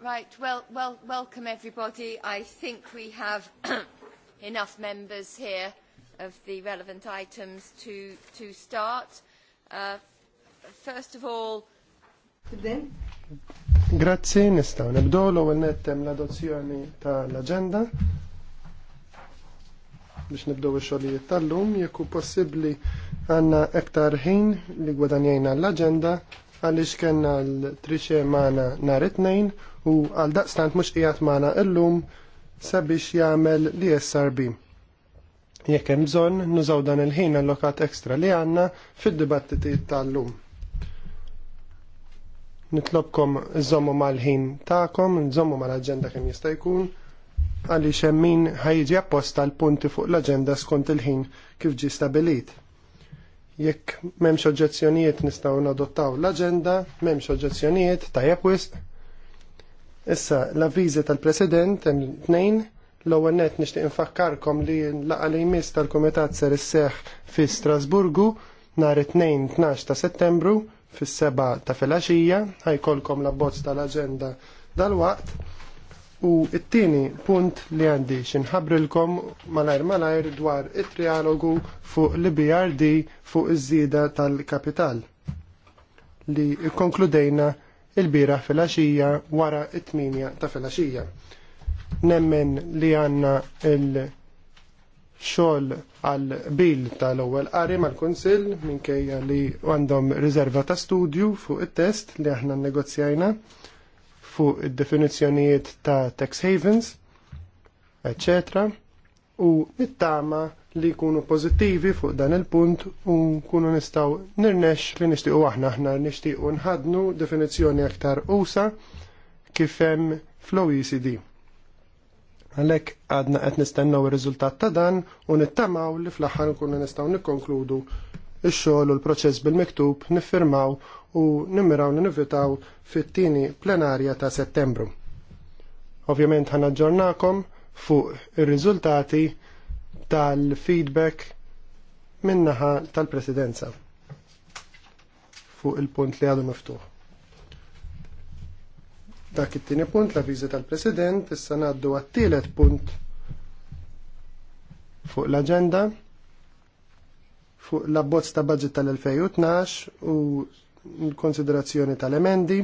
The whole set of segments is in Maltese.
Right, well, well, welcome everybody. I think we have enough members here of the relevant items to, to start. Uh, first of all... Grazie, nistaw nibdow l-ewwel nettem l-adozzjoni tal-aġenda biex nibdow ix-xogħlijiet tal-lum jekk possibbli għandna iktar ħin li gwadanjejna l-aġenda għaliex kellna l trixie maħna nhar it-tnejn u għal daqstant mhux qiegħed magħna llum sabiex jagħmel l srb Jekk hemm bżonn nużaw dan il-ħin allokat ekstra li għandna fid-dibattiti tal-lum. Nitlobkom iżommu mal-ħin tagħkom, nżommu mal-aġenda kemm jista' jkun għaliex hemm min ħajġi apposta l-punti fuq l-aġenda skont il-ħin kif ġi stabilit. Jekk m'hemmx oġġezzjonijiet nistgħu nadottaw l-aġenda, m'hemmx oġġezzjonijiet tajjeb wisq. Issa l-avviżi tal-President hemm tnejn l-ewwel nett nixtieq infakkarkom li l-laqa li jmiss tal-Kumitat ser isseħħ fi Strasburgu nhar it-tnejn 12 ta' Settembru fis-seba ta' filgħaxija ħajkolkom l-abbozz tal-aġenda dalwaqt U it-tieni punt li għandi xinħabrilkom malajr malajr dwar it-trialogu fuq l-BRD fuq iż żida tal-kapital li konkludejna il-bira fil-axija wara it-tminja ta' fil-axija. Nemmen li għanna il-xol għal-bil tal-ewwel qari mal-Kunsill minkejja li għandhom riserva ta' studju fuq it-test li aħna negozjajna fuq id-definizzjonijiet ta' tax havens, etc. U nittama li jkunu pozittivi fuq dan il-punt u nkunu nistaw nirnex li nishtiqu aħna aħna nishtiqu nħadnu definizzjoni aktar usa kif hemm ECD. Għalek għadna qed nistennaw ir-riżultat ta' dan u nittamaw li fl-aħħar nkunu nistgħu nikkonkludu il xogħol u l-proċess bil-miktub niffirmaw u nimmiraw li fit-tieni plenarja ta' settembru. Ovvjament ħana ġornakom fuq ir-riżultati tal-feedback minnaħa tal-presidenza fuq il-punt li għadu miftuħ. Dak it-tieni punt la viża tal-President, issa ngħaddu għat-tielet punt fuq l-aġenda fuq l-abbozz ta' budget tal-2012 u l-konsiderazzjoni tal-emendi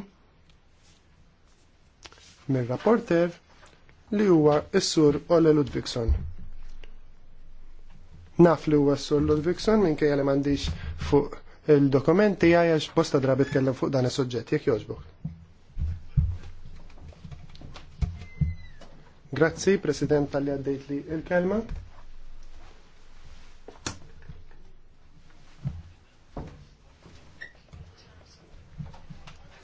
mir rapporter li huwa s-sur Ole Ludvigson. Naf li huwa s-sur Ludvigson minkejja li m'għandix fuq il-dokumenti għajax bosta drabi tkellem fuq dan is-suġġett, jekk jogħġbok. Grazzi, President, tal-li għaddejt li il-kelma.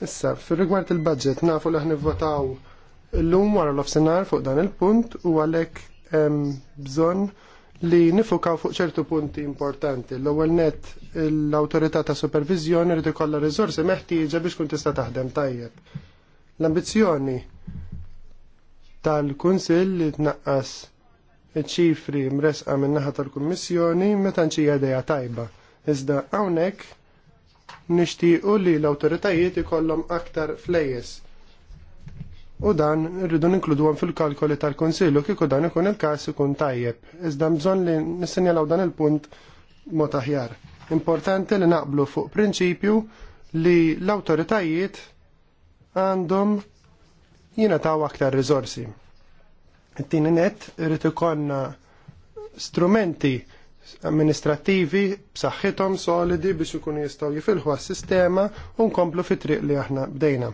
Issa, fil-rigward il-budget, nafu li votaw l-lum wara l-ofsenar fuq dan il-punt u għalek bżon li nifukaw fuq ċertu punti importanti. L-ewwel net l-awtorità ta' supervizjoni rid ikollha riżorsi meħtieġa biex kun tista' taħdem tajjeb. L-ambizzjoni tal-Kunsill li tnaqqas iċ ċifri mresqa minn naħa tal-Kummissjoni meta nċija dejja tajba. Iżda hawnhekk nixtiequ li l-awtoritajiet ikollhom aktar flejjes. U dan rridu ninkluduhom fil-kalkoli tal-Konsillu kieku dan ikun il-każ ikun tajjeb. Iżda bżonn li nissenjalaw dan il-punt mod aħjar. Importanti li naqblu fuq prinċipju li l-awtoritajiet għandhom jingħataw aktar rizorsi. It-tieni net irid ikollna strumenti amministrativi b'saħħithom solidi biex ikunu jistgħu jifilħu għas-sistema u nkomplu fit-triq li aħna bdejna.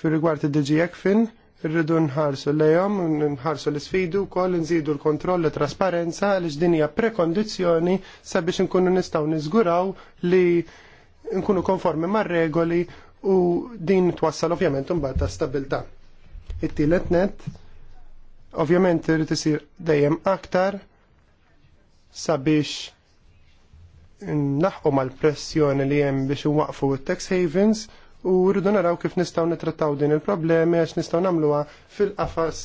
Fir-rigward id-DG Ekfin, irridu nħarsu lejhom, nħarsu l isfidu wkoll nżidu l-kontroll trasparenza għaliex din hija prekondizzjoni sabiex nkunu nistgħu niżguraw li nkunu konformi mar-regoli u din twassal ovvjament imbagħad ta' stabilità. It-tielet net Ovvjament irid isir dejjem aktar sabiex naħqu mal-pressjoni li hemm biex waqfu tax havens u rridu naraw kif nistgħu nitrattaw din il-problemi għax nistgħu nagħmluha fil-qafas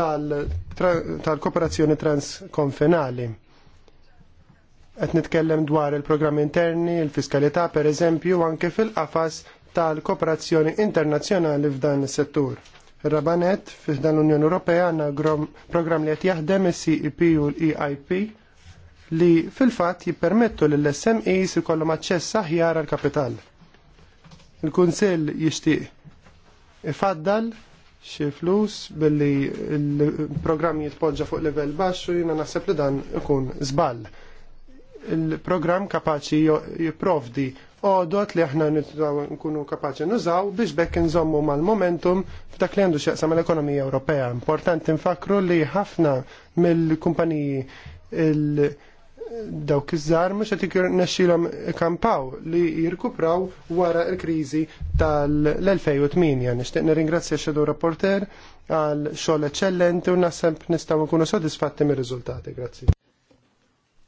tal-kooperazzjoni transkonfinali. Qed nitkellem dwar il-programmi interni, il-fiskalità pereżempju, anke fil-qafas tal-kooperazzjoni internazzjonali f'dan is-settur. Rabanet f'dan l-Unjoni Ewropea għandna programm li qed jaħdem is-CEP u l-EIP li fil-fatt jippermettu lill smes ikollhom aċċess aħjar għal kapital. Il-Kunsill jixtieq ifaddal xi flus billi l-programm jitpoġġa fuq livell baxxu jiena naħseb li dan ikun żball. Il-programm kapaċi jipprovdi odot li aħna nkunu kapaċi nużaw biex bekk nżommu mal-momentum f'dak li għandu xieqsam mal-ekonomija Ewropea. Importanti nfakru li ħafna mill-kumpaniji dawk iż-żar mhux qed nexxilhom kampaw li jirkupraw wara l-kriżi tal-2008. Nixtieq nirringrazzja x'għadu Rapporter għal xogħol eċċellenti u naħseb nistgħu nkunu sodisfatti mir-riżultati. Grazzi.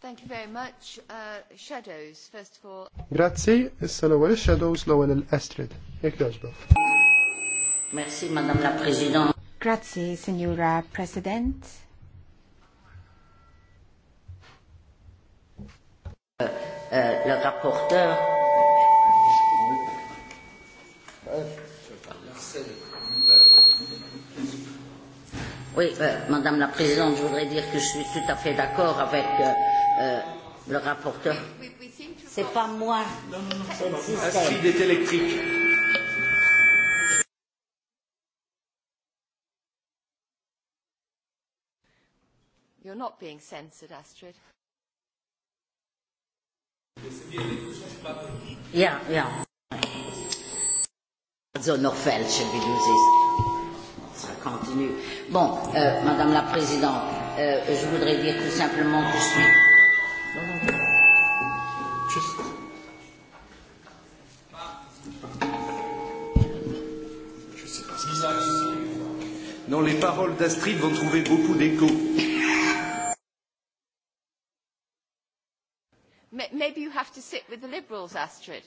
Thank you very much. Uh, shadows, first of all. Grazzi, issa l-ewwel shadows l-ewwel l-Estrid. Jekk jogħġbok. Merci, Madame la Présidente. Grazzi, Signora President. Euh, euh, le rapporteur. Oui, euh, Madame la Présidente, je voudrais dire que je suis tout à fait d'accord avec euh, Euh, le rapporteur. C'est pas moi. Non, non, non. électrique. You're not being censored, Astrid. Yeah, yeah. Also noch falsche Videos Ça continue. Bon, euh, Madame la Présidente, euh, je voudrais dire tout simplement que je suis Just. Non, les paroles d'Astrid vont trouver beaucoup d'écho. Maybe you have to sit with the liberals, Astrid.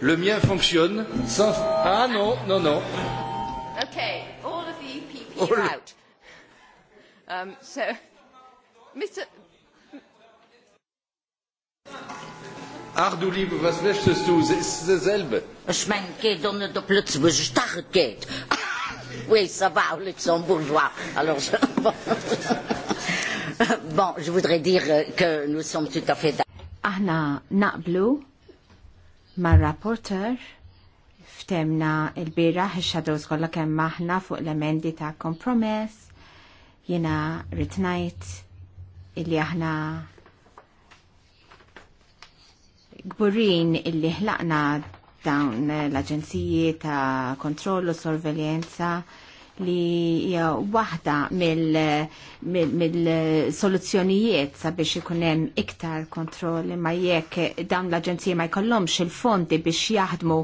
Le mien fonctionne sans... Ah non, non, non. OK, all of you EPP all... out. Um, so, Mr... was du? Es ist dasselbe. Ich wo geht. Oui, ça va, luxembourgeois. Alors, je... bon, je voudrais dire euh, que nous sommes tout à fait d'accord. Aħna naqblu mar-rapporter ftemna il-bira ħiċċadows kollha kemm maħna fuq l-emendi ta' kompromess jiena ritnajt illi aħna gburin illi ħlaqna dawn l-aġenziji ta' kontrollu sorveljenza sorveljenza li hija waħda mill-soluzzjonijiet sabiex ikun hemm iktar kontroll imma jekk dawn l-aġenziji ma jkollhomx il-fondi biex jaħdmu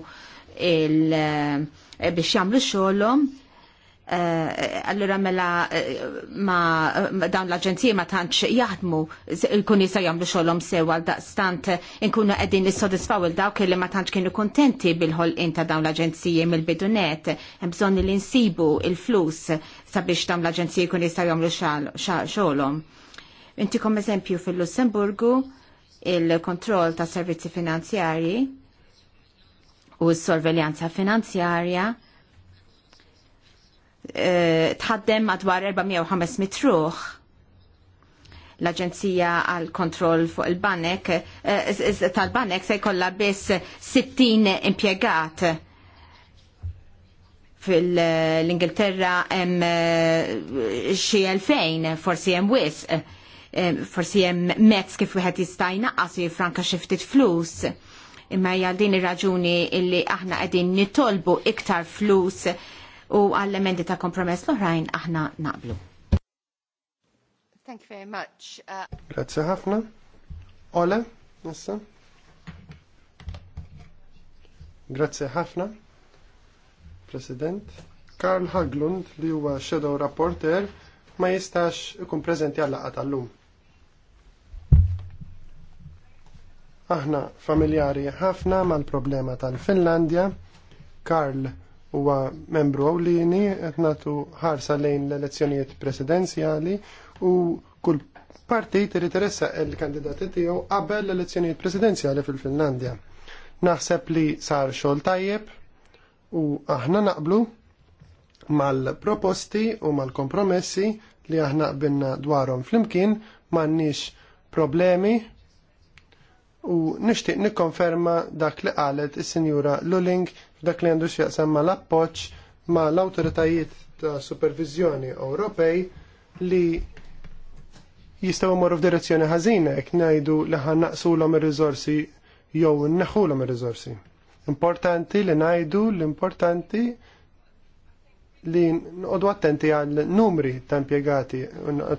il- biex jagħmlu xogħolhom Eh, allura mela eh, ma dawn l-aġenziji ma tantx jaħdmu kun jista' jagħmlu xogħolhom sew għal daqstant inkunu eh, qegħdin nissodisfaw il dawk li ma tantx kienu kuntenti bil-ħolqien ta' dawn l-aġenziji mill-bidunet hemm bżonn li nsibu il-flus sabiex dawn l-aġenziji kun jista' jagħmlu xogħolhom. Intikom eżempju fil-Lussemburgu il-kontroll ta' servizzi finanzjarji u s-sorveljanza finanzjarja Eh, tħaddem madwar 400-500 ruħ l-Aġenzija għal kontroll fuq il-banek eh, tal-banek se jkollha biss 60 impjegat fil-Ingilterra hemm eh, xi elfejn forsi hemm wisq forsi hemm mezz kif wieħed jista' jnaqqas franka xi ftit flus. Imma hija din ir-raġuni illi aħna qegħdin nitolbu iktar flus u għall-emendi ta' kompromess l-oħrajn aħna naqblu. Thank you very much. Uh... Grazie ħafna. Ole, nissa. Grazie ħafna. President. Karl Haglund li huwa Shadow Rapporter ma jistax ikun preżenti għal laqgħa tal-lum. Aħna familjari ħafna mal-problema tal-Finlandja. Karl huwa membru ewlieni qed nagħtu ħarsa lejn l-elezzjonijiet presidenzjali u kull partit irid iressaq il-kandidati tiegħu qabel l-elezzjonijiet presidenzjali fil-Finlandja. Naħseb li sar xogħol tajjeb u aħna naqblu mal-proposti u mal-kompromessi li aħna qbinna dwarhom flimkien m'għandniex problemi u nixtieq nikkonferma dak li qalet is-Sinjura Luling f'dak li għandu jaqsam ma l-appoġġ ma l-awtoritajiet ta' supervizjoni Ewropej li jistgħu jmorru f'direzzjoni ħażina jekk ngħidu li ħan naqsulhom ir-riżorsi jew nneħħulhom ir-riżorsi. Importanti li ngħidu l-importanti li nqodu attenti għal numri ta' impjegati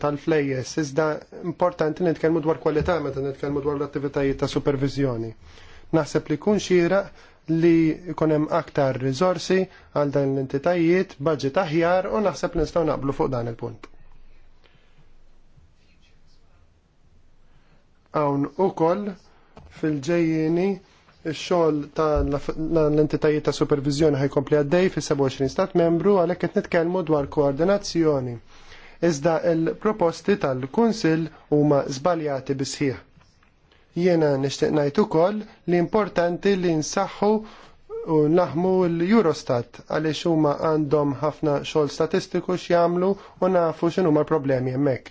tal-flejjes, iżda importanti nitkellmu dwar kwalità meta nitkellmu dwar l-attivitajiet ta' supervizjoni. Naħseb li kun xira li jkunem aktar rizorsi għal dan l-entitajiet, budget aħjar u naħseb nistgħu naqblu fuq dan il-punt. Hawn ukoll fil-ġejjieni il-xol ta' l-entitajiet ta' supervizjoni ħajkompli għaddej fis- 27 stat membru għalhekk qed nitkellmu dwar koordinazzjoni. Iżda il-proposti tal-Kunsill huma żbaljati bisħieħ. Jiena nixtieq ngħid ukoll li importanti li nsaħħu u naħmu l-Eurostat għaliex huma għandhom ħafna xogħol statistiku x'jagħmlu u nafu x'inhu l-problemi hemmhekk.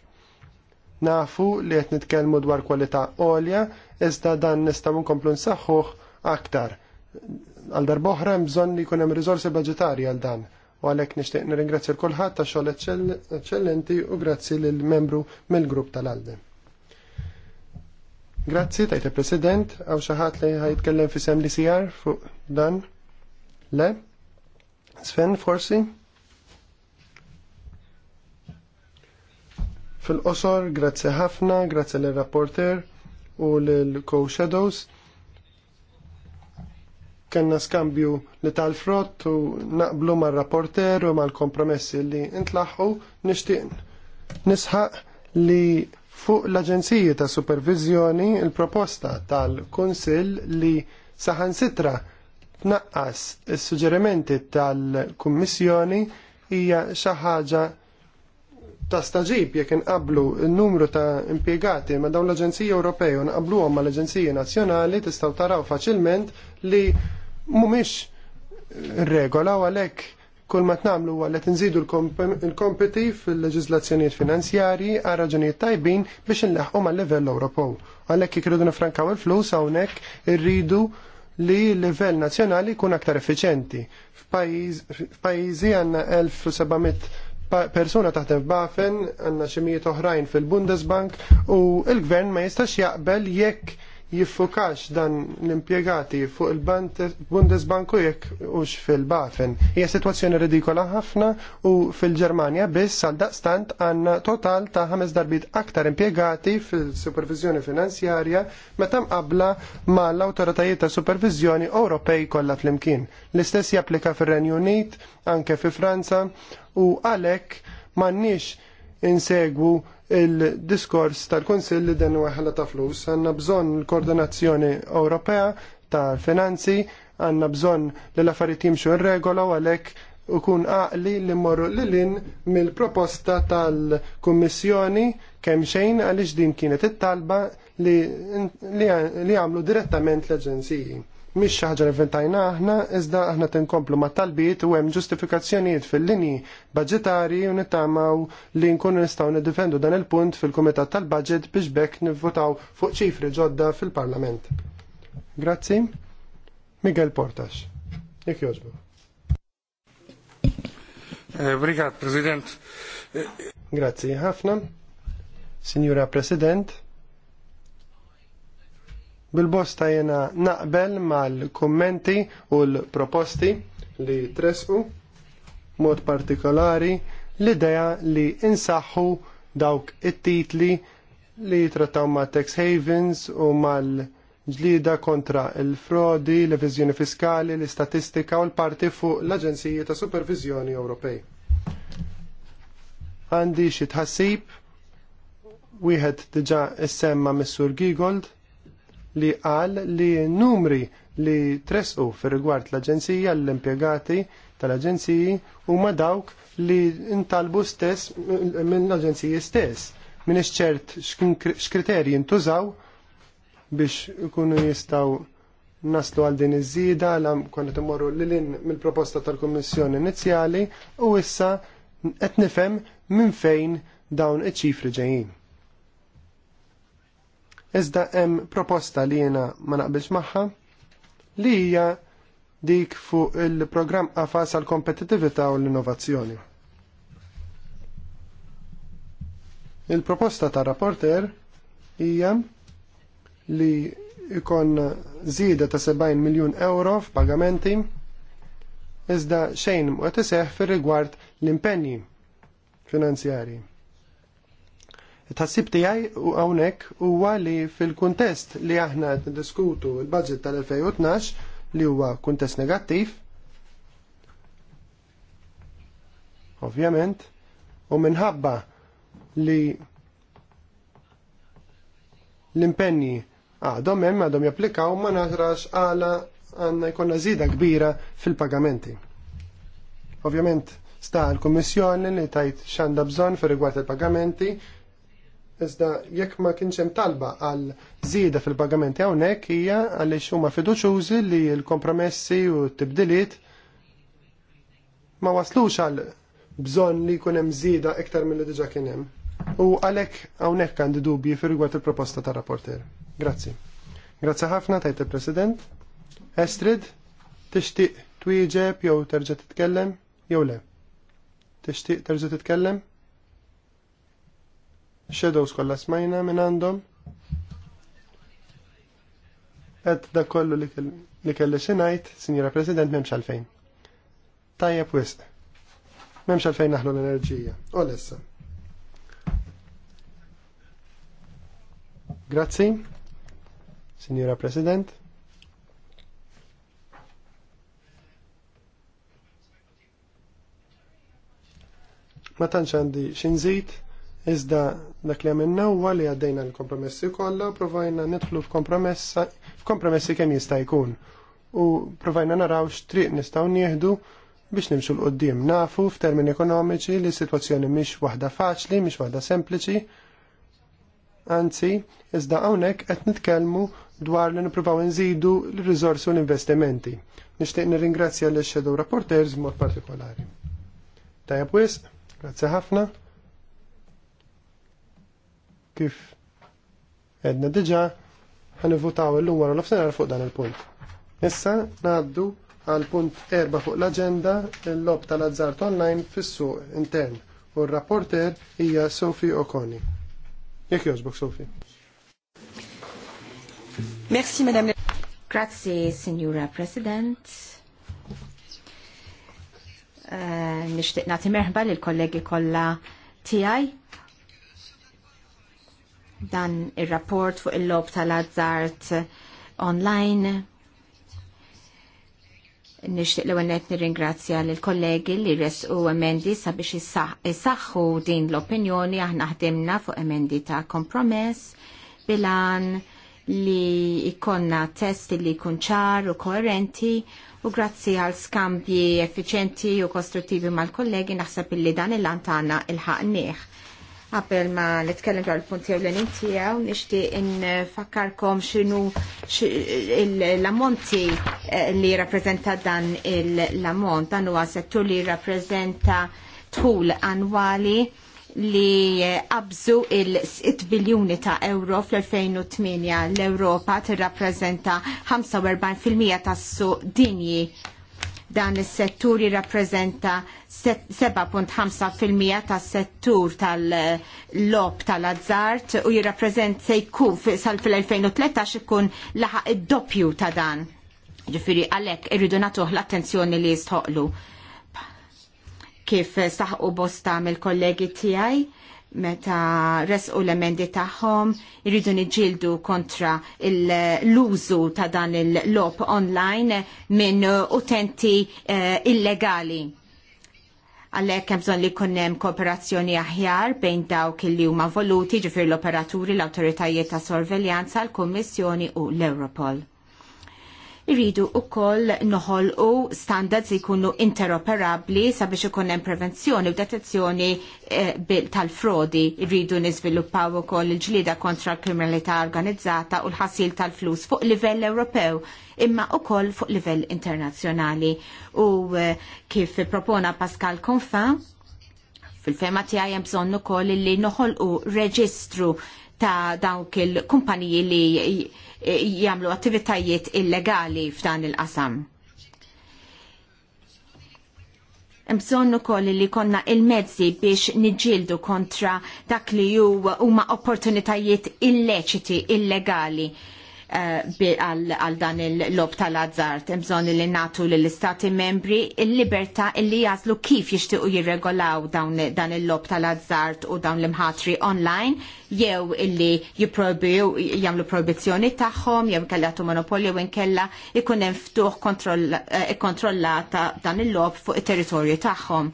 Nafu li qed nitkellmu dwar kwalità għolja iżda dan nistgħu nkomplu nsaħħuh aktar. Għal darboħra hemm bżonn li jkun hemm riżorsi budġetarji għal dan u għalhekk nixtieq nirringrazzja kulħadd tax xogħol eċċellenti u grazzi lill membru mill-grupp tal-Alde. Grazzi, tajt il-President, għaw xaħat li ħajtkellem fi sem li sijar fuq dan. Le? Sven, forsi? Fil-qosor, grazzi ħafna, grazzi l-rapporter u l-co-shadows. Kenna skambju li tal-frott u naqblu ma' rapporter u mal-kompromessi li intlaħu nishtiqn. nisħaq li Fuq l-Aġenziji ta' Supervizjoni il-proposta tal-Kunsill li saħansitra tnaqqas is-suġġerimenti tal-Kummissjoni hija xi ħaġa ta' staġib jekk inqablu n-numru ta' impjegati ma' dawn l-Aġenziji Ewropej u nqabluhom mal aġenziji Nazzjonali tistgħu taraw faċilment li mhumiex regola u għalhekk Kull ma tnamlu għallet nżidu l-kompeti fil-leġizlazzjoniet finanzjari għal raġunijiet tajbin biex nleħqu għal livell Ewropew. Għalhekk ikridu irridu nifrankaw il-flus hawnhekk irridu li l-livell nazzjonali jkun aktar effiċenti. F'pajjiżi għandna 1700 persuna taħdem f'Bafen, għandna ximijiet oħrajn fil-Bundesbank u l-gvern ma jistax jaqbel jekk jiffukax dan l-impiegati fuq il-Bundesbanku jekk ux fil-Bafen. Hija situazzjoni ridikola ħafna u fil-Ġermanja biss għal daqstant għanna total ta' ħames darbit aktar impiegati fil-supervizjoni finanzjarja meta qabla ma' l-autoritajiet ta' supervizjoni Ewropej kollha flimkien. L-istess japplika fir-Renju Unit, anke fi Franza u għalhekk m'għandniex insegwu il-diskors tal-Konsill li dan waħla ta' flus. Għanna bżon l-koordinazzjoni Ewropea ta' finanzi, għanna bżon li l-affarijiet jimxu r-regola u għalhekk ukun għaqli li morru l-lin mill-proposta tal-Kummissjoni kemm xejn għaliex din kienet it-talba li għamlu direttament l-Aġenziji mhix xi ħaġa inventajna aħna, iżda aħna tinkomplu ma' talbiet u hemm ġustifikazzjonijiet fil-linji budgetari u nittamaw li nkunu nistgħu niddefendu dan il-punt fil-Kumitat tal-Budget biex bekk nivvotaw fuq ċifri ġodda fil-Parlament. Grazzi. Miguel Portas. Jek jożbu. Eh, Brigat, President. Grazzi ħafna. Signora President. Bil-bosta jena naqbel mal-kommenti u l-proposti li tresqu mod partikolari l-ideja li insaħħu dawk it-titli li jitrattaw ma' tax havens u mal- ġlida kontra il-frodi, l-eviżjoni fiskali, l-istatistika u l-parti fuq l-Aġenziji ta' Supervizjoni Ewropej. Għandi xi tħassib wieħed diġà issemma Missur Gigold li qal li numri li tresqu fir rigward l-Aġenzija l-impjegati tal-Aġenziji huma dawk li ntalbu stess minn l-Aġenziji stess. Min ċert x'kriterji ntużaw biex ikunu jistgħu naslu għal din iż-żieda għal kont imorru lil mill-proposta tal-Kummissjoni inizjali u issa qed nifhem minn fejn dawn iċ-ċifri ġejjin. Iżda hemm proposta li jiena ma naqbilx magħha li hija dik fuq il-programm qafas għal kompetitività u l-innovazzjoni. Il-proposta ta' rapporter hija li ikon zida ta' 70 miljun euro f'pagamenti iżda xejn mwet iseħ fir rigward l-impenji finanzjarji. Tassib tijaj u għawnek u għali fil-kontest li aħna diskutu il-budget tal-2012 li huwa kontest negattiv. Ovvjament, u minħabba li l-impenni għadhom hemm għadhom japplikaw ma naħrax għala għanna jkollna zida kbira fil-pagamenti. Ovvjament, sta l-Kommissjoni li tajt xanda bżon fir rigward il-pagamenti, Iżda jekk ma kienx hemm talba għal żieda fil-pagamenti hawnhekk hija għaliex huma fiduċjużi li l-kompromessi u t-tibdiliet ma waslux għal bżonn li jkun hemm żieda iktar milli diġà kien hemm. U għalhekk hawnhekk għandi dubji firgwat il-proposta tar rapporter. Grazzi. Grazzi ħafna tajt il-President. Estrid, tixtieq twieġeb jew terġa' titkellem jew le? Tixtieq terġa' titkellem? Shadows kollha smajna minn għandhom. Et da kollu li kelli xi ngħid, Sinjura President, m'hemmx għalfejn. Tajja wisq. M'hemmx għalfejn naħlu l-enerġija. U lissa. Grazzi, Sinjura President. Ma tantx għandi xinżid Iżda dak li għamilna huwa li għaddejna l-kompromessi kollha provajna nidħlu f'kompromessi kemm jista' jkun. U provajna naraw x'triq nistgħu nieħdu biex nimxu l-qoddim. Nafu f'termini ekonomiċi li s-sitwazzjoni mhix waħda faċli, mhix waħda sempliċi. Anzi, iżda hawnhekk qed nitkellmu dwar li nippruvaw nżidu l-riżorsi u l-investimenti. Nixtieq nirringrazzja l shadow rapporters b'mod partikolari. Tajab wisq, grazzi ħafna kif edna diġa ħanivvutaw illum wara nofsinhar fuq dan il-punt. Issa ngħaddu għal punt erba' fuq l agenda l-lob tal-azzart online fis-suq intern u r-rapporter hija Sofi Okoni. Jek jozbuk Sofi. Merci Madame Grazie Signora President. Uh, Nixtieq nagħti merħba lill kollegi kollha tijaj dan il-rapport fuq il-lob tal-azzart online. Nishtiq l-għennet nir-ingrazzja l-kollegi li resqu emendi sabiex jisaxħu din l-opinjoni aħna ħdimna fuq emendi ta' kompromess bilan li ikonna test li jkun ċar u koerenti u grazzi għal skambji effiċenti u kostruttivi mal-kollegi naħseb illi dan il-lantana il-ħaqniħ Qabel ma nitkellem dwar għal punti jew l-enin nishti nixtieq fakkarkom x'inhu l-ammonti eh, li rappreżenta dan l-ammont dan huwa settur li rappreżenta tħul annwali li eh, qabżu il-6 biljuni ta' euro fl-2008 l-Europa tirrappreżenta 45% tas-suq dinji Dan is-settur jirrappreżenta 7.5% tas-settur tal-lob tal-azzart u jirrappreżenta se jkun sal fil-2013 ikun laħaq id-doppju ta' dan. Ġifiri għalhekk irridu nagħtuh l-attenzjoni li jistħoqlu. Kif saħqu bosta mill-kollegi tiegħi meta resqu l-emendi tagħhom irridu niġildu kontra l-użu ta' dan il-lop online minn utenti uh, illegali. Għalhekk hemm bżonn li jkun hemm kooperazzjoni aħjar bejn dawk li huma voluti ġifir l-operaturi, l-awtoritajiet ta' sorveljanza, l-Kummissjoni u l-Europol. Irridu wkoll noħolqu standards li jkunu interoperabbli sabiex ikun hemm prevenzjoni u detezzjoni eh, tal-frodi. Irridu niżviluppaw ukoll il-ġlieda kontra l-kriminalità organizzata u l-ħasil tal-flus fuq livell Ewropew imma koll fuq livell internazzjonali. U eh, kif propona Pascal Confin, fil-fema tiegħi hemm bżonn ukoll li noħolqu reġistru ta' dawk il-kumpaniji li Eh, jagħmlu attivitajiet illegali f'dan il-qasam. Bżonn ukoll li konna il-mezzi biex niġġieldu kontra dak li huma opportunitajiet illeċiti, illegali Eh, għal dan il-lob tal-azzart. Bżon li natu l-istati membri il-liberta illi jazlu kif jishtiqu jirregolaw dan il-lob tal-azzart u dawn l-imħatri online jew illi jiprobiju jamlu proibizjoni taħħom jew kellatu monopolju jew nkella ikun hemm ftuħ eh, kontrollata dan il-lob fuq it-territorju tagħhom.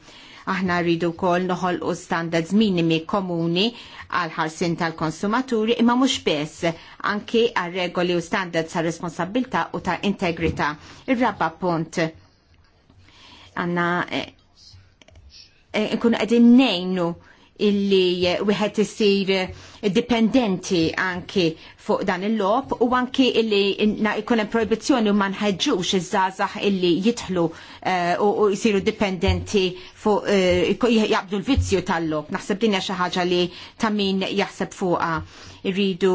Aħna rridu wkoll noħolqu standards minimi komuni għal ħarsin tal-konsumaturi imma mhux biss anki għal regoli u standards għal responsabilta u ta' integrità. Ir-raba punt għanna eh, eh, nkunu qegħdin nejnu illi eh, wieħed isir eh, dipendenti anki fuq dan il-lob u anki illi ikun hemm proibizzjoni u ma nħeġġux iż-żgħażagħ illi jidħlu eh, u jsiru dipendenti fuq jaqbdu l-vizzju tal-lob. Naħseb din hija xi ħaġa li ta' min jaħseb fuqha iridu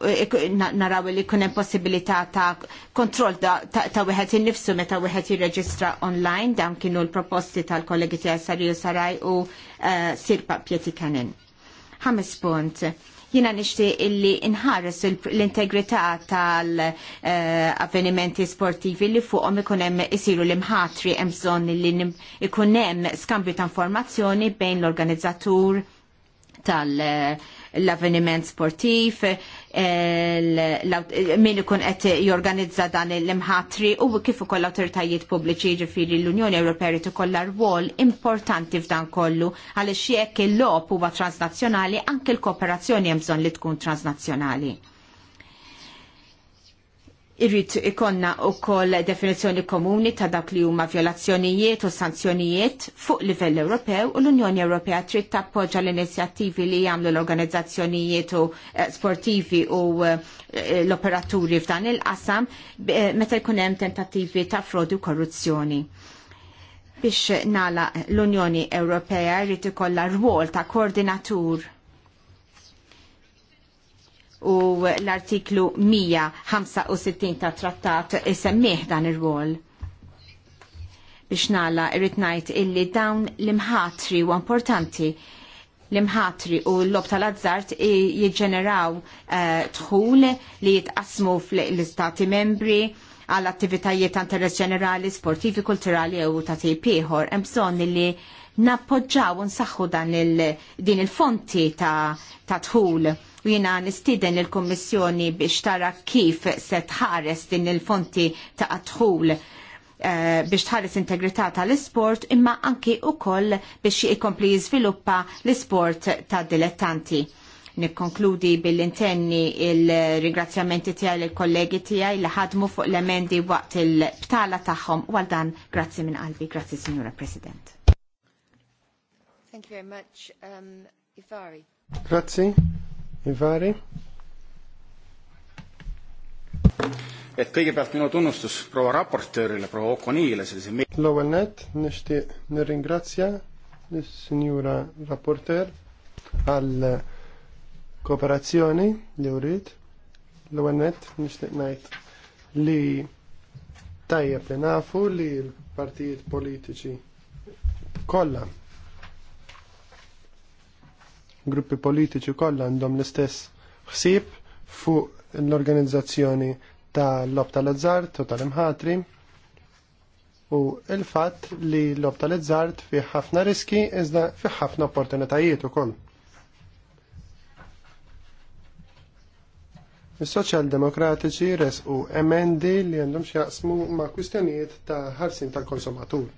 naraw li jkun hemm possibilità ta' kontroll ta' wieħed innifsu meta wieħed jirreġistra online dawn kienu l-proposti tal-kollegi tiegħi Sarju Saraj u eh, Sirpa Pieti kanin. Ħames punt. Jiena nixtieq illi inħares l-integrità tal-avvenimenti eh, sportivi li fuqhom ikun hemm isiru l-imħatri hemm bżonn li ikun hemm skambju ta' informazzjoni bejn l-organizzatur tal- eh, avveniment sportiv, min ikun qed jorganizza dan l-imħatri u kif ukoll l-awtoritajiet pubbliċi jiġifieri l-Unjoni Ewropea rid ikollha rwol importanti f'dan kollu għaliex jekk il-logħob huwa transnazzjonali anke l-kooperazzjoni hemm bżonn li tkun transnazzjonali. Irrid ikonna wkoll definizzjoni komuni ta' dak li huma violazzjonijiet u sanzjonijiet fuq livell Ewropew u l-Unjoni Ewropea trid tappoġġa l-inizjattivi li jagħmlu l-organizzazzjonijiet u eh, sportivi u eh, l-operaturi f'dan il-qasam meta jkun hemm tentattivi ta' frodi u korruzzjoni biex nala l-Unjoni Ewropea jrid ikollha rwol ta' koordinatur u l-artiklu 165 ta' trattat isemmieħ dan ir-rol biex nala irrit ngħid illi dawn l-imħatri u importanti l-imħatri u l-lob tal-azzart jiġġeneraw dħul eh, li jitqasmu fl-istati membri għal attivitajiet ta' interess ġenerali, sportivi, kulturali u ta' tipiħor. Hemm bżonn li nappoġġaw u nsaħħu dan il, din il-fonti ta' dħul u jina nistiden l kommissjoni biex tara kif se tħares din il-fonti ta' adħul eh, biex tħares integrità tal-isport imma anki u koll biex ikompli jizviluppa l-isport ta' dilettanti. Nikkonkludi bil-intenni il-ringrazzjamenti tijaj il-kollegi tijaj li ħadmu fuq l-emendi waqt il-btala taħħom għal dan grazzi minn qalbi, grazzi Signora President. Thank you very much, um, Ivari. Grazzi. Ivari? et kõigepealt minu tunnustus proua raportöörile, proua Okoniile sellise meil. Lowell ewwel nett nixtieq nirringrazzja lis raportöör, al kooperatsiooni, liurid. Lowell wrid. L-ewwel nett nixtieq ngħid li tajjeb plenafu li l-partijiet politiċi kollha gruppi politiċi kollha għandhom l-istess ħsieb fuq l-organizzazzjoni tal-lob tal-azzart u tal-imħatri u il-fatt li l-lob tal-azzart fi ħafna riski iżda fi ħafna opportunitajiet ukoll. Is-Soċjaldemokratiċi resqu emendi li għandhom x'jaqsmu ma' kwistjonijiet ta' ħarsin tal-konsumatur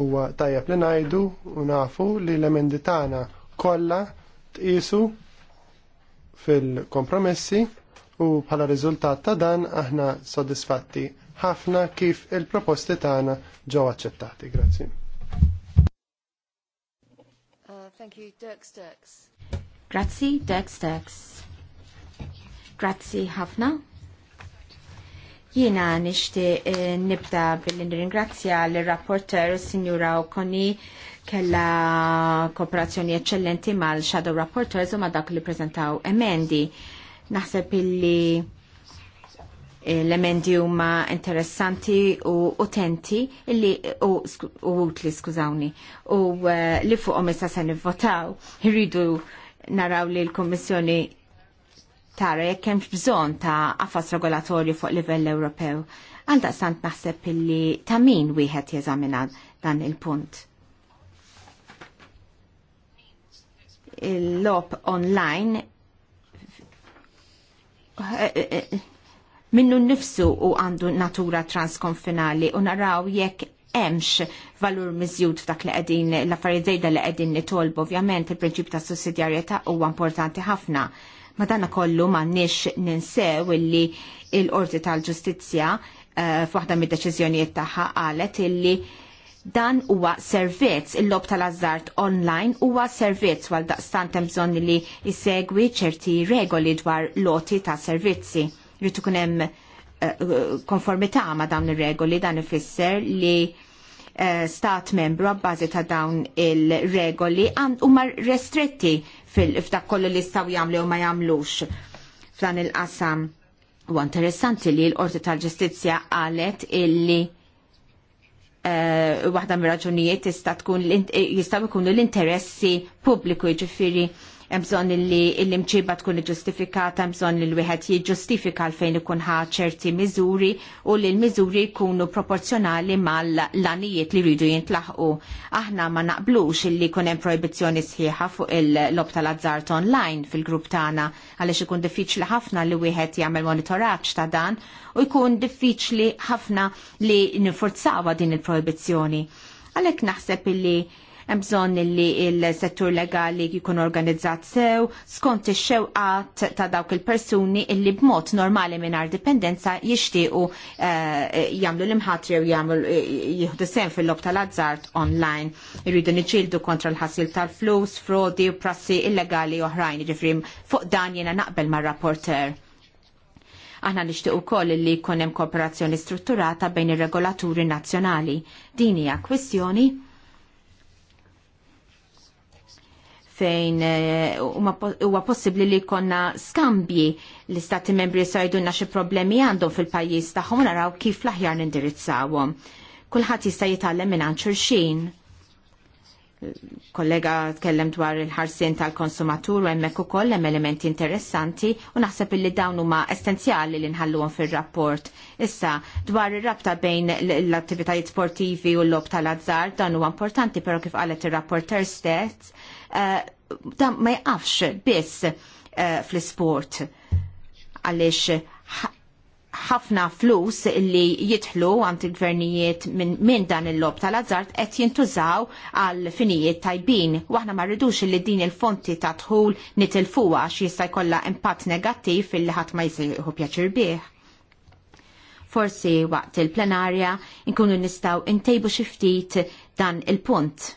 huwa tajjeb li ngħidu u nafu li l-emendi tagħna Kolla tqisu fil-kompromessi u bħala riżultat ta' dan aħna sodisfatti ħafna kif il-proposti tagħna ġew aċċettati. Grazzi. Uh, thank you, Dirk Sturks. Grazzi, Dirk Sturks. Grazzi ħafna. Jiena nixtieq eh, nibda billi nirringrazzja l-rapporter Signora Okoni kella kooperazzjoni eccellenti mal-Shadow Rapporteurs u ma dak li prezentaw emendi. Naħseb illi eh, l-emendi huma interessanti u utenti illi u utli skużawni u eh, li fuqhom issa se nivvotaw irridu naraw li l-Kummissjoni tara jekk hemm bżonn ta' qafas regolatorju fuq livell Ewropew. Għandha sant naħseb illi ta' min wieħed jeżamina dan il-punt. il lop online minnu nifsu u għandu natura transkonfinali u naraw jekk emx valur miżjud f'dak li qegħdin l-affarijiet żejda li qegħdin nitolbu ovvjament il-prinċip ta' sussidjarjetà huwa importanti ħafna. Ma danna kollu m'għandniex ninsew illi l-Qorti tal-Ġustizzja eh, f'waħda mid-deċiżjonijiet tagħha qalet illi dan huwa servizz il-lob tal-azzart online huwa servizz għal daqstant hemm bżonn li jsegwi ċerti regoli dwar loti ta' servizzi. Rritu ikun hemm uh, konformità ma' dawn ir-regoli dan ifisser li uh, stat membru għabbażi ta' dawn il-regoli huma restretti f'dak kollu li jistgħu jagħmlu u ma jagħmlux f'dan il-qasam. U interessanti li l-Qorti tal-Ġustizzja qalet illi Eh, waħda mir-raġunijiet tista' tkun eh, jistgħu jkunu l-interessi pubbliku jiġifieri hemm bżonn li l-imġiba tkun iġġustifikata, hemm bżonn li l-wieħed jiġġustifika fejn ikun ħa ċerti miżuri u li l-miżuri jkunu proporzjonali mal-lanijiet li jridu jintlaħqu. Aħna ma naqblux illi jkun hemm proibizzjoni sħiħa fuq il-lob tal-azzart online fil-grupp tagħna għaliex ikun diffiċli ħafna li wieħed jagħmel monitoraġġ ta' dan u jkun diffiċli ħafna li nifforzawa din il-proibizzjoni. Għalhekk naħseb illi Hemm bżonn li settur legali jikun organizzat sew skont ix-xewqat ta' dawk il-persuni illi b'mod normali mingħajr dipendenza jixtiequ eh, jagħmlu l-imħatri u jagħmlu eh, jieħdu sehem fil-lob tal-azzart online. Irridu niċildu kontra l-ħasil tal-flus, frodi u prassi illegali oħrajn, jiġifieri fuq dan jiena naqbel mar-rapporter aħna nixtieq ukoll li jkun hemm kooperazzjoni strutturata bejn ir-regolaturi nazzjonali. Din hija kwistjoni fejn eh, huwa possibbli li jkollna skambji l-istati membri jistgħu jgħidulna xi problemi għandhom fil-pajjiż tagħhom naraw kif l-aħjar nindirizzawhom. Kulħadd jista' jitgħallem minn xulxin. Kollega tkellem dwar il-ħarsien tal-konsumatur u hemmhekk ukoll hemm elementi interessanti u naħseb illi dawn huma essenzjali li nħalluhom fir-rapport. Issa dwar ir-rabta bejn l-attivitajiet sportivi u l-lob tal-azzar dan huwa importanti però kif qalet ir-rapporter stess Eh, dan ma jaqafx biss eh, fl isport għaliex ħafna flus li jidħlu għand il-gvernijiet minn dan il-lob tal-azzart qed jintużaw għal finijiet tajbin. Waħna ma rridux li din il-fonti ta' tħul nitilfuha għax jista' jkollha impatt negattiv fil-li ħadd ma jisejħu pjaċir bih. Forsi waqt il-plenarja nkunu nistgħu ntejbu xi ftit dan il-punt.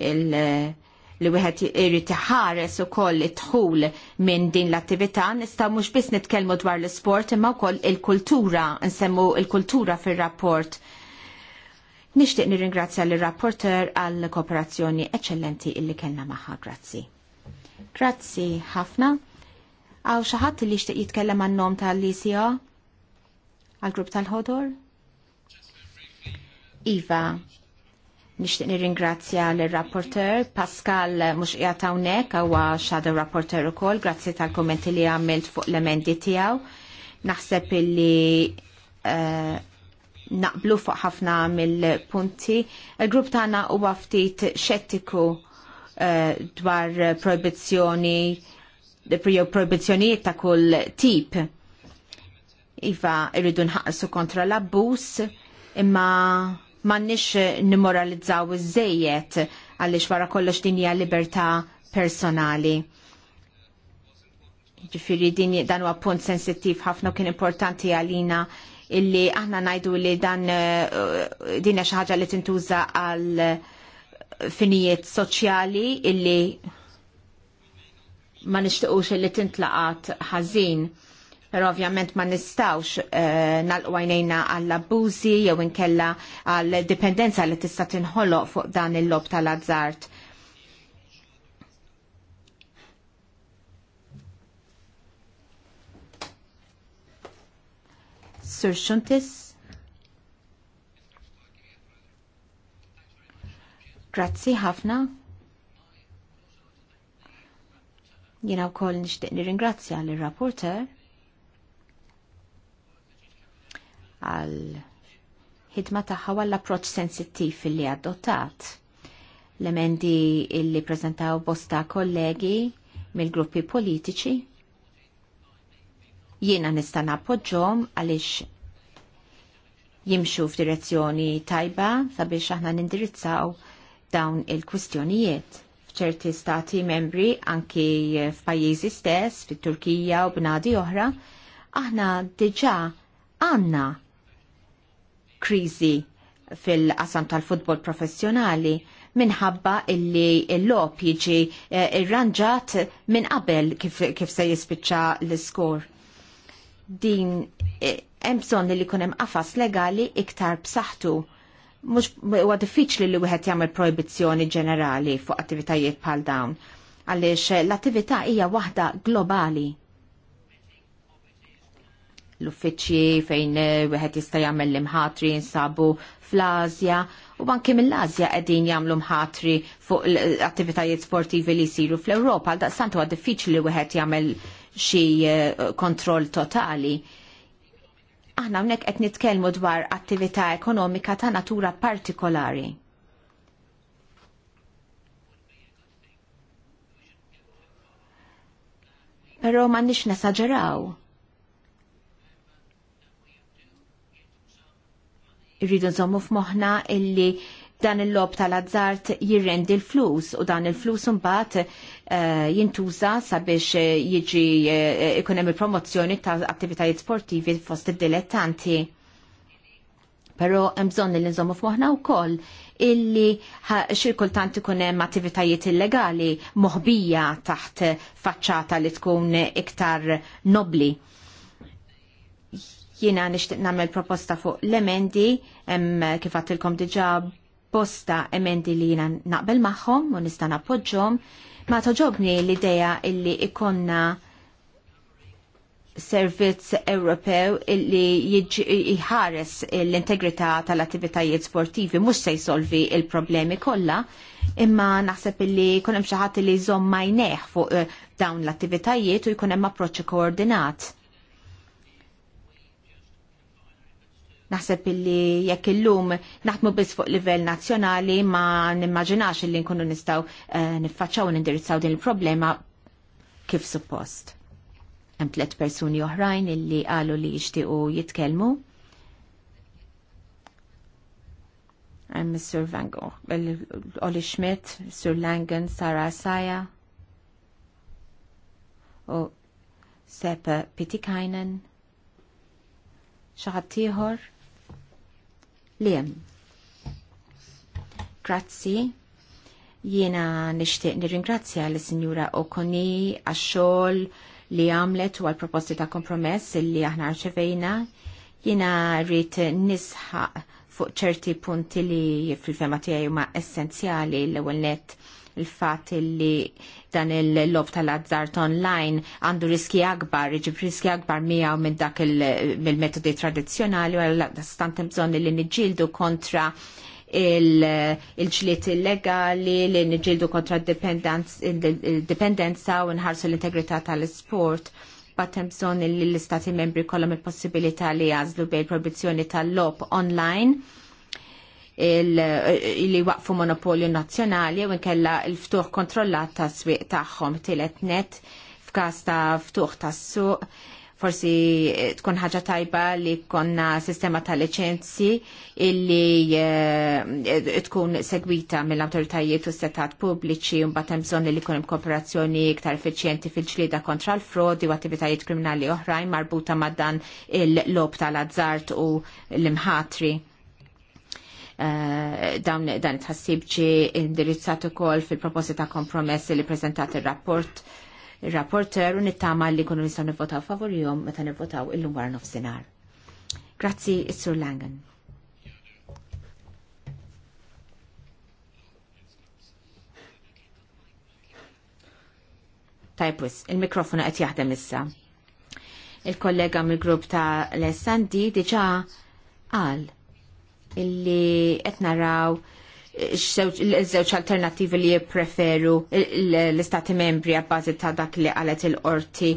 li wieħed irid iħares ukoll it-dħul minn din l-attività nistgħu mhux biss nitkellmu dwar l-isport imma wkoll il-kultura nsemmu il-kultura fir-rapport. Nixtieq nirringrazzja lir rapporter għall kooperazzjoni eċċellenti illi kellna magħha. Grazzi. Grazzi ħafna. Għaw xi ħadd li xtieq jitkellem għan-nom tal-ICO? Għall-grupp tal-ħodor? Iva, Nishtiq nirringrazzja l-rapporter Pascal mux jgħatawnek għawa shadow rapporter u kol, grazzi tal-kommenti li għamilt fuq l-emendi tijaw. Naħseb illi uh, naqblu fuq ħafna mill-punti. Il-grupp tagħna huwa ftit xettiku uh, dwar proibizzjoni jew proibizzjonijiet ta' kull tip. Iva irridu nħaqsu kontra l-abbuż imma mannix eh, nimmoralizzaw iż għaliex wara kollox din hija libertà personali. Ġifieri din dan huwa punt sensittiv ħafna kien importanti għalina illi aħna najdu li dan eh, din xi ħaġa li tintuża għal eh, finijiet soċjali illi ma nixtiqux illi tintlaqat ħażin Pero ovvjament ma nistawx uh, eh, nal-għajnejna għall-abbużi jew inkella għall-dipendenza li tista' tinħoloq fuq dan il-lob tal-azzart. Sir Xuntis. Grazzi ħafna. Jina u koll nishtiq nir l-rapporter. għal ħidma tagħha għall approċċ sensittiv li adottat. L-emendi illi prezentaw bosta kollegi mill-gruppi politiċi jiena nista' nappoġġhom għaliex jimxu f'direzzjoni tajba sabiex aħna nindirizzaw dawn il-kwistjonijiet f'ċerti stati membri anki f'pajjiżi stess, fit-Turkija u b'nadi oħra, aħna diġà għandna kriżi fil-qasam tal-futbol professjonali minħabba illi l-lop jiġi eh, irranġat minn qabel kif, kif se jispiċċa l-skor. Din eh, hemm bżonn li jkun hemm qafas legali iktar b'saħħtu. Mhux huwa diffiċli li wieħed jagħmel proibizzjoni ġenerali fuq attivitajiet bħal dawn għaliex l-attività hija waħda globali l-uffiċċji fejn eh, wieħed jista' jagħmel l-imħatri jinsabu fl-Asja u anke mill asja qegħdin jagħmlu mħatri fuq l-attivitajiet sportivi li jsiru fl-Ewropa, għal daqstantu huwa diffiċli wieħed jagħmel xi eh, kontroll totali. Aħna hawnhekk qed nitkellmu dwar attività ekonomika ta' natura partikolari. Però m'għandniex nesaġeraw Irridu nżommu f'moħħna illi dan il-lob tal-azzart jirrendi l-flus u dan il-flus mbagħad eh, jintuża sabiex eh, jiġi eh, ikunem hemm il-promozzjoni ta' attivitajiet sportivi fost id-dilettanti. Però hemm li nżommu f'moħħna wkoll illi xirkultant ikun hemm attivitajiet illegali moħbija taħt faċċata li tkun iktar nobli. Jiena nishtiq nagħmel proposta fuq l-emendi, kif għattilkom diġà bosta emendi li jiena naqbel magħhom u nista' nappoġġhom, ma toġobni l-idea illi ikonna servizz Ewropew illi jħares l-integrità tal-attivitajiet sportivi mhux se jsolvi l problemi kollha, imma naħseb illi jkun hemm xi ħadd li jżomm fuq eh, dawn l-attivitajiet u jkun hemm koordinat. Naħseb illi jekk illum naħdmu biss fuq livell nazzjonali ma nimmaġinax illi nkunu nistgħu eh, niffaċċaw u nindirizzaw din il-problema kif suppost. Hemm tliet persuni oħrajn illi qalu li jixtiequ jitkellmu. Hemm Mr. Van Gogh, Oli Schmidt, Sir Langen, Sara Saja u Sepp Pitikainen xaħat tieħor? li hemm. Grazzi. Jiena nixtieq nirringrazzja l sinjura Okoni għax-xogħol li għamlet u għal-proposti ta' kompromess li aħna rċevejna. Jiena rrid nisħaq fuq ċerti punti li fil-fema tiegħi huma essenzjali l-ewwel nett il-fat li dan il-lob tal-azzart online għandu riski akbar, iġib riski akbar miegħu minn dak il-metodi tradizjonali, għal stant bżon li nġildu kontra il-ġliet illegali, li nġildu kontra dipendenza u nħarsu l-integrità tal-sport għatem bżon li l-istati membri kollom il-possibilità li jazlu bej probizjoni tal-lob online Eh, li waqfu monopolju nazzjonali u nkella l-ftuħ kontrollat ta' swieq tagħhom tielet net f'każ ta' ftuħ tas-suq forsi eh, tkun ħaġa tajba li konna sistema ta' licenzi illi eh, tkun segwita mill-autoritajiet u setat pubbliċi un batem bżon li kunem kooperazzjoni iktar effiċjenti fil-ġlida kontra l-frodi u attivitajiet kriminali oħrajn marbuta ma' dan il-lob tal-azzart u l-imħatri. Eh, dawn dan it-ħassib ġi indirizzat ukoll fil-proposti ta' kompromess li ppreżentat ir-rapport ir rapporter u nittama li kunu nistgħu nivvotaw favorjom meta nivvotaw illum wara nofsinhar. Grazzi, Sur Langen. Tajpus, il-mikrofonu qed jaħdem issa. Il-kollega mill-grupp ta' l-SND diġa illi qed naraw l-żewġ alternattivi li jippreferu l-istati membri għabbażi ta' dak li qalet il-qorti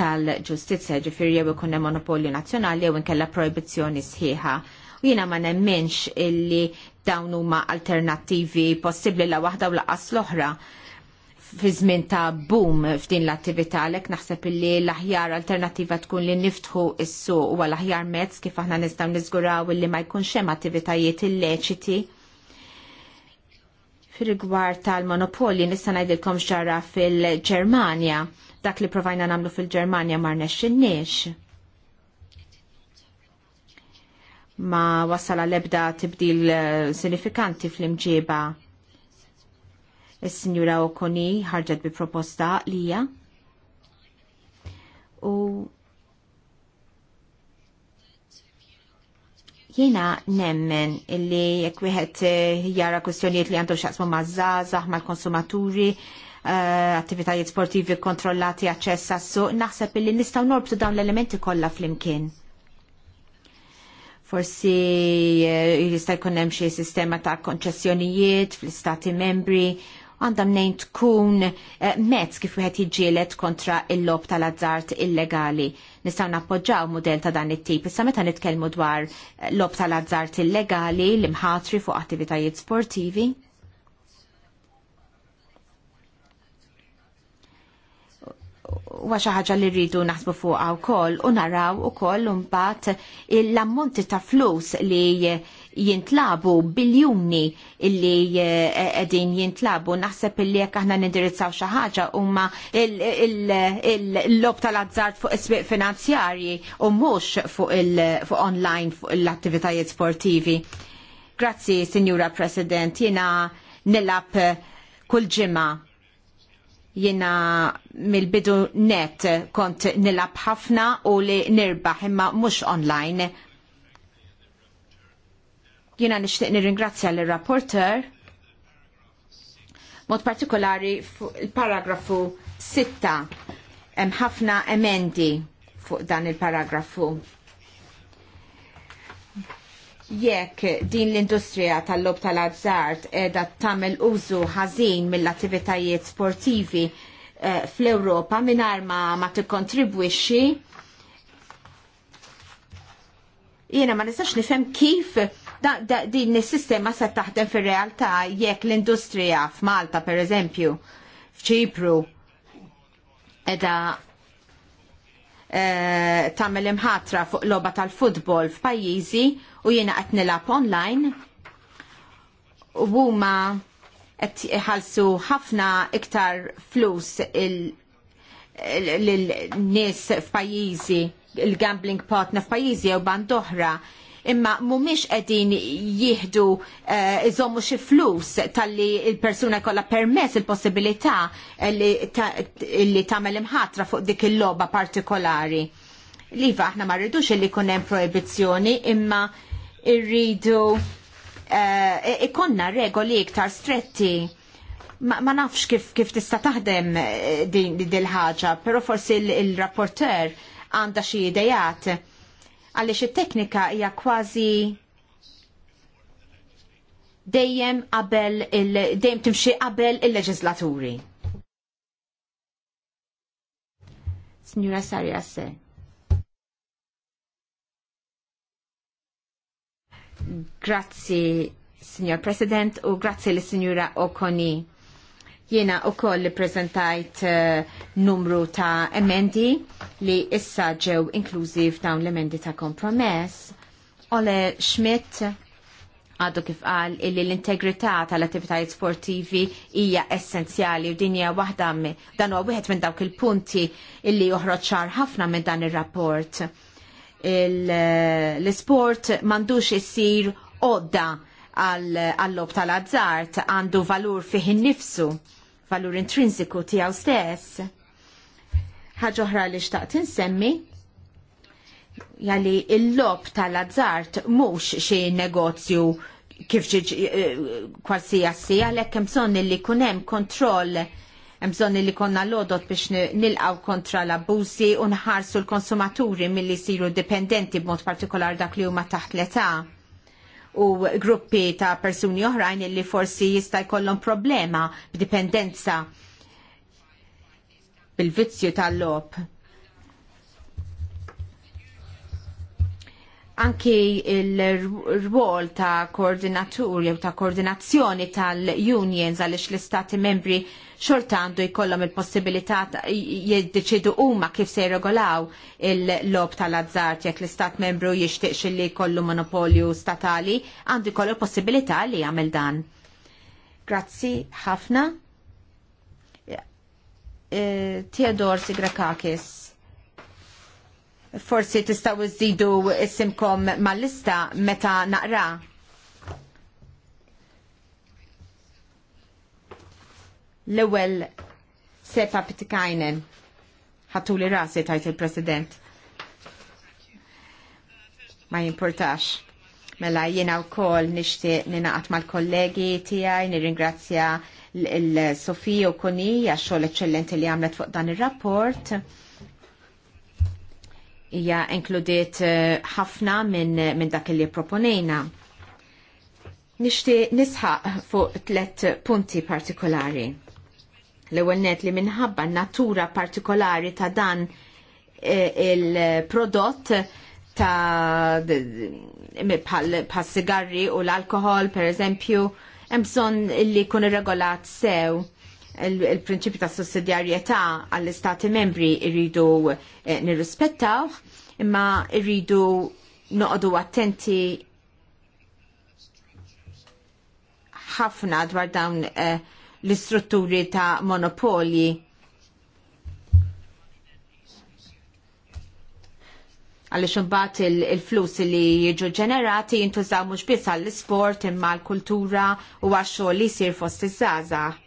tal-ġustizja ġifiri jew ikun hemm monopolju nazzjonali jew inkella proibizzjoni sħiħa. U jiena ma nemminx illi dawn huma alternattivi possibbli la waħda u laqas l-oħra fi żmien ta' boom f'din l-attività għalhekk naħseb illi l-aħjar alternattiva tkun li niftħu is suq huwa l-aħjar mezz kif aħna nistgħu niżguraw illi ma jkunx hemm attivitajiet illeċiti fir rigward tal-monopoli nista' ngħidilkom xara fil-Ġermanja dak li provajna nagħmlu fil-Ġermanja ma rnexxinniex. Ma wasala l-ebda tibdil sinifikanti fl-imġiba Is-Sinjura Okoni ħarġet bi proposta lija u Jiena nemmen illi jekk wieħed eh, jara kwistjonijiet li għandu xaqsmu maż-żgħażagħ mal-konsumaturi, eh, attivitajiet sportivi kontrollati aċċess għas-suq, naħseb illi nistgħu norbtu dawn l-elementi kollha flimkien. Forsi eh, jista' jkun hemm xi sistema ta' konċessjonijiet fl-istati membri għandha mnejn tkun eh, mezz kif wieħed jiġġieled kontra il-lob tal-azzart illegali. Nistgħu nappoġġaw mudell ta' dan it-tip. Issa meta nitkellmu dwar eh, lob tal-azzart illegali li mħatri fuq attivitajiet sportivi. waxa xi ħaġa li rridu naħsbu fuqha wkoll u naraw ukoll imbagħad l-ammonti ta' flus li eh, jintlabu biljuni illi qegħdin eh, jintlabu naħseb illi jekk aħna nindirizzaw xi ħaġa huma l-lob tal-azzard fuq isbiq finanzjarji u mhux fuq online fuq l-attivitajiet sportivi. Grazzi, Signora President, jiena nilab kull ġimma jena mill-bidu net kont nilab ħafna u li nirbaħ imma mux online Jiena nixtieq nirringrazzja l-rapporter mod partikolari fuq il-paragrafu 6 hemm ħafna emendi fuq dan il-paragrafu. Jekk din l-industrija tal-lob tal-azzart edha tagħmel użu ħażin mill-attivitajiet sportivi eh, fl-Ewropa mingħajr ma, ma tikkontribwixxi jiena ma nistax nifhem kif din is-sistema se taħdem fir-realtà jekk l-industrija f'Malta pereżempju, f'Ċipru edha e, tagħmel imħatra fuq logħba tal-futbol f'pajjiżi u jiena qed nilab online u huma qed iħallsu ħafna iktar flus il-nies f'pajjiżi il-gambling partner f'pajjiżi jew band oħra imma mhumiex qegħdin jieħdu eh, iżommu xi flus talli il-persuna jkollha permess il-possibilità eh, li tagħmel imħatra fuq dik il-logħba partikolari. Liva aħna ma rridux li jkun hemm proibizzjoni imma irridu eh, ikonna regoli iktar stretti ma, nafx kif, tista' taħdem din dil ħaġa, però forsi il-rapporter għandha xi idejat għaliex it-teknika hija kważi dejjem qabel dejjem timxi qabel il-leġislaturi. Signora Sarjase. Grazzi, Signor President, u grazzi l-Signora Okoni Jiena u koll prezentajt eh, numru ta' emendi li issa ġew inklużi f'dawn l-emendi ta' kompromess. Ole Schmidt għadu kif qal illi l-integrità tal-attivitajiet sportivi hija essenzjali u din hija waħda dan huwa wieħed minn dawk il-punti illi joħroġ ħafna minn dan ir-rapport. L-isport eh, m'għandux isir għodda għall-lob tal-azzart għandu valur fih innifsu. nifsu valur intrinsiku tiegħu stess. Ħaġa oħra li xtaqt insemmi jali il-lob tal-azzart mhux xi negozju kif ġiġ eh, kwasi għalhekk hemm bżonn li jkun hemm kontroll hemm li konna lodot biex nilqaw kontra l-abbużi u nħarsu l-konsumaturi milli jsiru dipendenti b'mod partikolar dak li huma taħt l-età u gruppi ta' persuni oħrajn li forsi jista' jkollhom problema b'dipendenza bil-vizzju tal-lob anki il-rwol ta' koordinatur jew ta' koordinazzjoni tal-unions għaliex l-istati membri xortandu jkollhom il-possibilità jiddeċidu huma kif se jirregolaw il-lob tal-azzart jekk l-istat membru jixtieqx li jkollu monopolju statali għandu jkollu l-possibilità li jagħmel dan. Grazzi ħafna. Eh, Theodor Sigrakakis. Forsi tistaw iżidu isimkom mal-lista meta naqra. L-ewwel Sepa Pitikajnen. Ħatuli rasi tajt il-President. Ma jimportax. Mela jiena wkoll nixtieq ninaqat mal-kollegi tiegħi nirringrazzja l-Sofija u Koni għax xogħol eċċellenti li għamlet fuq dan ir-rapport hija inkludiet eh, ħafna minn min dak li proponejna. Nixtieq nisħaq fuq tlet punti partikolari. L-ewwel net li minħabba natura partikolari ta' dan eh, il-prodott ta' pa' sigarri u l-alkohol, per eżempju, hemm bżonn li jkun irregolat sew il-prinċipju ta' sussidjarjetà għall-istati membri irridu eh, nirrispettaw, imma irridu noqdu attenti ħafna dwar dawn eh, l-istrutturi ta' monopoli għalli imbagħad il-flus li jiġu ġenerati jintużaw mhux biss għall-isport imma l-kultura u għax-xogħol li jsir fost iż-żgħażagħ.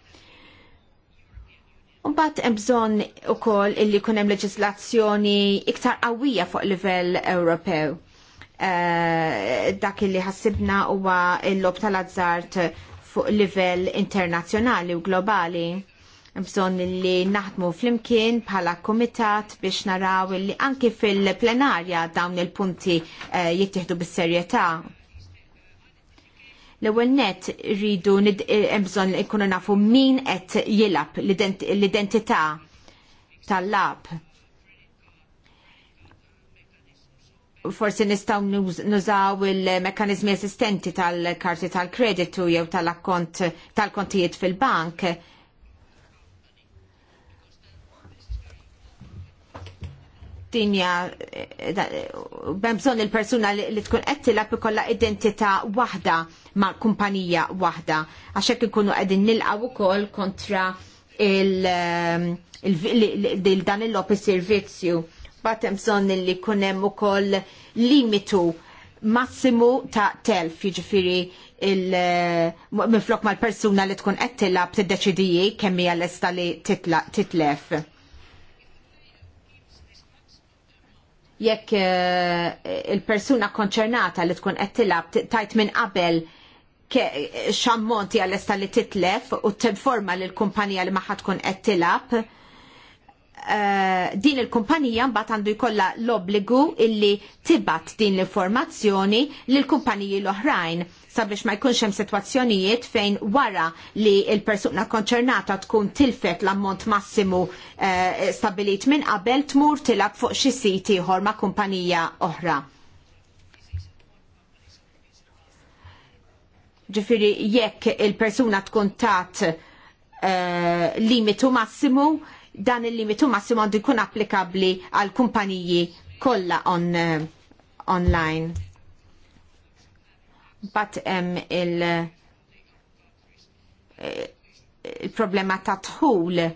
Mbagħad hemm bżonn ukoll illi jkun hemm leġislazzjoni iktar qawwija fuq livell Ewropew. Eh, dak illi ħassibna huwa l-lob tal-azzart fuq livell internazzjonali u globali. Bżonn illi naħdmu flimkien bħala komitat biex naraw illi anki fil-plenarja dawn il-punti eh, jittieħdu bis-serjetà L-ewwel net rridu eh, hemm bżonn jkunu nafu min qed jilab l-identità tal-lab. Forsi nistgħu nużaw il-mekkaniżmi esistenti tal-karti tal-kreditu jew tal-akkont tal-kontijiet fil-bank dinja ben il-persuna li tkun qed tilab ikollha identità waħda ma' kumpanija waħda għaxek hekk ikunu qegħdin nilqgħu ukoll kontra um, dan il lopi is-servizzju. Bat hemm bżonn li jkun hemm ukoll limitu massimu ta' telf, jiġifieri uh, minflok mal-persuna li tkun qed tilab tiddeċidiji kemm hija lesta li titlef jekk eh, il-persuna konċernata li tkun qed tilab tajt minn qabel xammonti għall-esta li titlef u t tinforma l-kumpanija li maħat tkun qed tilab Uh, din il-kumpanija mbagħad għandu jkollha l-obbligu illi tibat din l-informazzjoni lill kumpaniji l-oħrajn sabiex ma jkunx hemm sitwazzjonijiet fejn wara li l-persuna konċernata tkun tilfet l-ammont massimu uh, stabilit minn qabel tmur tilab fuq xi sit ieħor ma' kumpanija oħra. Ġifieri jekk il-persuna tkun tat uh, limitu massimu, dan il-limitu massimo għandu jkun applikabli għal kumpaniji kollha on, eh, online. Bat hemm il- eh, il-problema ta' tħul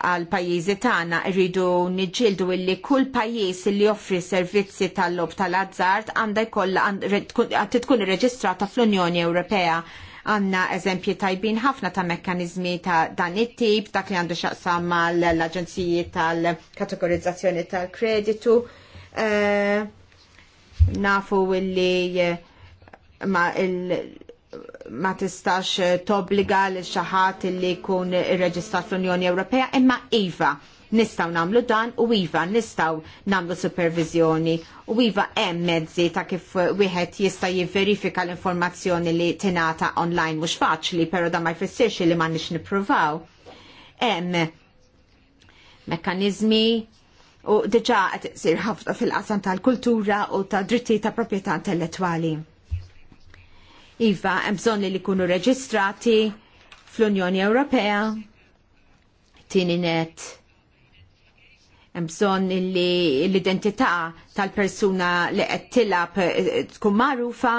għal pajjiżi tagħna rridu niġġieldu illi kull pajjiż li joffri servizzi tal-lob tal azzard għandha jkollha tkun irreġistrata fl-Unjoni Ewropea Għanna eżempji tajbin ħafna ta' mekkanizmi ta' dan it-tip, dak li għandu xaqsam mal l-Aġenziji tal-Kategorizzazzjoni tal-Kreditu. Uh, nafu illi eh, ma il ma tistax tobbliga l xaħat illi kun irreġistrat fl-Unjoni Ewropea imma iva Nistaw namlu dan u iva nistaw namlu supervizjoni u iva hemm mezzi ta' kif wieħed jista' jivverifika l-informazzjoni li tingħata online mhux faċli, però da ma jfissirx li m'għandniex nippruvaw. Hemm mekkaniżmi u diġa qed isir ħafna fil-qasam tal-kultura u ta' dritti ta' proprjetà intellettwali. Iva, hemm bżonn li jkunu reġistrati fl-Unjoni Ewropea, tieni net bżon li l-identità tal-persuna li qed tilab eh, tkun magħrufa,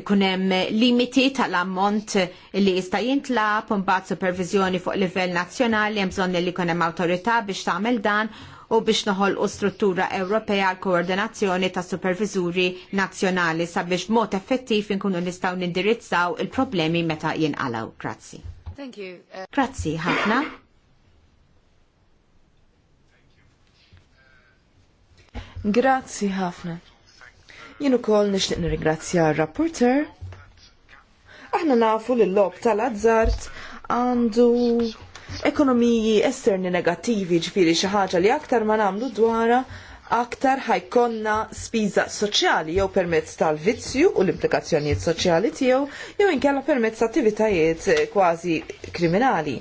ikun hemm limiti tal-ammont li jista' jintlab, mbagħad supervizjoni fuq livell nazzjonali, hemm bżonn li jkun hemm awtorità biex tagħmel dan u biex u struttura Ewropea għal koordinazzjoni ta' superviżuri nazzjonali sabiex mod effettiv inkunu nistgħu nindirizzaw il-problemi meta jinqalaw. Grazzi. Thank you. Grazzi ħafna. Grazzi ħafna. Jien ukoll nixtieq nirringrazzja r-rapporter. Aħna nafu li l-lob tal-azzart għandu ekonomiji esterni negattivi ġifiri xi ħaġa li aktar ma nagħmlu dwara aktar ħajkonna spiża soċjali jew permezz tal-vizzju u l-implikazzjonijiet soċjali tiegħu jew inkella permezz attivitajiet kważi kriminali.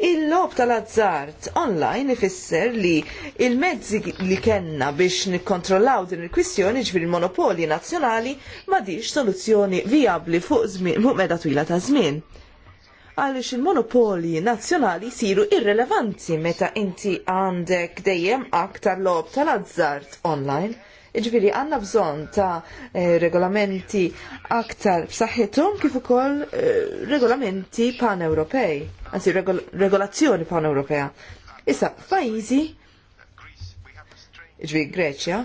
Il-lob tal-azzart online ifisser li il-mezzi li kenna biex nikkontrollaw din il-kwistjoni ġbir il-monopoli nazzjonali ma diġ soluzzjoni viabli fuq meda twila ta' żmien. Għaliex il-monopoli nazzjonali siru irrelevanti meta inti għandek dejjem aktar lob tal-azzart online. Iġviri, għanna bżon ta' eh, regolamenti aktar b'saħħithom kif ukoll eh, regolamenti pan-Ewropej, anzi regolazzjoni pan-Ewropea. Issa, f'pajjiżi, iġviri Greċja,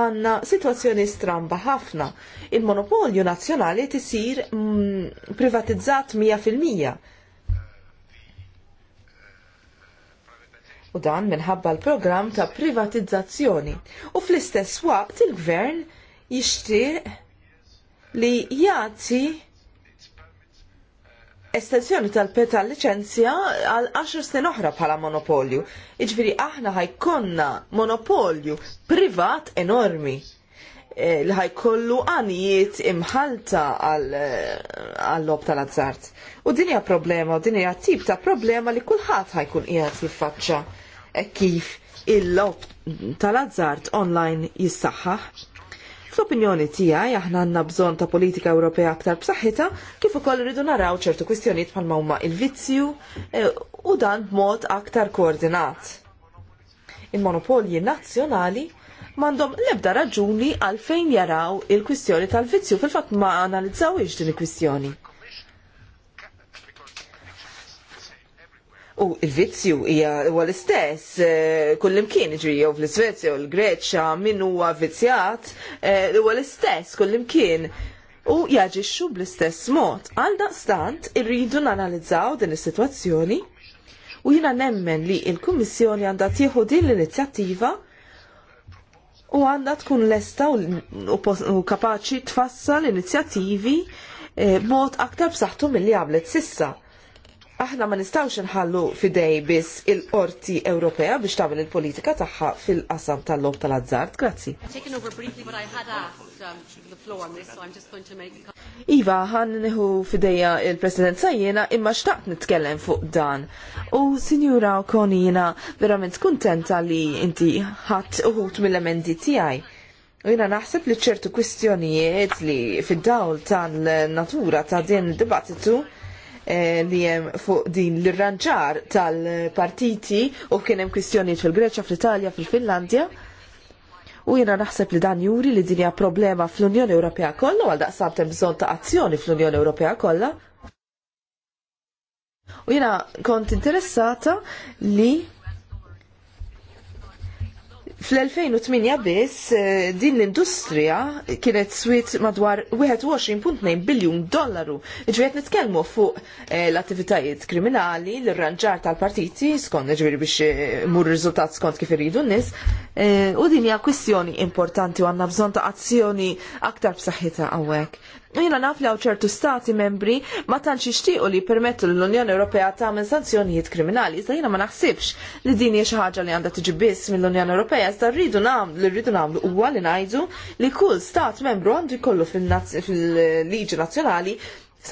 għanna situazzjoni stramba ħafna. Il-monopolju nazzjonali tisir mm, privatizzat 100%. u dan minħabba l-programm ta' privatizzazzjoni. U fl-istess waqt il-gvern jixtieq li jagħti estensjoni tal-peta licenzja għal 10 snin oħra bħala monopolju. Iġviri aħna ħajkonna monopolju privat enormi. Eh, li ħajkollu għanijiet imħalta eh, għall-lob tal-azzart. U din hija problema, u din hija tip ta' problema li kulħadd ħajkun qiegħed fil-faċċa e kif il-lob tal-azzart online jissaħħaħ. Fl-opinjoni tiegħi aħna għandna bżonn ta' politika Ewropea aktar b'saħħitha kif ukoll rridu naraw ċertu kwistjonijiet bħalma huma il-vizzju eh, u dan b'mod aktar koordinat. Il-monopolji nazzjonali mandom lebda raġuni għalfejn jaraw il-kwistjoni tal-vizzju fil-fat ma iġ din il-kwistjoni. U il-vizzju hija huwa l-istess eh, kullimkien iġri jew fl-Iżvezja u l-Greċja min huwa vizzjat eh, huwa l-istess kullimkien u jaġixxu bl-istess mod. Għal daqstant irridu nanalizzaw din is-sitwazzjoni u jina nemmen li il-Kummissjoni għandha tieħu din l-inizjattiva u għandha tkun lesta u kapaċi tfassal inizjattivi eh, mod aktar b'saħħtu milli għamlet sissa aħna ma nistawx nħallu fidej biss il-Qorti Ewropea biex tagħmel il-politika tagħha fil-qasam tal lob tal-azzard. Grazzi. Um, iva, ħan nieħu fideja il-President sajjena imma xtaqt nitkellem fuq dan. U Sinjura Konina, verament kuntenta li inti ħadd uħut mill-emendi tiegħi. U jina naħseb li ċertu kwistjonijiet li fid-dawl tal-natura ta' din il-dibattitu Eh, li hemm fuq din l-irranġar tal-partiti u kien hemm kwistjonijiet fil-Greċja, fl-Italja, fil-Finlandja. U jiena naħseb li dan juri li din hija problema fl-Unjoni Ewropea kollha għal daqsam hemm bżonn ta' azzjoni fl-Unjoni Ewropea kollha. U jiena kont interessata li Fl-2008 biss eh, din l-industrija kienet swit madwar 21.2 biljun dollaru. Ġviet nitkelmu fuq eh, l-attivitajiet kriminali, l-ranġar tal-partiti, skont ġviri biex eh, mur riżultat skont kif iridu n-nis. U din hija kwistjoni importanti u għandna bżonn ta' azzjoni aktar b'saħħitha għawek Jena naf li ċertu stati membri ma tantx ixtiequ li permettu l-Unjoni Ewropea tagħmel sanzjonijiet kriminali, iżda jiena ma naħsibx li din hija xi ħaġa li għandha tiġi biss mill-Unjoni Ewropea, iżda rridu nagħmlu li rridu nagħmlu huwa li ngħidu li kull stat membru għandu jkollu fil-liġi nazzjonali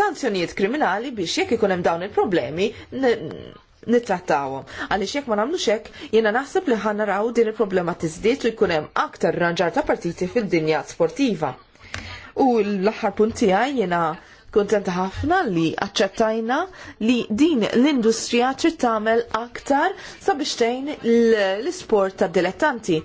sanzjonijiet kriminali biex jekk ikun hemm dawn il-problemi nittrattawhom. Għaliex jekk ma nagħmlux hekk, jiena naħseb li ħanaraw din il-problema tiżdiet u jkun hemm aktar ranġar ta' partiti fid-dinja sportiva. U l-aħħar punt tiegħi jiena kontenta ħafna li aċċettajna li din l-industrija trid tagħmel aktar sabiex tgħin l-isport tad dilettanti.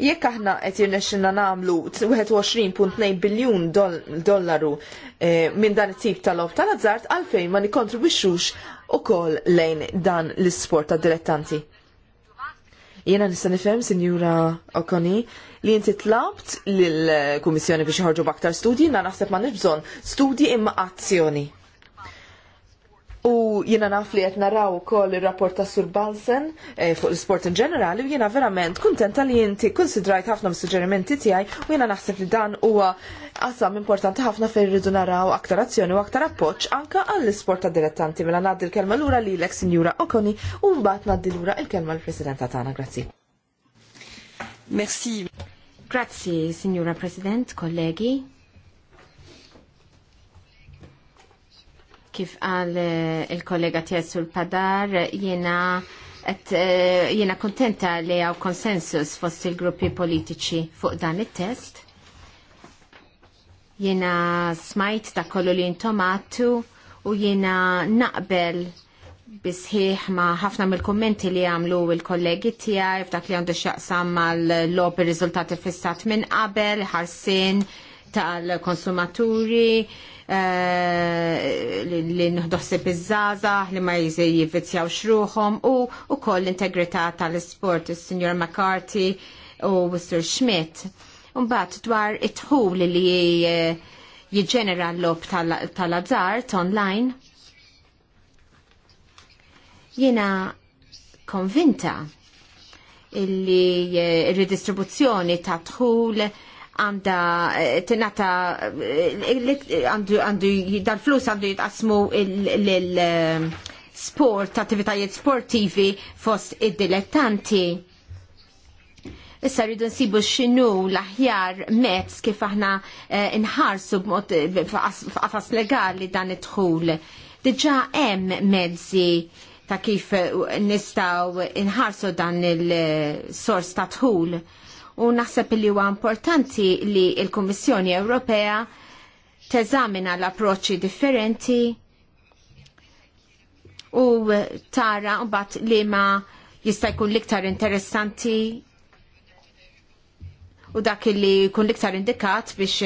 Jekk aħna qed jirnexxinna nagħmlu 21.2 biljun dollaru eh, minn dan it-tip tal-lob tal-azzart għalfejn ma nikkontribwixxux ukoll lejn dan l-isport tad dilettanti. Jena nista' nifhem, Sinjura Okoni, li inti tlabt lill-Kummissjoni biex iħorġu b'aktar studji, na naħseb ma bżonn studji imma azzjoni. U jiena naf li qed naraw ukoll ir-rapport ta' Sur Balsen eh, fuq l-sport in ġenerali u jiena verament kuntenta li jinti konsidrajt ħafna mis-suġġerimenti tiegħi u jiena naħseb li dan huwa qasam importanti ħafna fejn rridu naraw aktar azzjoni u aktar appoġġ anke għall-isport ta' dilettanti mela ngħaddi l-kelma lura lilek Sinjura Okoni u mbagħad ngħaddi lura il-kelma l-Presidenta tagħna. Grazzi. Merci. Grazzi, Signora President, kollegi. kif għal eh, il-kollega tijaj sul padar jiena Et, eh, jiena kontenta li hawn konsensus fost il-gruppi politiċi fuq dan it-test. Jiena smajt ta' kollu li intomatu u jiena naqbel bisħiħ ma ħafna mill-kommenti li għamlu il-kollegi tiegħi f'dak li għandu x'jaqsam mal-lob ir-riżultati fissat minn qabel, ħarsin tal-konsumaturi, Eh, li nħdossi iż li ma jivvizjaw xruħom u wkoll l-integrità tal-isport is-Sinjor McCarthy u Mr. Schmidt. Mbagħad dwar it-tħul li eh, jiġġenera l-lob tal-azzart online. Jiena konvinta illi eh, redistribuzzjoni ta' tħul għanda eh, t-nata eh, għandu dal-flus għandu jitqasmu l-sport, eh, attivitajiet sportivi fost id-dilettanti. Issa rridu nsibu x'inhu l-aħjar mezz kif aħna nħarsu f'qafas legali dan id-dħul. Diġà hemm mezzi ta' kif nistgħu nħarsu dan il-sors ta' dħul u naħseb li huwa importanti li l-Kummissjoni Ewropea teżamina l-approċċi differenti u tara mbagħad li ma jista' jkun l-iktar interessanti u dak li jkun l-iktar indikat biex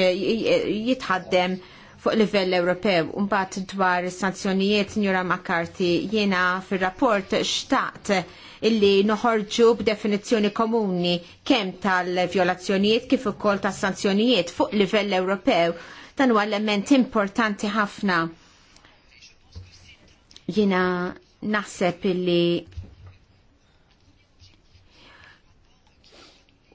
jitħaddem fuq livell Ewropew. Mbagħad dwar is-sanzjonijiet Njura McCarthy jiena fir-rapport xtaqt illi noħorġu b'definizzjoni komuni kemm tal-vjolazzjonijiet kif ukoll tas-sanzjonijiet fuq livell Ewropew dan huwa element importanti ħafna. Jiena naħseb illi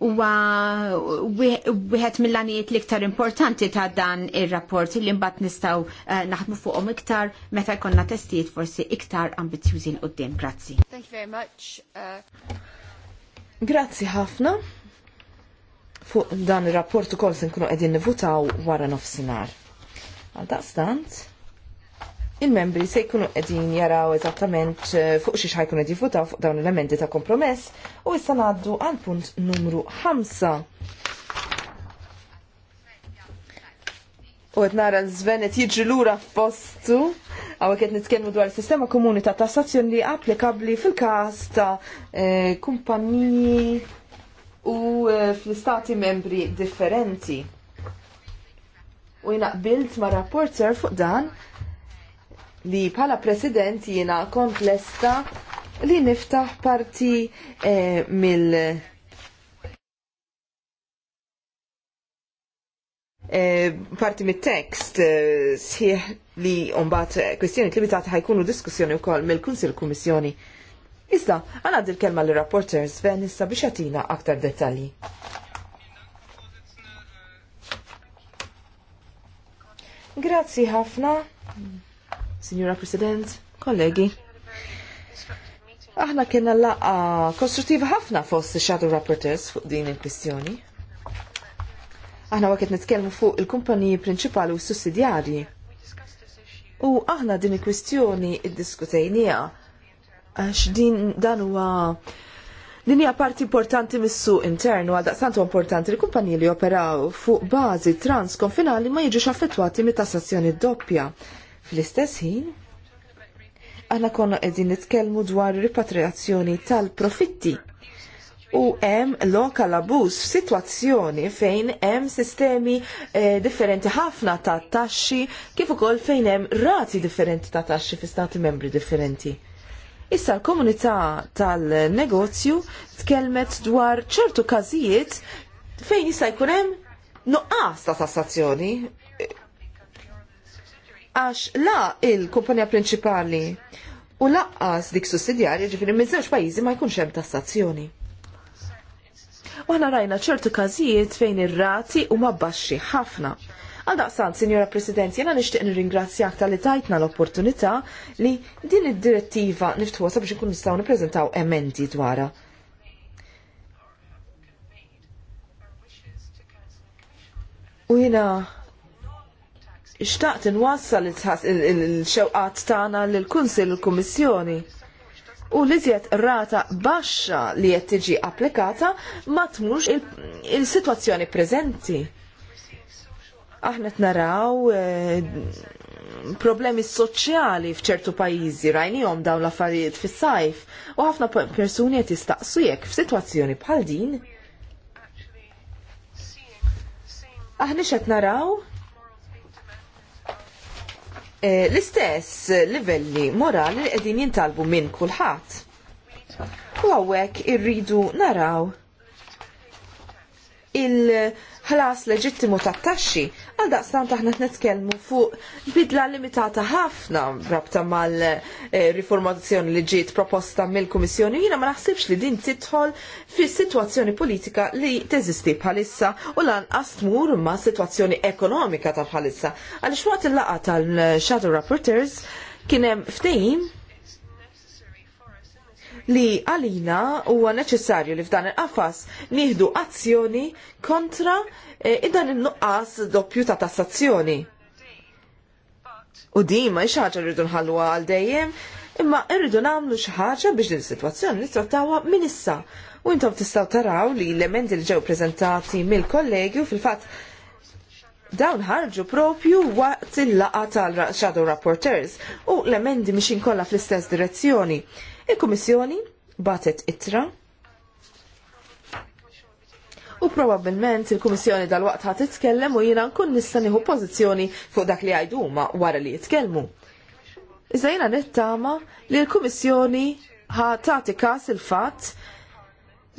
huwa wieħed mill-għanijiet l-iktar importanti ta' dan ir-rapport li mbagħad nistgħu eh, naħdmu fuqhom iktar meta jkollna testijiet forsi iktar ambizzjużi l qudiem Grazzi. Thank you very much. Uh, Grazzi ħafna. Fuq dan ir-rapport ukoll se nkunu qegħdin nivutaw wara nofsinhar. Għal daqstant, il-membri se jkunu qegħdin jaraw eżattament eh, fuq xi ħajkun qed jifutaw fuq dawn l-elementi ta' kompromess u issa ngħaddu għal punt numru 5. U qed nara l-żven qed jiġri lura f'postu għaw qed nitkellmu dwar sistema komuni ta' tassazzjoni li applikabbli fil-każ ta' eh, kumpanji u eh, fl-istati membri differenti. U jina qbilt ma' rapporter fuq dan li bħala president jiena kont lesta li niftaħ parti eh, mill eh, parti mit-tekst eh, sħiħ li mbagħad eh, kwistjoni limitati ħajkunu diskussjoni wkoll mill-Kunsil Kummissjoni. Issa, għana għaddil kelma l rapporters Sven issa biex għatina aktar dettalji. Grazzi ħafna. Signora President, kollegi. Aħna kienna laqa konstruttiva ħafna fost shadow rapporteurs fuq din il-kwistjoni. Aħna waqt nitkellmu fuq il-kumpaniji prinċipali u sussidjarji. U aħna din il-kwistjoni id-diskutejnija għax din dan huwa Din hija parti importanti mis-suq internu għal daqstantu importanti li kumpaniji li operaw fuq bażi transkonfinali ma jiġux affettwati mit tassazzjoni doppja. Fl-istess ħin, aħna konna qegħdin nitkellmu dwar ripatriazzjoni tal-profitti u hemm lokal abuż f'sitwazzjoni fejn hemm sistemi eh, differenti ħafna ta' taxxi kif ukoll fejn hemm rati differenti ta' taxxi fi stati membri differenti. Issa l-komunità tal-negozju tkellmet dwar ċertu każijiet fejn jista' jkun hemm nuqqas ta' tassazzjoni għax la il-kumpanija prinċipali u laqqas dik sussidjarja ġifiri minn żewġ pajjiżi ma jkunx hemm tassazzjoni. U rajna ċertu każijiet fejn ir-rati huma baxxi ħafna. Għaldaqsant, Sinjora President, jena nishtiq nirringrazzjak tal-li tajtna l-opportunità li din id-direttiva niftuħa biex nkun nistgħu nippreżentaw emendi dwarha. U jena Xtaqt inwassal il-xewqat tagħna lil kunsill il-Kummissjoni. U li tiet rata baxxa li qed tiġi applikata ma tmux il-sitwazzjoni preżenti. Aħna qed naraw eh, problemi soċjali f'ċertu pajjiżi rajnihom dawn l-affarijiet fis-sajf u ħafna persuni qed jistaqsu jekk f'sitwazzjoni bħal din aħna xed naraw Eh, l-istess livelli morali li qegħdin jintalbu minn kulħadd. U għawek irridu naraw il-ħlas leġittimu tat-taxxi Għal daqstan taħna t-netkelmu fuq bidla limitata ħafna rabta mal-riformazzjoni eh, li ġiet proposta mill-Komissjoni. Jina ma naħsibx li din titħol fi situazzjoni politika li teżisti bħalissa u lan astmur ma situazzjoni ekonomika ta' bħalissa. Għal xwat il-laqa tal-Shadow Rapporteurs kienem ftejim li għalina huwa neċessarju li f'dan il-qafas nieħdu azzjoni kontra eh, id-dan il-nuqqas doppju ta' tassazzjoni. U di ma ħaġa rridu nħalluha għal dejjem, imma rridu nagħmlu xi ħaġa biex din is-sitwazzjoni nittrattawha minn issa. U intom tistgħu taraw li l-elementi li ġew preżentati mill-kollegju fil-fatt dawn ħarġu propju waqt il-laqa tal-Shadow Rapporteurs u l-emendi mixin kolla fl-istess direzzjoni. Il-Kummissjoni batet itra u probabbilment il-Kummissjoni dal-waqt ħat titkellem u jiena nkun nista' nieħu pożizzjoni fuq dak li għajduma wara li jitkellmu. Iżda jiena nittama li l-Kummissjoni ħat tagħti każ il-fatt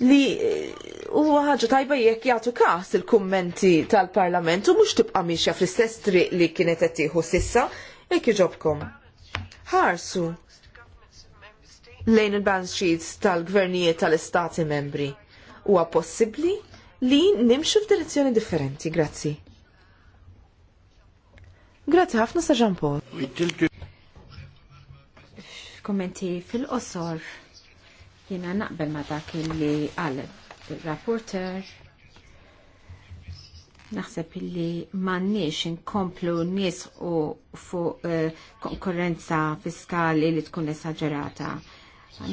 li eh, huwa ħaġa tajba jekk jagħtu każ il-kummenti tal-Parlament u mhux tibqa' mixja fl-istess li kienet qed tieħu sissa jekk iġobkom. Ħarsu lejn il-balance sheets tal-gvernijiet tal-istati membri. Huwa possibbli li nimxu f'direzzjoni differenti, grazzi. Grazzi ħafna sa' Jean Paul. Kommenti fil-qosor jiena naqbel ma dak li għal il-rapporter naħseb illi mannix inkomplu nis u fuq eh, konkurrenza fiskali li tkun esagerata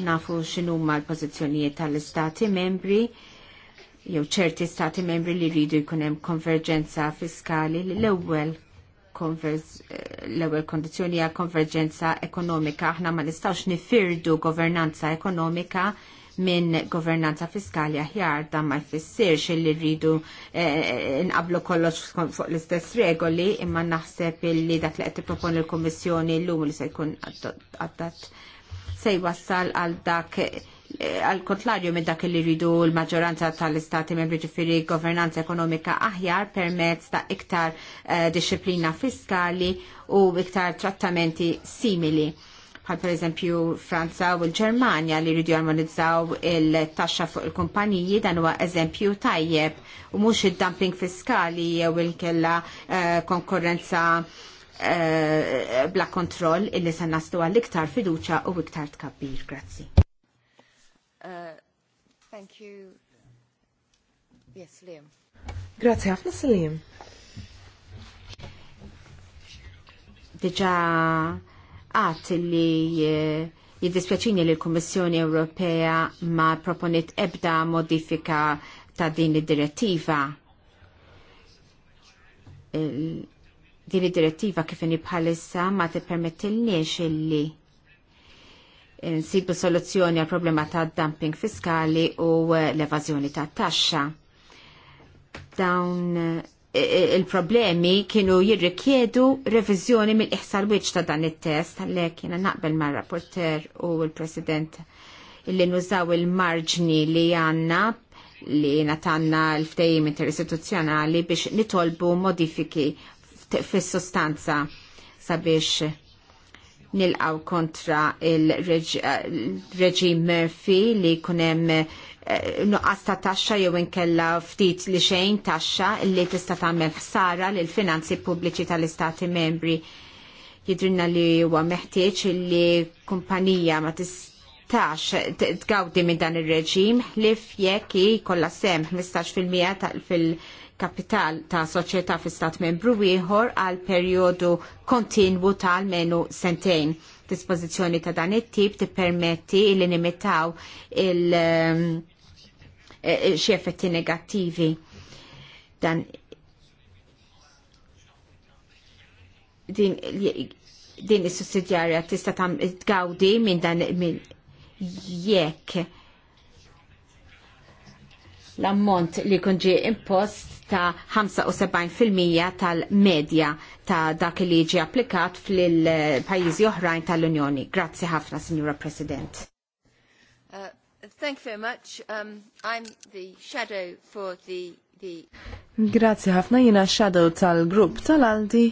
nafu x'inhuma l-pożizzjonijiet tal-istati membri jew ċerti stati membri li rridu jkun hemm konverġenza fiskali l-ewwel l-ewwel kondizzjoni hija konverġenza ekonomika. Aħna ma nistgħux nifirdu governanza ekonomika minn governanza fiskali aħjar dan ma jfissirx li rridu eh, eh, nqablu kollox fuq l-istess regoli imma naħseb li dak li qed tipproponi l-Kummissjoni llum li se jkun għaddat se jwassal għal dak għal kontrarju minn dak li rridu l-maġġoranza tal-istati membri ġifiri governanza ekonomika aħjar permezz ta' iktar eh, disciplina fiskali u iktar trattamenti simili għal per eżempju Franza u l-Ġermanja li rridu jarmonizzaw il-taxxa fuq il-kumpaniji dan huwa eżempju tajjeb u mhux id-dumping fiskali jew il-kella uh, konkurrenza Eh, bla kontroll illi se nastu għal iktar fiduċa u iktar tkabbir. Grazzi. Uh, thank you. Yes, Liam. Grazzi ħafna Salim. Diġa għat li eh, jiddispjaċini li l-Kommissjoni Ewropea ma proponit ebda modifika ta' din id-direttiva din id-direttiva kif inhi bħalissa ma tippermettilniex illi nsibu soluzzjoni għal problema ta' dumping fiskali u l-evażjoni ta' taxxa. Dawn e, e, il-problemi kienu jirrikjedu reviżjoni mill-iħsar wieċ ta' dan it-test, għalhekk jiena naqbel mar-rapporter u l-President illi nużaw il-marġni li għanna li natanna l-ftejim interistituzjonali biex nitolbu modifiki fis-sostanza sabiex nilqaw kontra il-reġim Murphy li kunem eh, nuqqas ta' taxxa jew inkella ftit li xejn taxxa li tista' tagħmel ħsara lil finanzi pubbliċi tal-istati membri. Jidrinna li huwa meħtieġ li kumpanija ma tistax tgawdi minn dan ir-reġim ħlif jekk jkollha semm 15% fil-mija kapital ta' soċjetà fi stat membru ieħor għal perjodu kontinwu ta' almenu sentejn. Dispożizzjoni ta' dan it-tip tippermetti li nimitaw il ehm, e, e, xi effetti negattivi. Dan din din is-sussidjarja tista' tgawdi minn dan minn jekk l-ammont li kunġi ġie impost ta' 75% tal-medja ta' dak li ġi applikat fil-pajjiżi oħrajn tal-Unjoni. Grazzi ħafna, Signora President. Uh, thank you very much. Um, I'm the shadow for the... the... Grazzi ħafna, jina shadow tal-grupp tal-Aldi.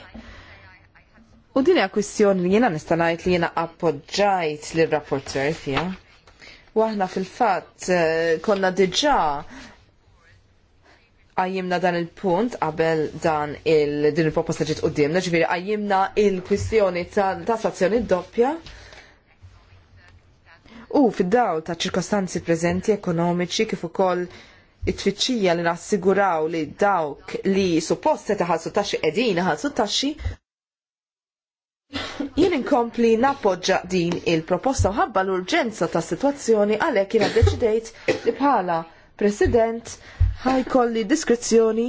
U din hija kwistjoni li jiena nista' ngħid li jiena appoġġajt lir rapporter fiha. U fil-fatt eh, konna diġà għajjimna dan il-punt qabel dan il-din il-proposta ġiet dimna, ġviri għajjimna il-kwistjoni ta' tassazzjoni doppja. U fid daw ta' ċirkostanzi preżenti ekonomiċi kif ukoll it-tfittxija li nassiguraw li dawk li suppost ta' taħalsu taxxi qegħdin ħalsu taxxi Jien inkompli nappoġġa din il-proposta u ħabba l-urġenza ta' situazzjoni għalhekk jiena ddeċidejt li bħala President kolli diskrezzjoni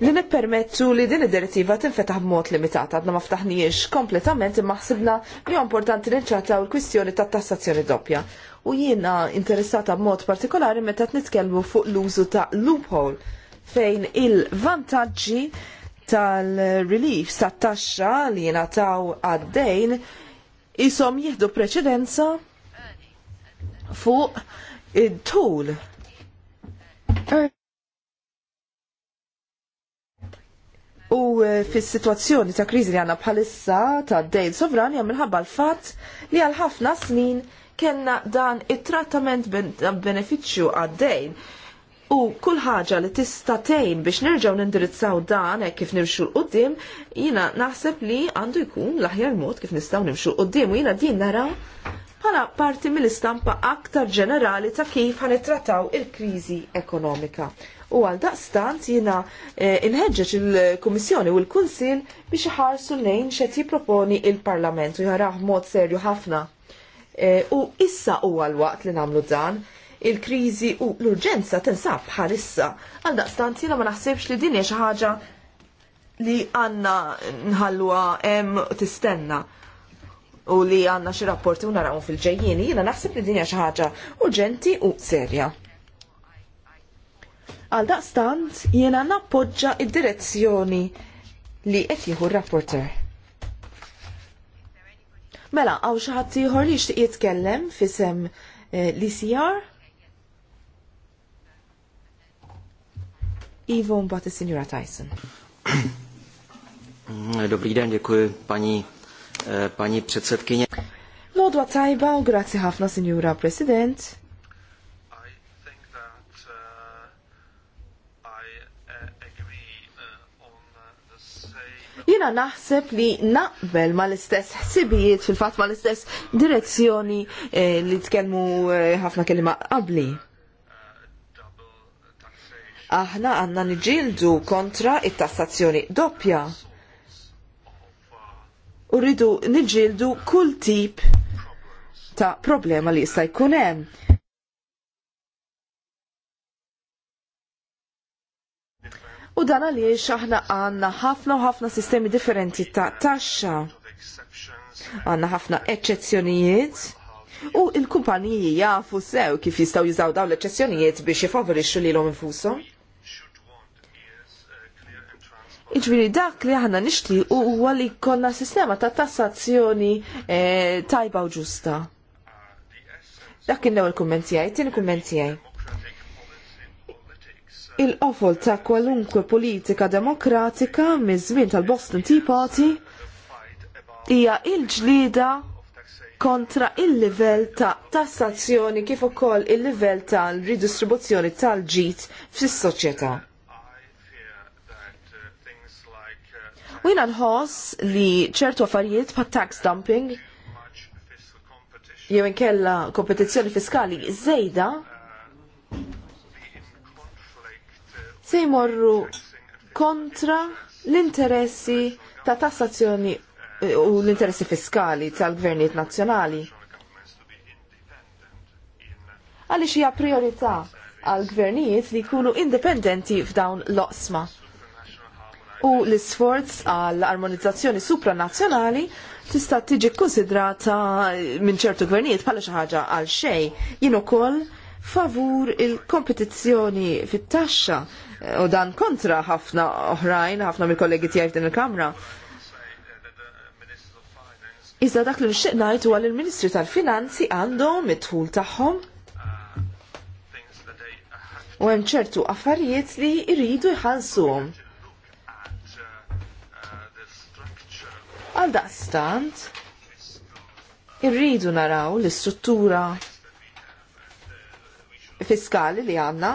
li nippermettu li din id-direttiva tinfetaħ b'mod limitat għadna ma ftaħniex kompletament imma ħsibna li importanti nċataw il-kwistjoni ta' tassazzjoni doppja. U jiena interessata b'mod partikolari meta nitkellmu fuq l-użu ta' loophole fejn il-vantaġġi tal-relief sa' taxxa li jingħataw għaddejn isom jieħdu preċedenza fuq id-tul. U eh, fis situazzjoni ta' kriżi li għanna bħalissa ta' dejn sovran jgħam minħabba l-fat li għal ħafna snin kena dan it-trattament ben beneficju għad-dejn U kull ħaġa li tista' tgħin biex nerġgħu nindirizzaw dan hekk kif nimxu l qudiem jiena naħseb li għandu jkun l-aħjar mod kif nistgħu nimxu l qudiem u jiena din nara bħala parti mill-istampa aktar ġenerali ta' kif ħanittrattaw il-kriżi ekonomika. U għal daqstant jiena eh, inħeġġeġ il-Kummissjoni u l-Kunsil biex iħarsu lejn xed jipproponi il-Parlament u jaraħ mod serju ħafna. Eh, u issa huwa l-waqt li nagħmlu dan il-kriżi u l-urġenza tinsab bħalissa. Għal daqstant jiena ma naħsibx li din hija xi ħaġa li għandna nħalluha hemm tistenna u li għandna xi rapporti u narawhom fil-ġejjieni, jiena naħseb li din hija xi ħaġa urġenti u serja. Għal daqstant jiena nappoġġa id-direzzjoni li qed jieħu r-rapporter. Mela, għaw xaħat tiħor li jishtiq jitkellem fisem eh, l-ICR? E Ivo mbagħad signora Tyson. Dobrý den, děkuji paní, eh, paní předsedkyně. Lodwa tajba grazie hafna, signora President. Eh, eh, jina naħseb li naqbel ma l-istess ħsibijiet fil-fat ma l-istess direzzjoni eh, li tkellmu ħafna kelima qabli aħna għanna nġildu kontra it-tassazzjoni doppja. U rridu nġildu kull tip ta' problema li jista' jkun hemm. U dan għaliex aħna għanna ħafna u ħafna sistemi differenti ta' taxxa. Għanna ħafna eċċezzjonijiet. U il-kumpaniji jafu sew kif jistaw jużaw dawn l eċċezzjonijiet biex jifavorixxu lilhom infushom? Iġviri dak li aħna nixtli u huwa li konna sistema ta' tassazzjoni eh, tajba u ġusta. Dak kien l-ewwel kumment tiegħi, tieni kumment tiegħi. Il-qofol ta' kwalunkwe politika demokratika mizmin żmien tal-Boston Tea Party hija il-ġlida kontra il-livell ta' tassazzjoni kif ukoll il-livell tal-ridistribuzzjoni tal-ġit fis-soċjetà. U jina nħoss li ċertu affarijiet pa' tax dumping jew inkella kompetizzjoni fiskali żejda se jmorru kontra l-interessi ta' tassazzjoni eh, u l-interessi fiskali tal-gvernijiet nazzjonali. Għaliex hija priorità għal gvernijiet li jkunu indipendenti f'dawn l-oqsma u l-isforz għall armonizzazzjoni supranazzjonali tista' tiġi kkunsidrata minn ċertu gvernijiet bħala xi ħaġa għal xejn. Jien ukoll favur il-kompetizzjoni fit-taxxa eh, u dan kontra ħafna oħrajn, ħafna mill-kollegi tiegħi f'din il-Kamra. Iżda dak li nixtieq ngħid huwa li l-Ministri tal-Finanzi għandhom it-tħul tagħhom. U hemm ċertu affarijiet li jridu jħallsuhom. Għal daqstant, irridu naraw l-istruttura fiskali li għanna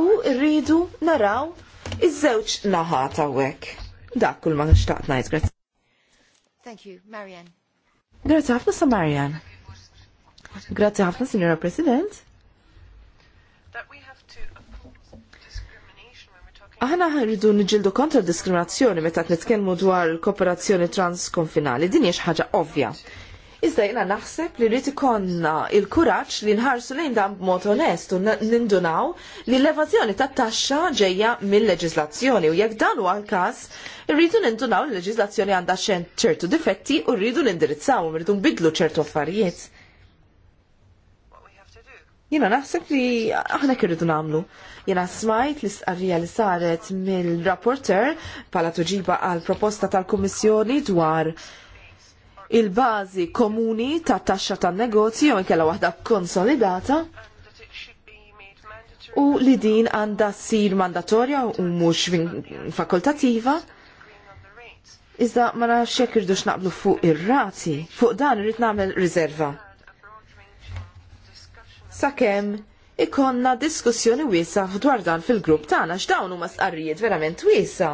u rridu naraw iż-żewġ naħata hawnhekk. Dak kull ma xtaqt ngħid grazie. Thank you, Marianne. Grazzi ħafna sa Marianne. Grazie ħafna, Signora President. Aħna rridu nġildu kontra diskriminazzjoni meta nitkellmu dwar il-kooperazzjoni transkonfinali, din hija ħaġa ovvja. Iżda jiena naħseb li rrid ikonna il-kuraġġ li nħarsu lejn dan b'mod onest u nindunaw li l-evażjoni tat-taxxa ġejja mill-leġiżlazzjoni u jekk dan huwa l-każ, rridu nindunaw li l-leġiżlazzjoni għandha ċertu difetti u rridu nindirizzawhom, rridu nbidlu ċertu affarijiet. Jina naħseb li aħna kirridu namlu. Jina smajt s-arrija li saret mill-rapporter pala tuġiba għal proposta tal-Kummissjoni dwar il-bazi komuni ta' taxxa tan-negozju jew kella waħda konsolidata u li din għandha ssir mandatorja u mhux fakultattiva. Iżda ma nafx jekk irdux naqblu fuq ir-rati, fuq dan irrid nagħmel riserva sakemm ikonna diskussjoni wiesa dwar dan fil-grupp tagħna x'dawn huma stqarrijiet verament wiesa.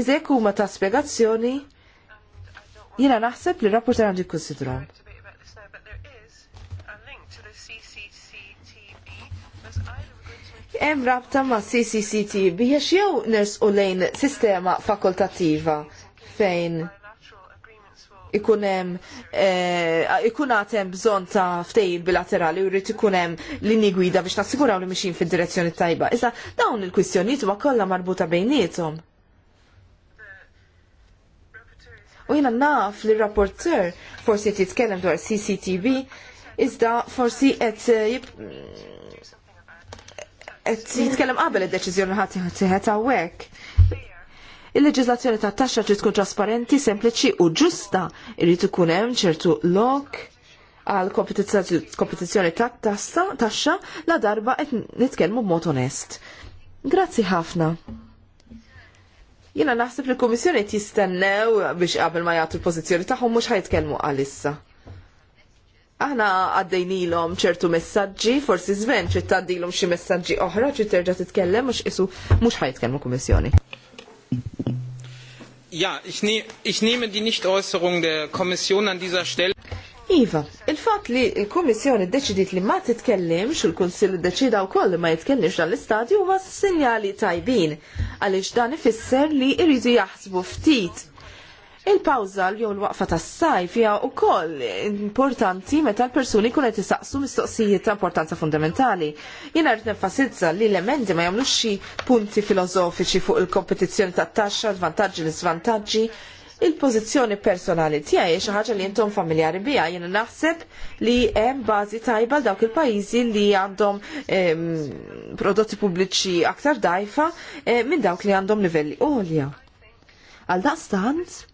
Iżek huma ta' spjegazzjoni jiena naħseb li rapport għandu jikkonsidrom. Hemm rabta ma' CCCTB biex jew nersqu lejn sistema fakultattiva fejn ikunem eh, hemm bżon ta' ftejil bilaterali u rrit ikunem linji gwida biex nassiguraw li mixin fil-direzzjoni tajba. Issa dawn il-kwistjoniet ma kollha marbuta bejnietom. U jina naf li rapporter forsi qed jitkellem dwar CCTV iżda forsi qed eh, qed jitkellem qabel id-deċiżjoni ħadd ħadd hawnhekk il leġizlazzjoni ta' taxxa trid tkun trasparenti, sempliċi u ġusta. Irid ikun hemm ċertu lok għal kompetizzjoni ta' taxxa la darba qed nitkellmu b'mod onest. Grazzi ħafna. Jiena naħseb li l-Kummissjoni jistennew biex qabel ma jagħtu l-pożizzjoni tagħhom mhux ħajtkellmu għalissa aħna għaddejnilhom ċertu messaġġi, forsi żvenċ trid tgħaddilhom xi messaġġi oħra, trid terġa' titkellem mhux isu mhux ħajtkellmu kummissjoni. Ja, ich, ne ich nehme die Nichtäußerung der Kommission an dieser Stelle. Iva, il-fat li il-Komissjoni deċidit li ma titkellimx, il-Konsil deċida u koll li ma jitkellimx dan istadju ma sinjali tajbin, għalix dan ifisser li irridu jaħsbu ftit Il-pawza l jew l-waqfa tas-sajf hija wkoll importanti meta l-persuni jkunu qed isaqsu mistoqsijiet ta' importanza fundamentali. Jien rrid nenfasizza li l-emendi ma jagħmlux xi punti filosofiċi fuq il-kompetizzjoni tat-taxxa, l-vantaġġi l-iżvantaġġi, il-pozizjoni personali tiegħi xi ħaġa li intom familjari biha jien naħseb li hemm bażi tajba dawk il-pajjiżi li għandhom prodotti pubbliċi aktar dajfa eh, minn dawk li għandhom livelli għolja. Għal daqstant,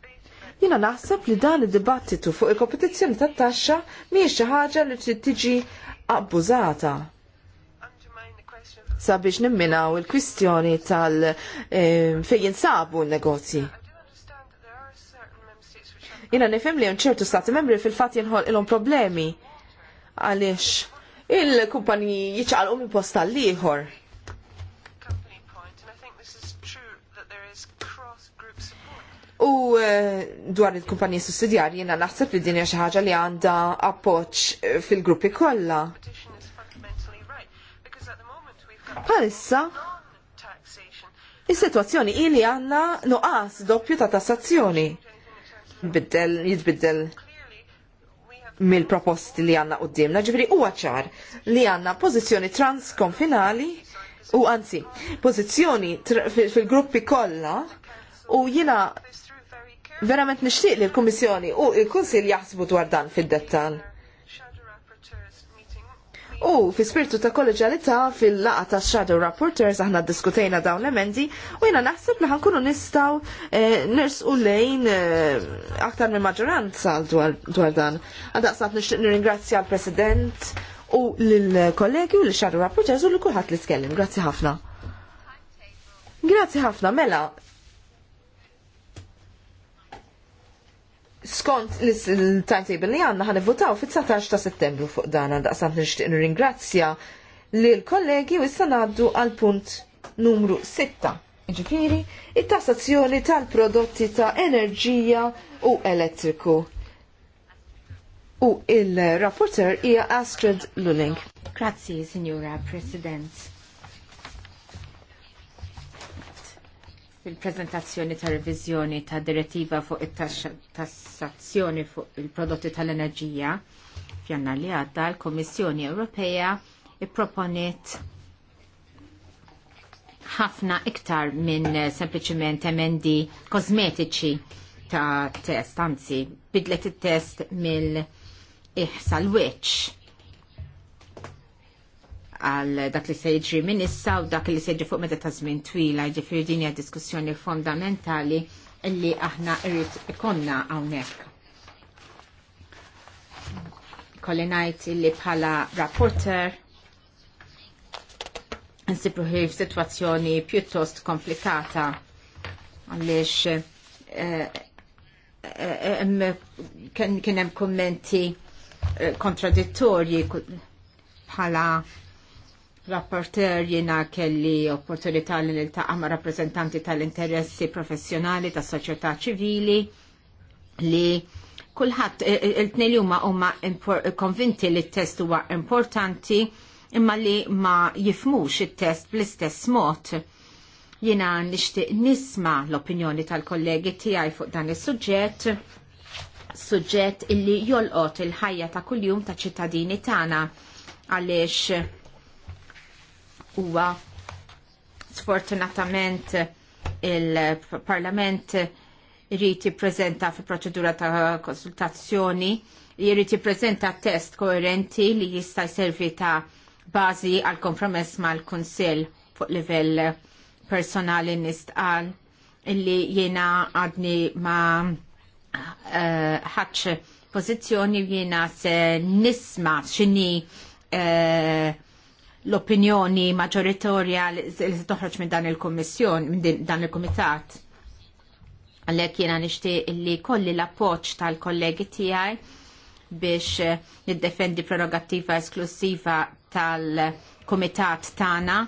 Jina naħseb li dan id-dibattitu fuq il-kompetizzjoni tat-taxxa mhijiex xi ħaġa li trid tiġi abbużata sabiex nimminaw il-kwistjoni tal fejn sabu l-negozji. Jina nifhem li hemm ċertu stati membri fil-fatt jinħol ilhom problemi għaliex il-kumpaniji jiċċaqalqu minn post tal-ieħor U eh, dwar il-kumpanija sussidjarji jiena naħseb li dinja xi ħaġa li għandha appoġġ eh, fil-gruppi kollha. Palissa, Is-sitwazzjoni li għanna nuqas doppju ta' tassazzjoni. Biddel, jitbiddel mill-proposti li għanna d-dimna, ġifri u ċar li għanna pozizjoni transkonfinali u anzi, pozizjoni fil-gruppi kolla u jina verament nixtieq li l-Kummissjoni u l-Kunsil jaħsbu dwar dan fid-dettal. U fi spirtu ta' kollegialità fil-laqa ta' Shadow Rapporteurs aħna diskutejna dawn l-emendi u jena naħseb li ħankunu nistaw eh, u lejn eh, aktar minn maġġoranza dwar dan. nishtiq nixtieq nirringrazzja l-President u l-kollegi u l-Shadow rapporters u l-kulħadd li t-kellim. Grazzi ħafna. Grazzi ħafna, mela, skont l-timetable li għanna ħan votaw fit-19 ta' settembru fuq dan għanda qasam nixtieq nirringrazzja li l-kollegi u issa ngħaddu għal punt numru 6. Ġifiri, it-tassazzjoni tal-prodotti ta' enerġija u elettriku. U il-rapporter hija Astrid Lulling. Grazzi, Signora President. fil-prezentazzjoni ta' revizjoni ta' direttiva fuq it-tassazzjoni fuq il-prodotti tal-enerġija f'Janna li għadda l-Kommissjoni Ewropea ipproponiet ħafna iktar minn eh, sempliciment emendi kosmetiċi ta' test, anzi bidlet it-test mill-iħsa l-weċ għal dak li se jiġri minn issa u dak li se jiġri fuq meta ta' żmien twila, ġifieri din hija diskussjoni fondamentali li aħna rrit ikonna hawnhekk. Kolli ngħid illi bħala rapporter nsibru f'sitwazzjoni pjuttost komplikata għaliex eh, eh, eh, kien hemm kummenti kontradittorji bħala rapporter jina kelli opportunità li niltaqa' ma' rappreżentanti tal-interessi professjonali tas soċjetà ċivili li kulħadd e, e, il-tnejn li huma huma konvinti li t-test huwa importanti imma li ma jifmux it-test bl-istess mod. Jiena nixtieq nisma l-opinjoni tal-kollegi tiegħi fuq dan is-suġġett suġġett illi jolqot il-ħajja ta' kuljum ta' ċittadini tagħna għaliex huwa sfortunatament il-Parlament irid jippreżenta fi proċedura ta' konsultazzjoni, jrid jippreżenta test koerenti li jista' jservi ta' bażi għal kompromess mal-Kunsill fuq livell personali nistqal illi jiena għadni ma eh, ħadx pożizzjoni jiena se nisma x'inhi uh, l-opinjoni maġoritorja li toħroġ minn dan il-kommissjon, minn dan il-komitat. Għallek jena nishti li kolli l-appoċ tal-kollegi tijaj biex niddefendi eh, prerogattiva esklusiva tal-komitat tana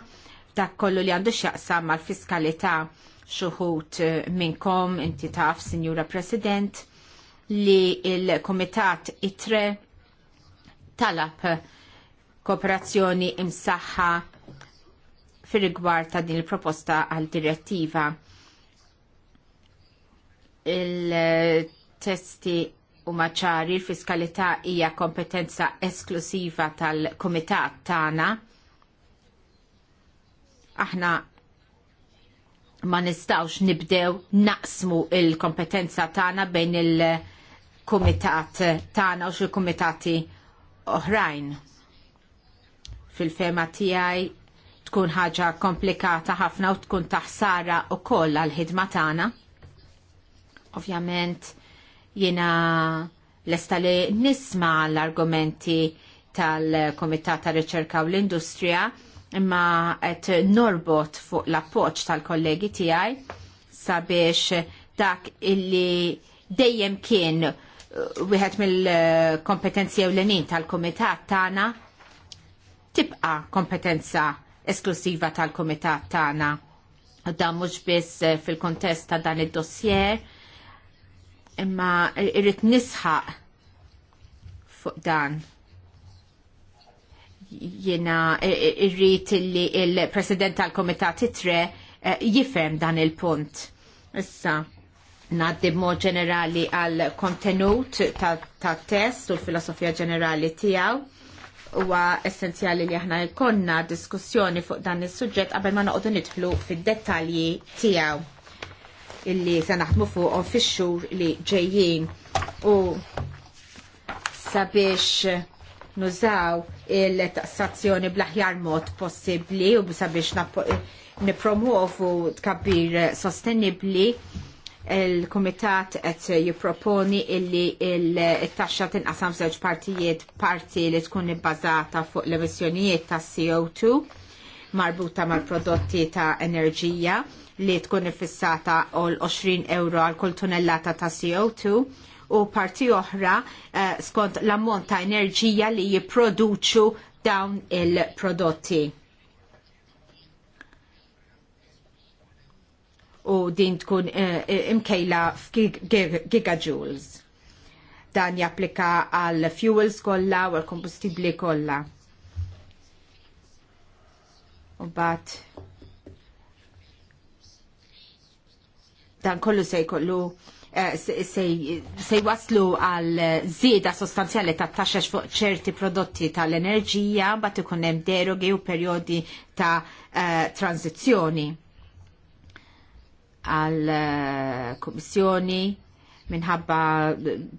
dak kollu li għandu xaqsam mal-fiskalità xuħut eh, minnkom, inti taf, Signora President, li il-Komitat ITRE talab kooperazzjoni imsaħħa fir rigward ta' din il-proposta għal direttiva. Il-testi u maċari l-fiskalità hija kompetenza esklusiva tal-Komitat tagħna. Aħna ma nistawx nibdew naqsmu il-kompetenza tagħna bejn il-Kumitat tagħna u xi kumitati oħrajn fil-fema tiegħi tkun ħaġa komplikata ħafna u tkun taħsara u koll għal-ħidma tagħna. Ovvjament jiena lesta li nisma l-argumenti tal-Komitat ta' Riċerka u l-Industrija imma qed norbot fuq l-appoġġ tal-kollegi tiegħi sabiex dak illi dejjem kien uh, wieħed mill-kompetenzi ewlenin tal-Komitat tagħna tibqa kompetenza esklusiva tal-Komitat tagħna. Dan mhux biss eh, fil-kontest ta' dan id-dossier, imma irrid nisħaq fuq dan jena eh, irrid li il-president tal-komitat titre eh, jifem dan il-punt. Issa, naddi mod ġenerali għal kontenut ta' test u l-filosofija ġenerali tijaw huwa essenzjali li aħna jkollna diskussjoni fuq dan is-suġġett qabel ma noqogħdu nidħlu fid-dettalji tiegħu illi se naħdmu fuqhom fix-xhur li ġejjin u sabiex nużaw il-tassazzjoni bl-aħjar mod possibbli u sabiex nipromuovu tkabbir sostenibbli il-Kumitat qed jipproponi illi il-taxxa tinqasam żewġ partijiet parti li tkun ibbażata fuq l-emissjonijiet ta' CO2 marbuta mal-prodotti ta' enerġija li tkun ifissata għal 20 euro għal kull tunnellata ta' CO2 u parti oħra eh, skont l-ammont ta' enerġija li jipproduċu dawn il-prodotti u din tkun eh, eh, imkejla f'gigajoules. Dan japplika għal fuels kollha u għal kombustibbli kollha. U bat dan kollu se kollu eh, sej waslu għal zieda sostanzjali ta' taxxax fuq ċerti prodotti tal-enerġija, bat ikun hemm derogi u perjodi ta' tranzizjoni għal eh, komissjoni minħabba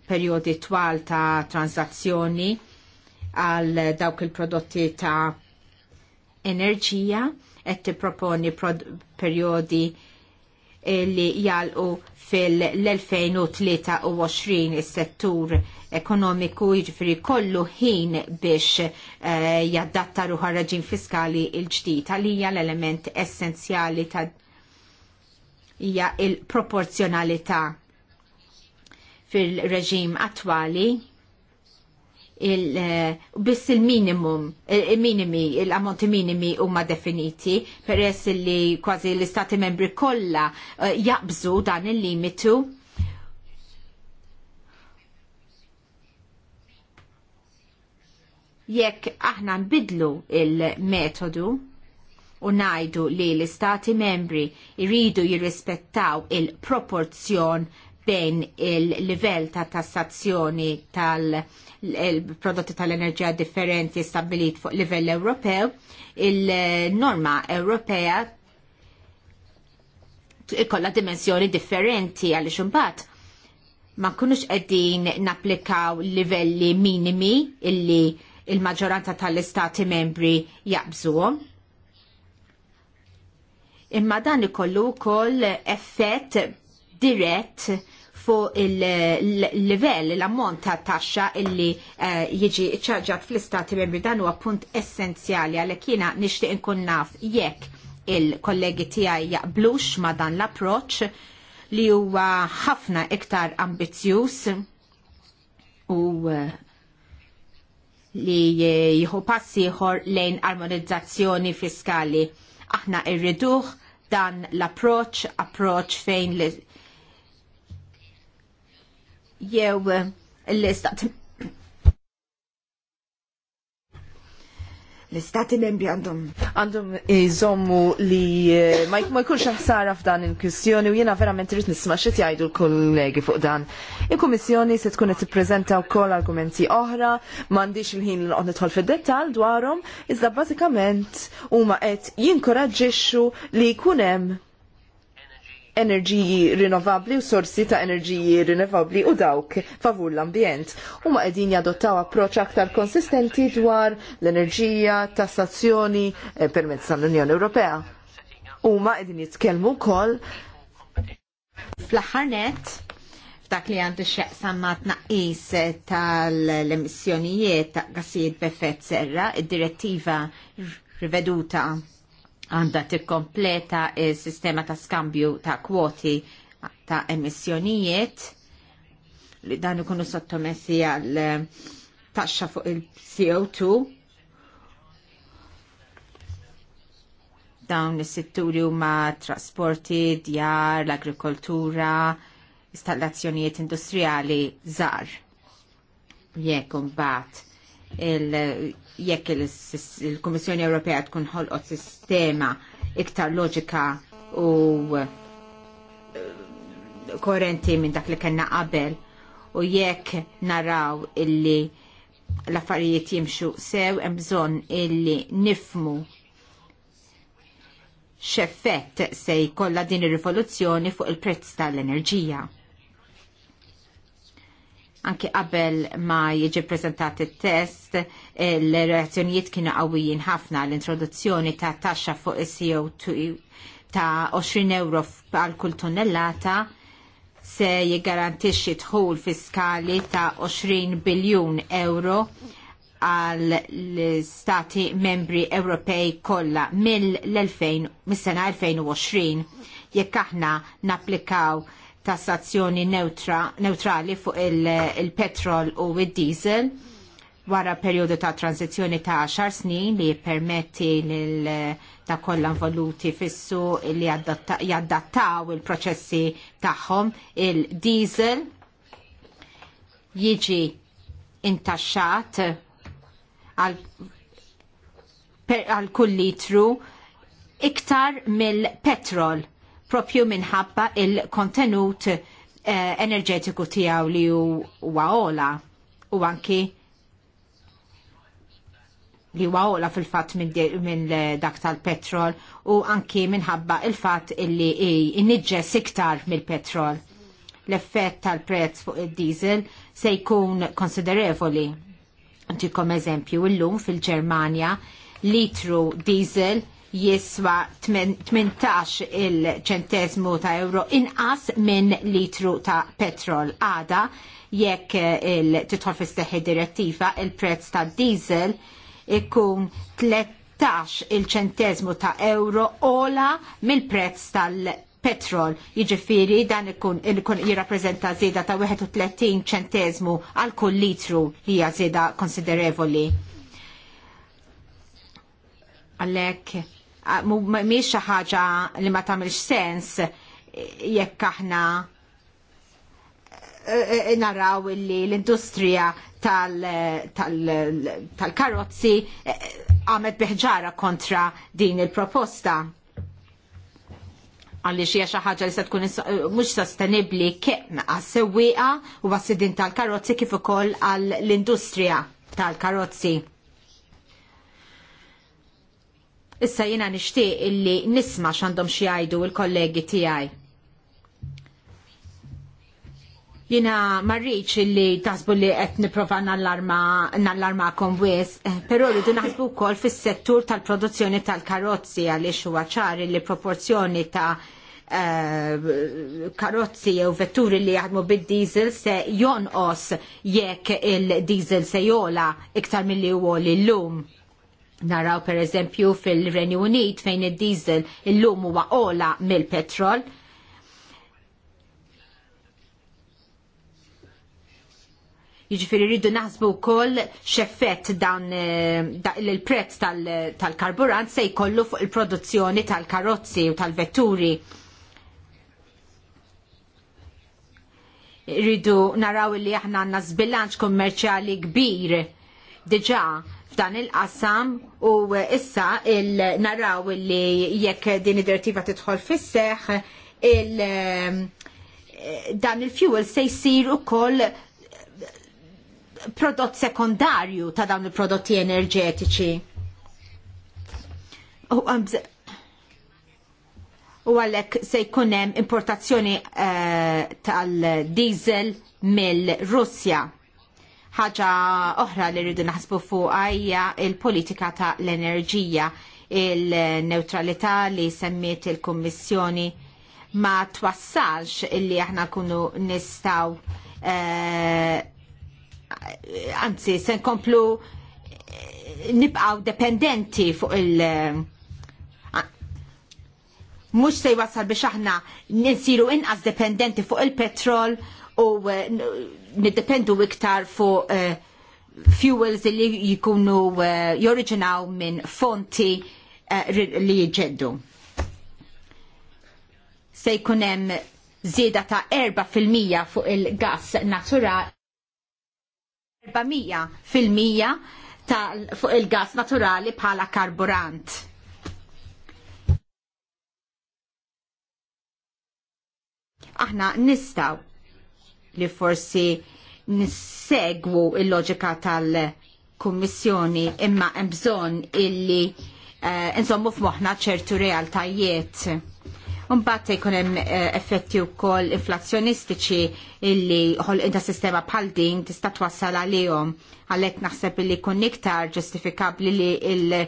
periodi twal ta' transazzjoni għal dawk il-prodotti ta' enerġija qed tipproponi periodi li jalqu fil-2023 is-settur ekonomiku jiġifieri kollu ħin biex uh, eh, jaddatta ruħa raġin fiskali l ġdid għalija l-element essenzjali ta' hija il-proporzjonalità fil-reġim attwali il, eh, biss il-minimum, eh, il-minimi, il-ammonti minimi huma definiti, peress li kważi l-istati membri kollha eh, jaqbżu dan il-limitu. Jekk aħna nbidlu il-metodu, u najdu li l-istati membri iridu jirrispettaw il-proporzjon bejn il-livell ta' tassazzjoni tal-prodotti tal-enerġija differenti stabilit fuq livell Ewropew, il-norma Ewropea ikolla dimensjoni differenti għal xumbat ma kunux qegħdin napplikaw livelli minimi illi il-maġġoranza tal-istati membri jaqbżuhom Imma dan ikollu wkoll effett dirett fuq il-level, l-ammont ta' taxxa illi eh, jiġi ċarġat fl-istati membri dan huwa punt essenzjali għalhekk jiena nixtieq inkun naf jekk il-kollegi tiegħi jaqblux ma' dan l-approċċ li huwa ħafna iktar ambizzjuż u eh, li jieħu ieħor lejn armonizzazzjoni fiskali. Aħna rriduh dan l-approċ, approċ fejn li jew eh, l-istat l-istati membri għandhom. Għandhom jizommu li eh, ma jkunx ħsara f'dan il-kwistjoni u jiena verament rrit nisma' xi jgħidu l-kollegi fuq dan. Il-Kummissjoni se tkun qed tippreżenta wkoll argumenti oħra, m'għandix il-ħin li noqgħod nidħol fid-dettall dwarhom, iżda bażikament huma qed jinkoraġġixxu li jkun hemm enerġiji rinnovabli u sorsi ta' enerġiji rinnovabli u dawk favur l-ambjent. U ma' edin jadottaw approċ aktar konsistenti dwar l-enerġija, tassazzjoni eh, permezz tal-Unjoni Ewropea. U ma' edin jitkelmu kol fl-ħarnet dak li għandu xeqsam ma' tnaqis tal-emissjonijiet ta' gassijiet b'effett serra, id-direttiva riveduta għandha tikkompleta s-sistema ta' skambju ta' kwoti ta' emissjonijiet li dan ikunu sottomessi għal eh, taxxa fuq il-CO2 dawn is-setturi huma trasporti, djar, l-agrikoltura, installazzjonijiet industrijali żgħar. Jekk imbagħad jekk il-Kummissjoni Ewropea tkun ħolqot sistema iktar loġika u eh, koerenti minn dak li kellna qabel u jekk naraw illi l-affarijiet jimxu sew hemm bżonn illi nifmu x'effett se jkollha din ir-rivoluzzjoni fuq il-prezz tal-enerġija. Anki qabel ma jiġi preżentat it-test, l-reazzjonijiet kienu qawwijin ħafna l-introduzzjoni ta' taxxa fuq is-CO2 ta' 20 euro għal kull tonnellata se jiggarantixxi dħul fiskali ta' 20 biljun euro għal stati membri Ewropej kollha mill mis-sena 2020 jekk aħna napplikaw tassazzjoni neutra, neutrali fuq il-petrol u id-diesel il wara perjodu ta' tranzizjoni ta' 10 snin li permetti lil ta' kollha voluti fissu li jaddattaw il-proċessi tagħhom il-diesel jiġi intaxxat għal kull litru iktar mill-petrol propju minħabba il-kontenut eh, enerġetiku tiegħu li huwa ola u anki li huwa fil-fatt minn eh, dak tal-petrol u anki minħabba il-fatt illi inniġġes iktar mill-petrol. L-effett tal-prezz fuq id-diesel se jkun konsiderevoli. Ntikom eżempju l-lum fil-Ġermanja litru diesel jiswa 18 il-ċentesmu ta' euro inqas minn litru ta' petrol. Għada jekk eh, il-titħol fis direttiva il-prezz ta' diesel ikun 13 il-ċentezmu ta' euro ola mill-prezz tal-petrol. Jiġifieri dan ikun jirrappreżenta żieda ta' 31 ċentezmu għal kull litru li hija żieda konsiderevoli. Għalhekk mhix xi ħaġa li ma tagħmilx sens jekk aħna e, e, e, naraw li l-industrija tal-karozzi eh, għamet biħġara kontra din il-proposta għalli xie ħaġa li se tkun eh, mhux sostenibbli kemm għas-sewwieqa u għas-sidin tal-karozzi kif ukoll għall-industrija tal-karozzi. Issa jiena nixtieq illi nisma' x'għandhom xi jgħidu l kollegi tiegħi. Jina marriċ li tasbu li qed niprofa nallarma konwis, eh, però rridu naħsbu wkoll fis-settur tal-produzzjoni tal-karozzi għaliex huwa ċari li proporzjoni ta' eh, karozzi jew vetturi li jaħdmu bid-diesel se jonqos jekk il-diesel se jola iktar milli huwa l-lum. Naraw per eżempju fil-Renju Unit fejn id-diesel il-lum huwa ola mill-petrol Jiġifieri rridu naħsbu wkoll x'effett dan il-prezz eh, tal-karburant se jkollu fuq il-produzzjoni tal-karozzi u tal-vetturi. Rridu naraw li aħna għandna żbilanċ kummerċjali kbir diġà f'dan il-qasam u issa il naraw li jekk din id-direttiva tidħol fis seħħ il- eh, dan il-fuel se jsir ukoll prodott sekondarju ta' dawn il-prodotti enerġetiċi. U għalek se jkunem importazzjoni uh, tal-diesel mill-Russja. ħaġa oħra li rridu naħsbu fuq hija il-politika ta' l-enerġija, il-neutralità li semmiet il-Kummissjoni ma twassalx illi aħna kunu nistaw uh, anzi se nkomplu eh, nibqgħu dependenti fuq il- eh, mhux se jwassal biex aħna ninsiru inqas dependenti fuq il-petrol u eh, niddependu iktar fuq fuels li jikunu joriġinaw minn fonti li jġeddu. Se jkun hemm żieda ta' 4% fuq il-gas naturali 400% ta' fuq il-gas naturali bħala karburant. Aħna nistaw li forsi nissegwu il-loġika tal-Kummissjoni imma hemm bżonn illi uh, eh, insommu f'moħħna ċertu realtajiet Mbagħad se jkun hemm eh, effetti wkoll inflazzjonistiċi illi ħolqien ta' sistema bħal din tista' twassal għalihom għalhekk naħseb illi jkun iktar ġustifikabbli li l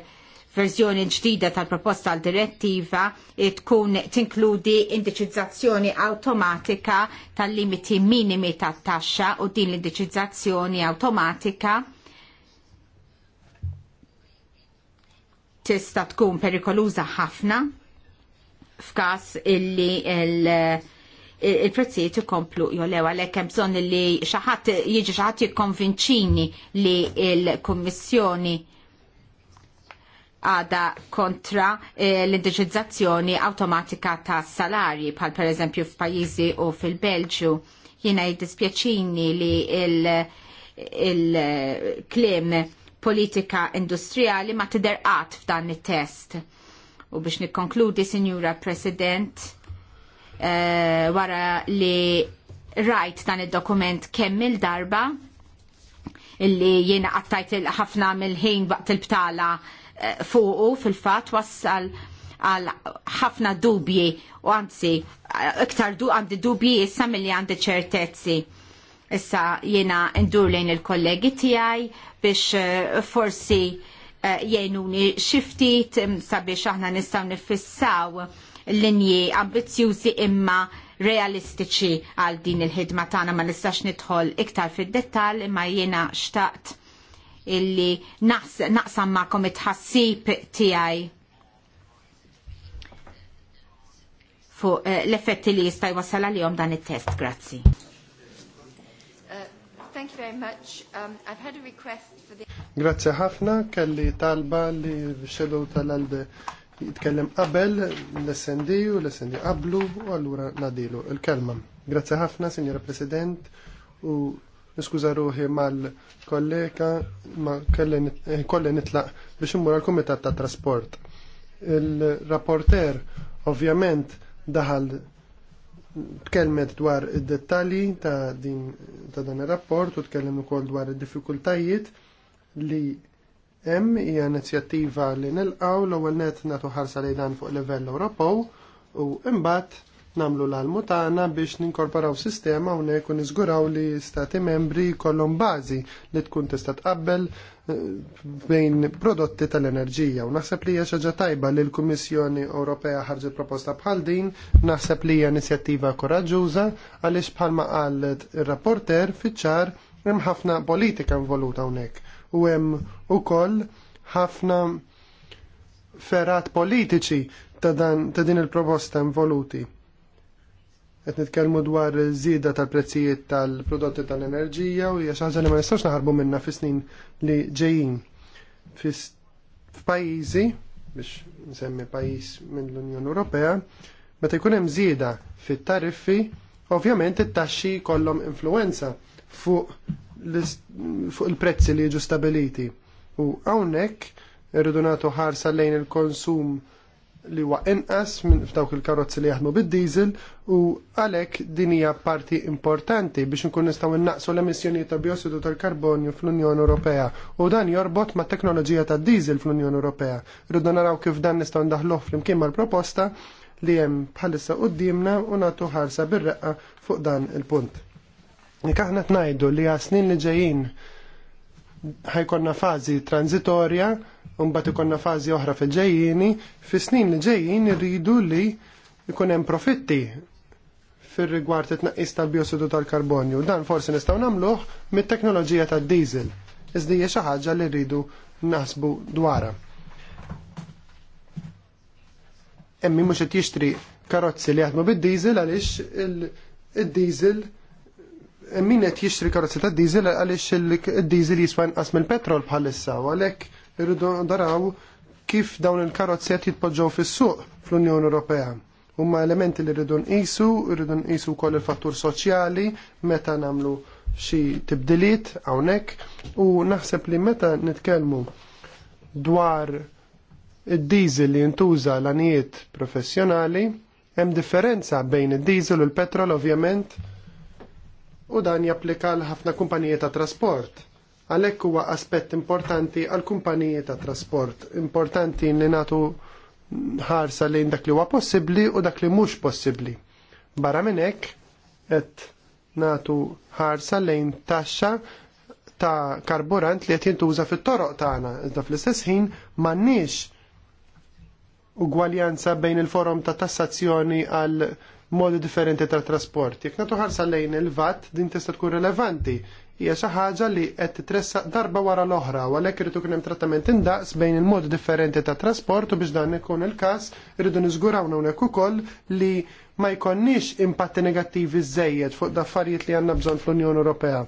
verżjoni ġdida tal-proposta għal direttiva tkun tinkludi indiċizzazzjoni awtomatika tal-limiti minimi tat-taxxa u din l-indiċizzazzjoni awtomatika tista' tkun perikoluża ħafna f'każ illi il- il-prezzijiet ikomplu jolew għalhekk hemm bżonn li xi ħadd jiġi xi ħadd jikkonvinċini li l-Kummissjoni għada kontra eh, l-indiġizzazzjoni awtomatika ta' salari bħal pereżempju f'pajjiżi u fil-Belġju. Jiena jiddispjaċini li il-klim politika industrijali ma qatt f'dan it-test U biex nikkonkludi, Sinjura President, uh, wara li rajt dan id-dokument kemm il-darba illi jiena il ħafna mill-ħin waqt il-btala uh, fuqu fil-fat wassal għal ħafna dubji u għanzi iktar du għandi dubji issa mill-li għandi ċertezzi. Issa jiena ndur lejn il-kollegi tiegħi biex uh, forsi Eh, jgħinuni xiftit mm, sabiex aħna nistaw nifissaw linji ambizjużi imma realistiċi għal din il-ħidma tagħna ma nistax nidħol iktar fid-dettall imma jiena xtaqt illi naqsam ma'kom it-ħassib tiegħi fuq eh, l-effetti li jista' jwassal għalihom dan it-test. Grazzi thank you very much. Um, I've had a request for the... Grazie ħafna, kelli talba li xedu tal-alde jitkellem qabel l-SND u l-SND qablu u allura nadilu il-kelma. Grazie ħafna, Signora President, u niskuza ruħi mal-kollega ma eh, kolli nitlaq biex immur għal-Kumitat ta' Trasport. Il-rapporter ovvjament daħal tkellmet dwar id-dettalji ta' din ta' dan ir-rapport u tkellem ukoll dwar id-diffikultajiet li hemm hija inizjattiva li nilqgħu l-ewwel nett nagħtu ħarsa lejn dan fuq livell Ewropew u imbagħad namlu l-almu biex ninkorporaw sistema hawnhekk u niżguraw li stati membri jkollhom bażi li tkun tista' tqabbel eh, bejn prodotti tal-enerġija. U naħseb li hija xi ħaġa tajba li l-Kummissjoni Ewropea ħarġet proposta bħal din, naħseb li hija inizjattiva koraġuża għaliex bħalma qalet ir-rapporter fiċar hemm ħafna politika involuta hawnhekk u hemm ukoll ħafna ferat politiċi ta' din il-proposta involuti Qed nitkellmu dwar żieda tal-prezzijiet tal-prodotti tal-enerġija u hija xi ħaġa li ma nistgħux naħarbu minnha fi snin li ġejjin. F'pajjiżi biex nsemmi pajjiż minn l unjoni Ewropea, meta jkun hemm żieda fit-tariffi, ovvjament it-taxxi jkollhom influwenza fuq fuq il-prezzi li jiġu stabiliti. U hawnhekk irridu nagħtu ħarsa lejn il-konsum li huwa inqas minn f'dawk il-karozzi li jaħdmu bid-diesel u għalhekk din hija parti importanti biex inkun nistgħu innaqsu l-emissjonijiet ta' biossidu tal-karbonju fl-Unjoni Ewropea u dan jorbot ma' teknoloġija ta' diesel fl-Unjoni Ewropea. Rridu naraw kif dan nistgħu ndaħluh flimkien mal-proposta li hemm bħalissa qudiemna u nagħtu ħarsa bir-reqqa fuq dan il-punt. Nik aħna tnajdu li għas snin li ġejjin ħajkonna fażi transitorja mbagħad ikonna fażi oħra fil-ġejjini, fis-snin li ġejjin irridu li jkun hemm profitti fir-rigward it-tnaqqis tal-biossidu tal-karbonju. Dan forsi nistgħu nagħmluh mit-teknoloġija tad-diesel. Iżda hija xi ħaġa li rridu naħsbu dwarha. Emmi mhux qed jixtri karozzi li jaħdmu bid-diesel għaliex il-diesel min qed jixtri karozzi tad-diesel għaliex il-diesel jiswa inqas mill-petrol bħalissa u għalhekk irridu daraw kif dawn il-karozzi qed jitpoġġew fis-suq fl-Unjoni Ewropea. Huma elementi li rridu nqisu, rridu nqisu wkoll il-fattur soċjali meta nagħmlu xi tibdiliet hawnhekk u naħseb li meta nitkellmu dwar id-diesel li jintuża l-anijiet professjonali, hemm differenza bejn id-diesel u l-petrol ovvjament u dan japplika l ħafna kumpaniji ta' trasport. Għalhekk huwa aspett importanti għal kumpaniji ta' trasport, importanti li nagħtu ħarsa lejn dak li huwa possibbli u dak li mhux possibbli. Barra minn hekk qed nagħtu ħarsa lejn taxxa ta' karburant li qed jintuża fit-toroq tagħna, iżda fl-istess ħin m'għandniex ugwaljanza bejn il-forum ta' tassazzjoni għal modi differenti ta' trasport. Jekk nagħtu ħarsa lejn il-VAT din tista' tkun rilevanti hija xi ħaġa li qed titressaq darba wara l-oħra u għalhekk irid ikun hemm trattament indaqs bejn il-modi differenti ta' trasport u biex dan ikun il-każ irridu niżguraw hawnhekk ukoll li ma jkollniex impatti negattivi żejjed fuq daffarijiet affarijiet li għandna bżonn fl-Unjoni Ewropea.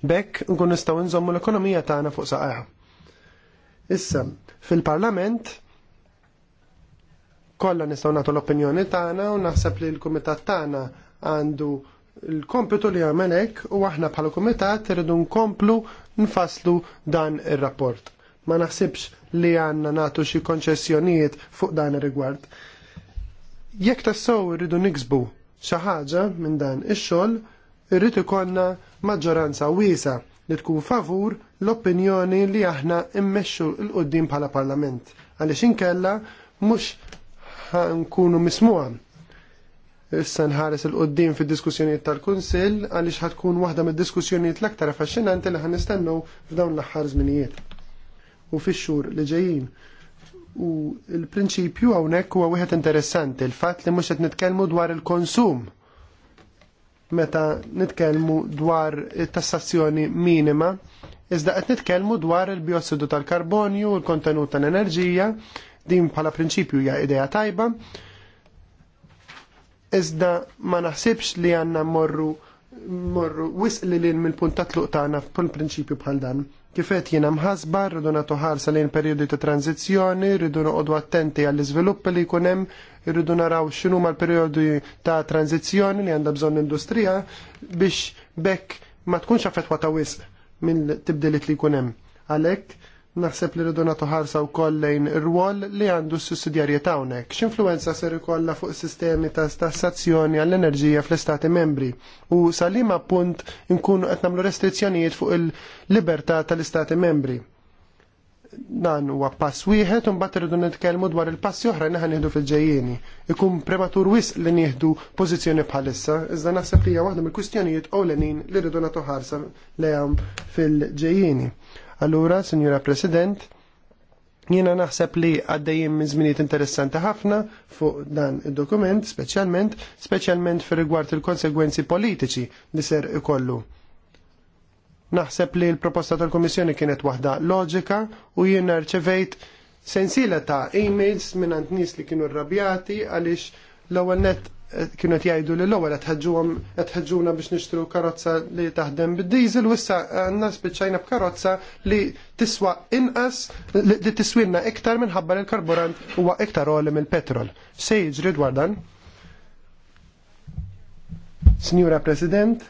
Bekk nkun nistgħu nżommu l-ekonomija tagħna fuq saqajha. Issa, fil-Parlament kollha nistgħu nagħtu l-opinjoni tagħna u naħseb li l-kumitat tagħna għandu il-kompitu li għamelek u aħna bħala komitat rridu nkomplu nfaslu dan ir-rapport. Ma naħsibx li għanna natu xi konċessjonijiet fuq dan ir-rigward. Jekk tassew rridu niksbu xi ħaġa minn dan ix-xogħol, rridu konna maġġoranza wiesa li tkun favur l-opinjoni li aħna immexxu l-qoddim bħala parlament. Għaliex inkella mhux nkunu mismuha issa nħares il-qoddim fid diskussjonijiet tal-Kunsill għaliex ħatkun waħda mid-diskussjonijiet l-aktar affaxxinanti li ħanistennew f'dawn l-aħħar żminijiet u fix-xhur li ġejjin. U l-prinċipju hawnhekk huwa wieħed interessanti il-fatt li mhux qed nitkellmu dwar il-konsum meta nitkellmu dwar tassazzjoni minima, iżda qed nitkellmu dwar il-biossidu tal-karbonju, il-kontenut tal-enerġija, din bħala prinċipju hija idea tajba, iżda ma naħsibx li għandna morru morru wisq li lin mill-punt ta' tluq tagħna f'pull prinċipju bħal dan. Kifet jiena mħasba rridu nagħtu ħarsa lejn perjodi ta' tranzizzjoni, rridu noqogħdu attenti għall iżvilupp li jkun hemm, rridu naraw x'inhu l-perjodi ta' tranzizzjoni li għandha bżonn industrija biex bekk ma tkunx affettwa ta' wisq mill-tibdiliet li jkun hemm. Għalhekk naħseb li rridu nagħtu ħarsa wkoll lejn ir-rwol li għandu s-sussidjarjetà hawnhekk. X'influwenza ser ikollha fuq sistemi ta' tassazzjoni għall-enerġija fl-Istati membri u salima punt nkunu qed nagħmlu restrizzjonijiet fuq il-libertà tal-Istati membri. Dan huwa pass wieħed u mbagħad irridu nitkellmu dwar il-passi oħra li ħanieħdu fil-ġejjieni. Ikun prematur wisq li nieħdu pożizzjoni bħalissa, iżda naħseb li hija waħda mill-kwistjonijiet ewlenin li rridu nagħtu ħarsa lejhom fil-ġejjieni Allura, Signora President, jiena naħseb li għaddejjem minn żminijiet interessanti ħafna fuq dan id-dokument, speċjalment, speċjalment fir rigward il-konsegwenzi politiċi li ser ikollu. Naħseb li l-proposta tal-Komissjoni kienet waħda loġika u jiena rċevejt sensiela ta' emails minn nies li kienu rrabjati għaliex l-ewwel net kienu qed jgħidu li l-ewwel qed ħeġġuna biex nixtru karozza li taħdem bid-diesel u issa għandna eh, spiċċajna b'karozza li tiswa inqas li tiswilna iktar minħabba li l-karburant huwa iktar għolim il petrol Se jiġri dwar dan? Signora President,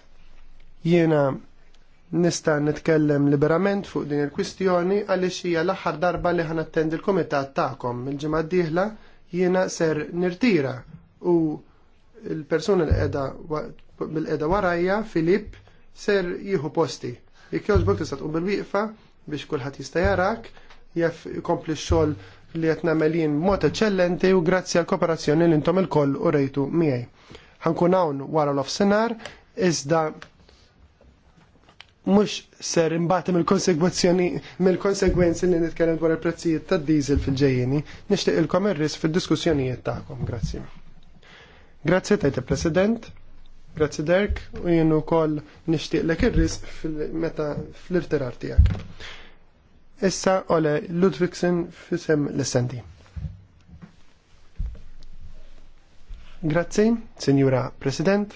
jiena nista' nitkellem liberament fuq din il-kwistjoni għaliex hija l-aħħar darba li ħanattend l-kumitat tagħkom il-ġimgħa d-dieħla jiena ser nirtira u il persona li qiegħda mill qiegħda warajja Filip ser jieħu posti. Jekk jogħġbok tista' tqum bil-wieqfa biex kulħadd jista' jarak, jaf ikompli x-xogħol li qed nagħmelin mod eċċellenti u grazzi għal kooperazzjoni li intom il-koll u rejtu miegħi. Ħankun hawn wara l-offsenar iżda mhux ser imbagħad il konsegwazzjoni mill-konsegwenzi li nitkellem dwar il-prezzijiet tad-diesel fil-ġejjeni, nixtieq ilkom ir-ris fid-diskussjonijiet tagħkom. Grazzi. Grazzi tajt President. Grazzi Dirk u jenu kol nishtiq l irris fil-meta fl-irtirar tijak. Issa Ole Ludwigsen fisem l-essendi. Grazzi, Signora President.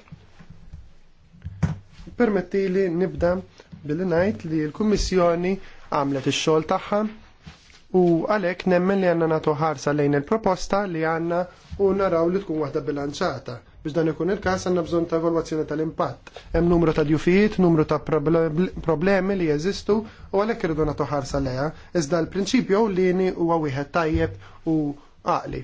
Permetti li nibda billi najt li l-Kummissjoni għamlet ix-xogħol tagħha u għalhekk nemmen li għandna natu ħarsa lejn il-proposta li għandna u naraw li tkun waħda bilanċata. Biex dan ikun il-każ għandna bżonn ta' evalwazzjoni tal-impatt. Hemm numru ta' djufijiet, numru ta' problemi li jeżistu u għalhekk irridu natu ħarsa leja. iżda l-prinċipju lini huwa wieħed tajjeb u għaqli.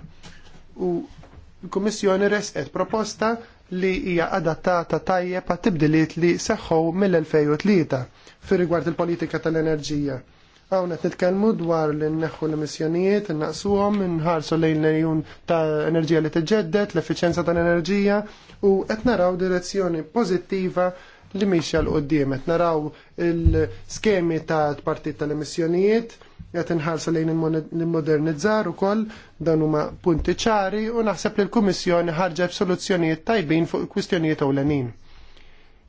U l-Kummissjoni resqet proposta li hija adattata tajjeb għat tibdiliet li seħħu mill-2003 fir rigward il-politika tal-enerġija. Għawna t-tkelmu dwar l neħu l-emissjonijiet, n nħarsu lejn l-jun ta' enerġija li t-ġeddet, l-efficienza ta' enerġija u qed naraw direzzjoni pozittiva li miexja l-qoddim. Etnaraw naraw l-skemi ta' partit tal-emissjonijiet, qed nħarsu lejn l modernizzar ukoll dan huma punti ċari u naħseb li l-Kummissjoni ħarġeb soluzzjonijiet tajbin fuq kwistjonijiet ewlenin.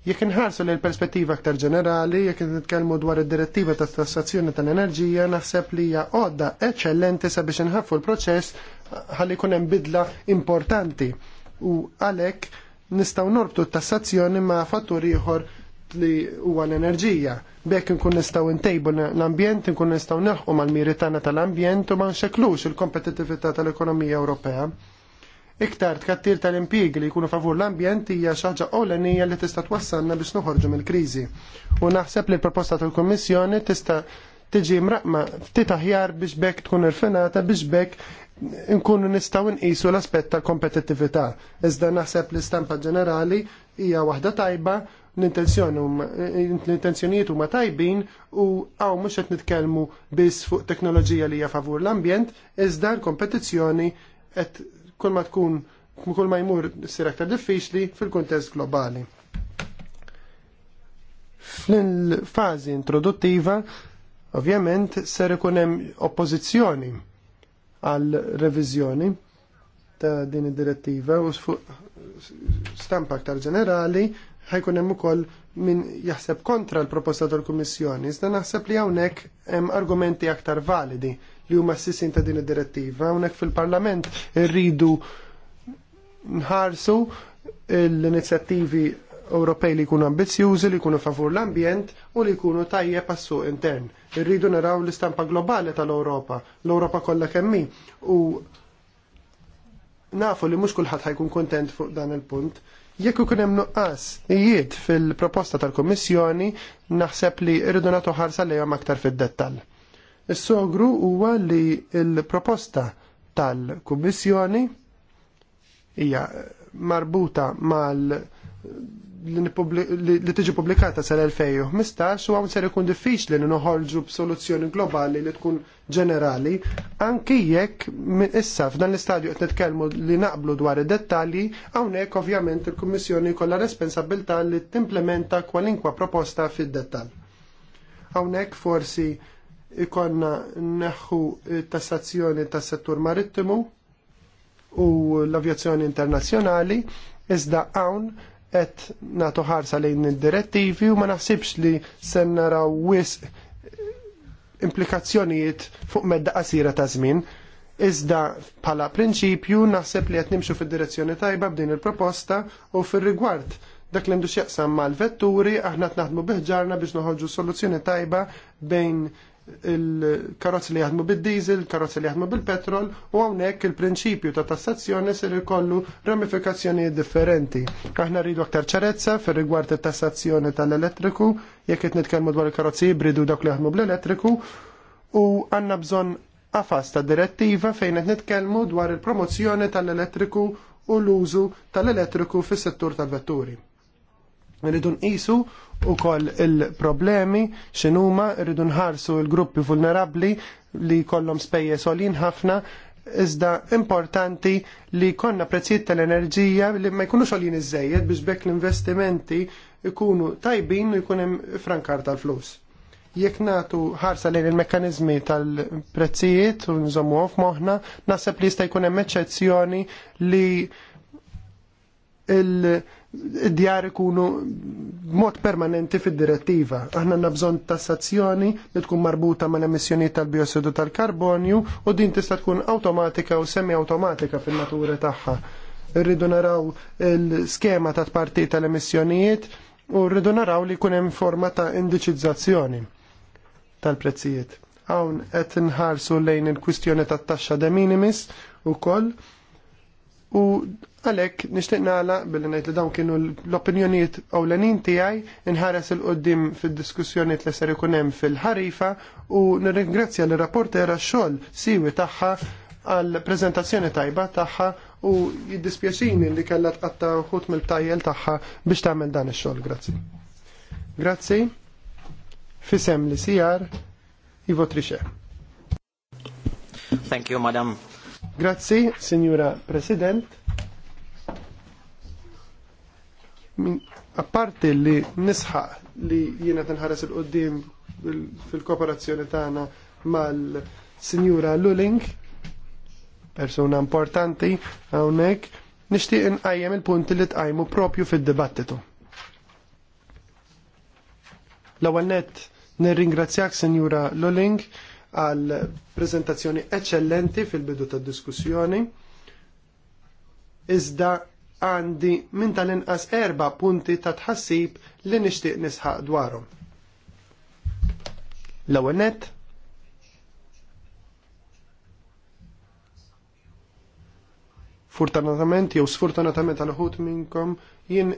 Jekk inħarsu lejn perspettiva aktar ġenerali, jekk nitkellmu dwar id-direttiva ta' tassazzjoni tal-enerġija, naħseb li hija għodda eċċellenti sabiex inħaffu l-proċess ħalli jkun hemm bidla importanti. U għalhekk nistgħu norbtu t-tassazzjoni ma' fattur ieħor li huwa l-enerġija. Bekk nkun nistgħu ntejbu l-ambjent, nkun nistgħu neħqu mal-miri tagħna tal-ambjent u ma nxeklux il-kompetittività tal-ekonomija Ewropea. Iktar tkattir tal impieg li jkunu favur l-ambjent hija xi ħaġa ewlenija li tista' twassalna biex noħorġu mill-kriżi. U naħseb li l-proposta tal-Kummissjoni tista' tiġi mraqma ftit aħjar biex bekk tkun irfinata biex bekk nkunu nistgħu nqisu l-aspett tal-kompetittività. Iżda naħseb li stampa ġenerali hija waħda tajba l-intenzjonijiet huma tajbin u għaw mhux qed nitkellmu biss fuq teknoloġija li hija favur l-ambjent, iżda l-kompetizzjoni qed kull ma tkun kull ma jmur sir aktar diffiċli fil-kuntest globali. Fil-fazi introduttiva, ovvjament, ser ikun hemm oppożizzjoni għal reviżjoni ta' din id-direttiva u stampa aktar ġenerali ħajkun hemm ukoll min jaħseb kontra l-proposta tal-Kummissjoni, iżda naħseb li hawnhekk hemm argumenti aktar validi li huma sissin ta' din id-direttiva. hawnhekk fil-parlament rridu nħarsu l-inizjattivi Ewropej li jkunu ambizjużi, li jkunu favur l-ambjent u li jkunu tajjeb għas-suq intern. Irridu naraw l-istampa globali tal-Ewropa, l-Ewropa kollha kemmi. U nafu li mhux kulħadd ħajkun kontent fuq dan il-punt. Jekk ikun hemm nuqqas ijiet fil-proposta tal-Kummissjoni, naħseb li rridu nagħtu ħarsa lejhom aktar fid-dettall. Is-sogru huwa li l-proposta tal-Kummissjoni hija marbuta mal li tiġi publikata sal-2015 u għam ser ikun diffiċli li noħolġu b'soluzzjoni globali li tkun ġenerali, anki jekk minn issa f'dan l-istadju qed nitkellmu li naqblu dwar id-dettalji, hawnhekk ovvjament il-Kummissjoni kollha responsabilità li timplementa kwalinkwa proposta fid-dettall. Hawnhekk forsi ikonna neħu tassazzjoni tas settur marittimu u l-avjazzjoni internazzjonali, iżda hawn qed nagħtu ħarsa lejn id-direttivi u ma naħsibx li se naraw wisq implikazzjonijiet fuq medda qasira ta' żmien. Iżda bħala prinċipju naħseb li qed nimxu fid-direzzjoni tajba b'din il-proposta u fir-rigward dak li ndux jaqsam mal-vetturi aħna naħdmu biħġarna biex noħolġu soluzzjoni tajba bejn il-karozzi li jaħdmu bil-diesel, karozzi li jaħdmu bil-petrol, u għawnek il-prinċipju ta' tassazzjoni ser ikollu ramifikazzjoni differenti. Aħna rridu aktar ċarezza fir rigward it-tassazzjoni tal-elettriku, jekk qed nitkellmu dwar il-karozzi ibridu dak li jaħdmu bl-elettriku, u għandna bżonn afas ta' direttiva fejn qed nitkellmu dwar il-promozzjoni tal-elettriku u l-użu tal-elettriku fis-settur tal-vetturi. Rridu nqisu u koll il-problemi xinuma rridu nħarsu il-gruppi vulnerabli li kollom spejje solin ħafna iżda importanti li konna prezzijiet tal-enerġija li ma jkunux solin iżejjed biex bekk l-investimenti ikunu tajbin u jkun hemm frankar tal-flus. Jekk natu ħarsa lejn il mekkaniżmi tal-prezzijiet u nżommu moħna, naħseb li jista' jkun hemm eċċezzjoni li il- djar ikunu mod permanenti fid-direttiva. Aħna għandna bżonn tassazzjoni li tkun marbuta mal emissjoni tal-biossidu tal-karbonju u din tista' tkun awtomatika u semi automatika fin-natura tagħha. Rridu naraw l-skema ta' tparti tal-emissjonijiet u rridu naraw li jkun hemm forma ta' indiċizzazzjoni tal-prezzijiet. Hawn qed nħarsu lejn il-kwistjoni tat-taxxa de minimis ukoll u Għalek, nishtiq nagħla billi ngħid li dawn kienu l-opinjonijiet ewlenin tiegħi inħares il qoddim fid-diskussjoni li ser ikun hemm fil-ħarifa u nirringrazzja l rapportera x-xogħol siwi tagħha għall prezentazzjoni tajba tagħha u jiddispjaċini li kellha tqatta wħud mill-tajjel tagħha biex tagħmel dan ix-xogħol. Grazzi. Grazzi. Fisem li sijar Ivo Trixe. Thank you, Madam. Grazzi, Signora President. apparti li nisħaq li jiena tinħares il-qoddim fil-kooperazzjoni tagħna mal-Sinjura Luling, persuna importanti hawnhekk, nixtieq inqajjem il-punti li tqajmu propju fid-dibattitu. L-ewwel nett nirringrazzjak Sinjura Luling għal prezentazzjoni eċċellenti fil-bidu tad-diskussjoni. Iżda għandi minn tal-inqas erba punti ta' tħassib li nixtieq nisħaq dwarhom. L-ewwel nett Fortunatament jew sfortunatament għal ħut minnkom jien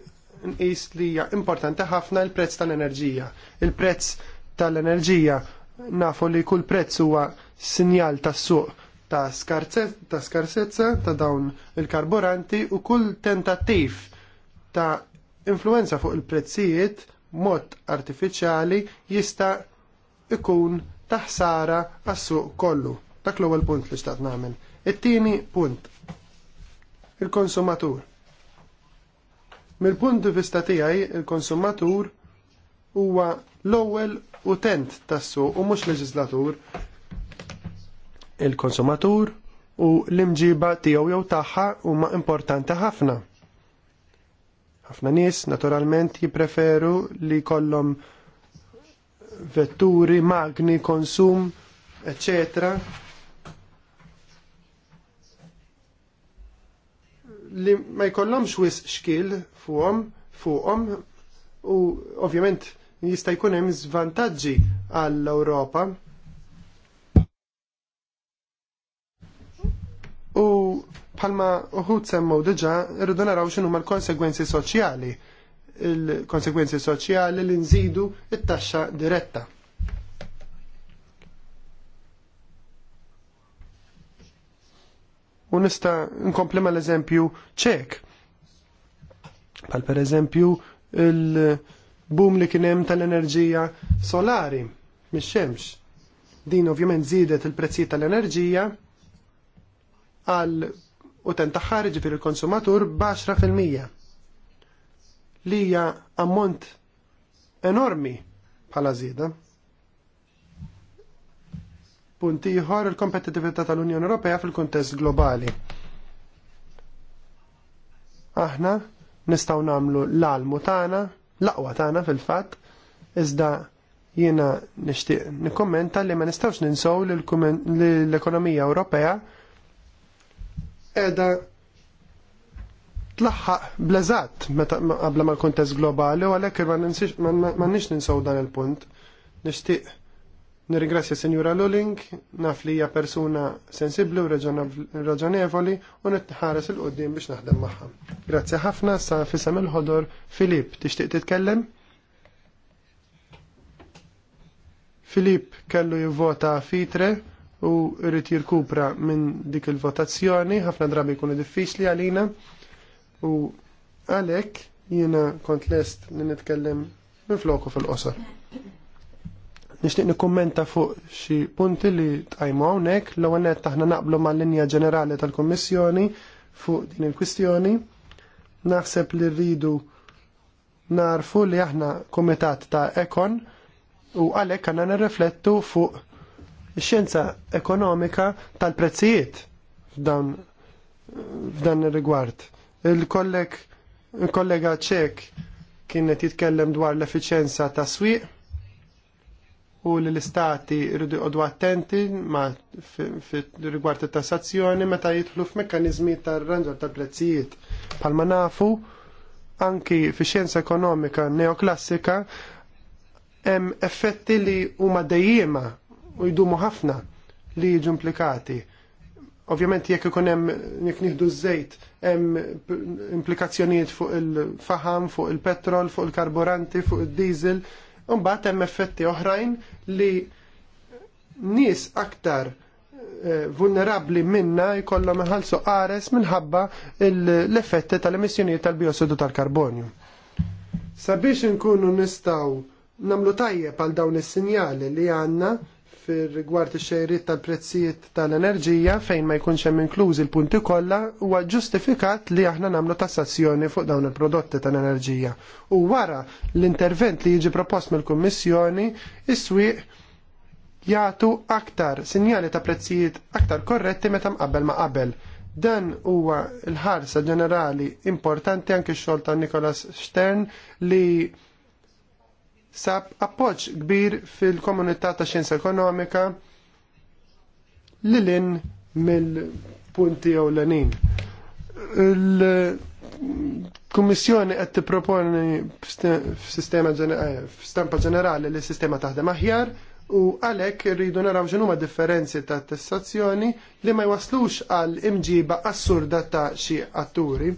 nqis li hija importanti ħafna il prezz tal-enerġija. Il-prezz tal-enerġija nafu li kull prezz huwa sinjal tas-suq ta' skarsezza ta' dawn il-karburanti u kull tentattiv ta' influenza fuq il-prezzijiet mod artifiċjali jista' ikun taħsara għas-suq kollu. Dak l-ewwel punt li xtaqt nagħmel. It-tieni punt. Il-konsumatur. Mill-punt di vista tiegħi il-konsumatur huwa l-ewwel utent tas-suq u mhux leġislatur il-konsumatur u l-imġiba tiegħu jew tagħha huma importanti ħafna. Ħafna nies naturalment jippreferu li kollhom vetturi, magni, konsum, eccetera, li ma jkollhomx wis xkil fuqhom fuqhom u ovvjament jista' jkun hemm żvantaġġi għall-Ewropa u bħalma uħud semmu diġa irridu naraw ma l-konsegwenzi soċjali il-konsegwenzi soċjali li nżidu it-taxxa diretta. U nista nkompli mal eżempju ċek. Pal per eżempju il-boom li kien hemm tal-enerġija solari mix-xemx. Din ovvjament zidet il prezzi tal-enerġija għal utent taħħar ġifir il-konsumatur b'10% li hija ammont enormi bħala zida. Punt ieħor il-kompetitività tal-Unjoni Ewropea fil-kuntest globali. Aħna nistgħu nagħmlu l-almu tagħna, l-aqwa tagħna fil-fatt, iżda jiena nixtieq nikkommenta li ma nistgħux ninsow l-ekonomija Ewropea edha tlaħħaq meta qabla mal kontest globali u għalhekk ma nix ninsaw dan il-punt. Nixtieq nirringrazzja Sinjura Luling, naf li hija persuna sensibbli u raġonevoli u nitħares il-qudiem biex naħdem magħha. Grazzi ħafna sa fisem il-ħodor Filip, tixtieq titkellem? Filip kellu jivvota fitre u rrit jirkupra minn dik il-votazzjoni, ħafna drabi jkunu diffiċli għalina u għalek jiena kont lest li nitkellem minn floku fil-qosor. Nishtiq nikkummenta fuq xi punti li tqajmu hawnhekk l-ewwel taħna naqblu mal-linja ġenerali tal-Kummissjoni fuq din il-kwistjoni. Naħseb li rridu narfu li aħna komitat ta' ekon u għalhekk għandna nirriflettu fuq xjenza ekonomika tal-prezzijiet f'dan f'dan ir-rigward. il kollek il-kollega ċek kienet jitkellem dwar l-efficienza ta' swieq u li l-istati rridu jqodu attenti ma rigward it-tassazzjoni meta jidħlu f'mekkaniżmi tar-ranġar tal-prezzijiet. Palma nafu anki fi xjenza ekonomika neoklassika hemm effetti li huma dejjema u jdumu ħafna li jiġu implikati. Ovvjament jekk ikun hemm jekk nieħdu żejt hemm implikazzjonijiet fuq il-faħam, fuq il-petrol, fuq il-karburanti, fuq id-diesel, u mbagħad hemm effetti oħrajn li nies aktar eh, vulnerabli minna jkollhom iħallsu qares minħabba l-effetti tal-emissjonijiet tal-biossidu tal-karbonju. Sabiex inkunu nistgħu nagħmlu tajjeb għal dawn is-sinjali li għandna fir-rigward ix-xejriet tal-prezzijiet tal-enerġija fejn ma jkunx hemm inklużi l-punti kollha huwa ġustifikat li aħna nagħmlu tassazzjoni fuq dawn il-prodotti tal-enerġija. U wara l-intervent li jiġi propost mill-Kummissjoni, is-swieq jagħtu aktar sinjali ta' prezzijiet aktar korretti meta mqabbel ma' qabel. Dan huwa l-ħarsa ġenerali importanti anke x-xogħol ta' Nicholas Stern li sab appoġġ kbir fil-komunità ta' xjenza ekonomika lilin mill-punti ewlenin. Il-Kummissjoni qed tipproponi f'sistema eh, f'stampa ġenerali li s-sistema taħdem aħjar u għalhekk rridu naraw x'inhuma differenzi ta' tassazzjoni li ma jwaslux għal imġiba assurda ta' xi atturi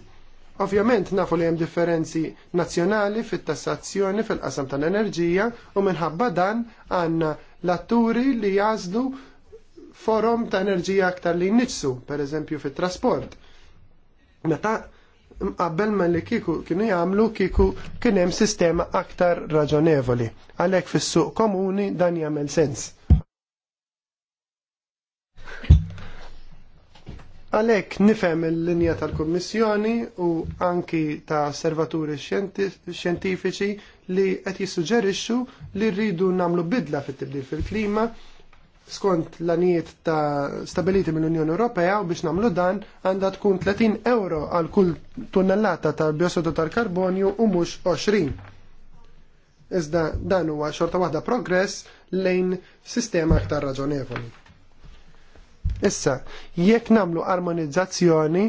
Ovvjament nafu li hemm differenzi nazzjonali fit-tassazzjoni fil-qasam tal-enerġija u minħabba dan għandna l-atturi li jażlu forum ta' enerġija aktar li jniġsu, pereżempju fit-trasport. Meta qabel ma li kiku kienu jagħmlu kiku kien hemm sistema aktar raġonevoli. Għalhekk fis-suq komuni dan jagħmel sens. Għalek nifem il-linja tal-Kommissjoni u anki ta' osservaturi xjentifiċi li qed jissuġġerixxu li rridu namlu bidla fit-tibdil fil-klima skont l-anijiet ta' stabiliti mill-Unjoni Ewropea u biex namlu dan għandha tkun 30 euro għal kull tunnellata ta' biossidu tal-karbonju u mhux 20. Iżda dan huwa xorta waħda progress lejn sistema aktar raġonevoli. Issa, jekk namlu armonizzazzjoni,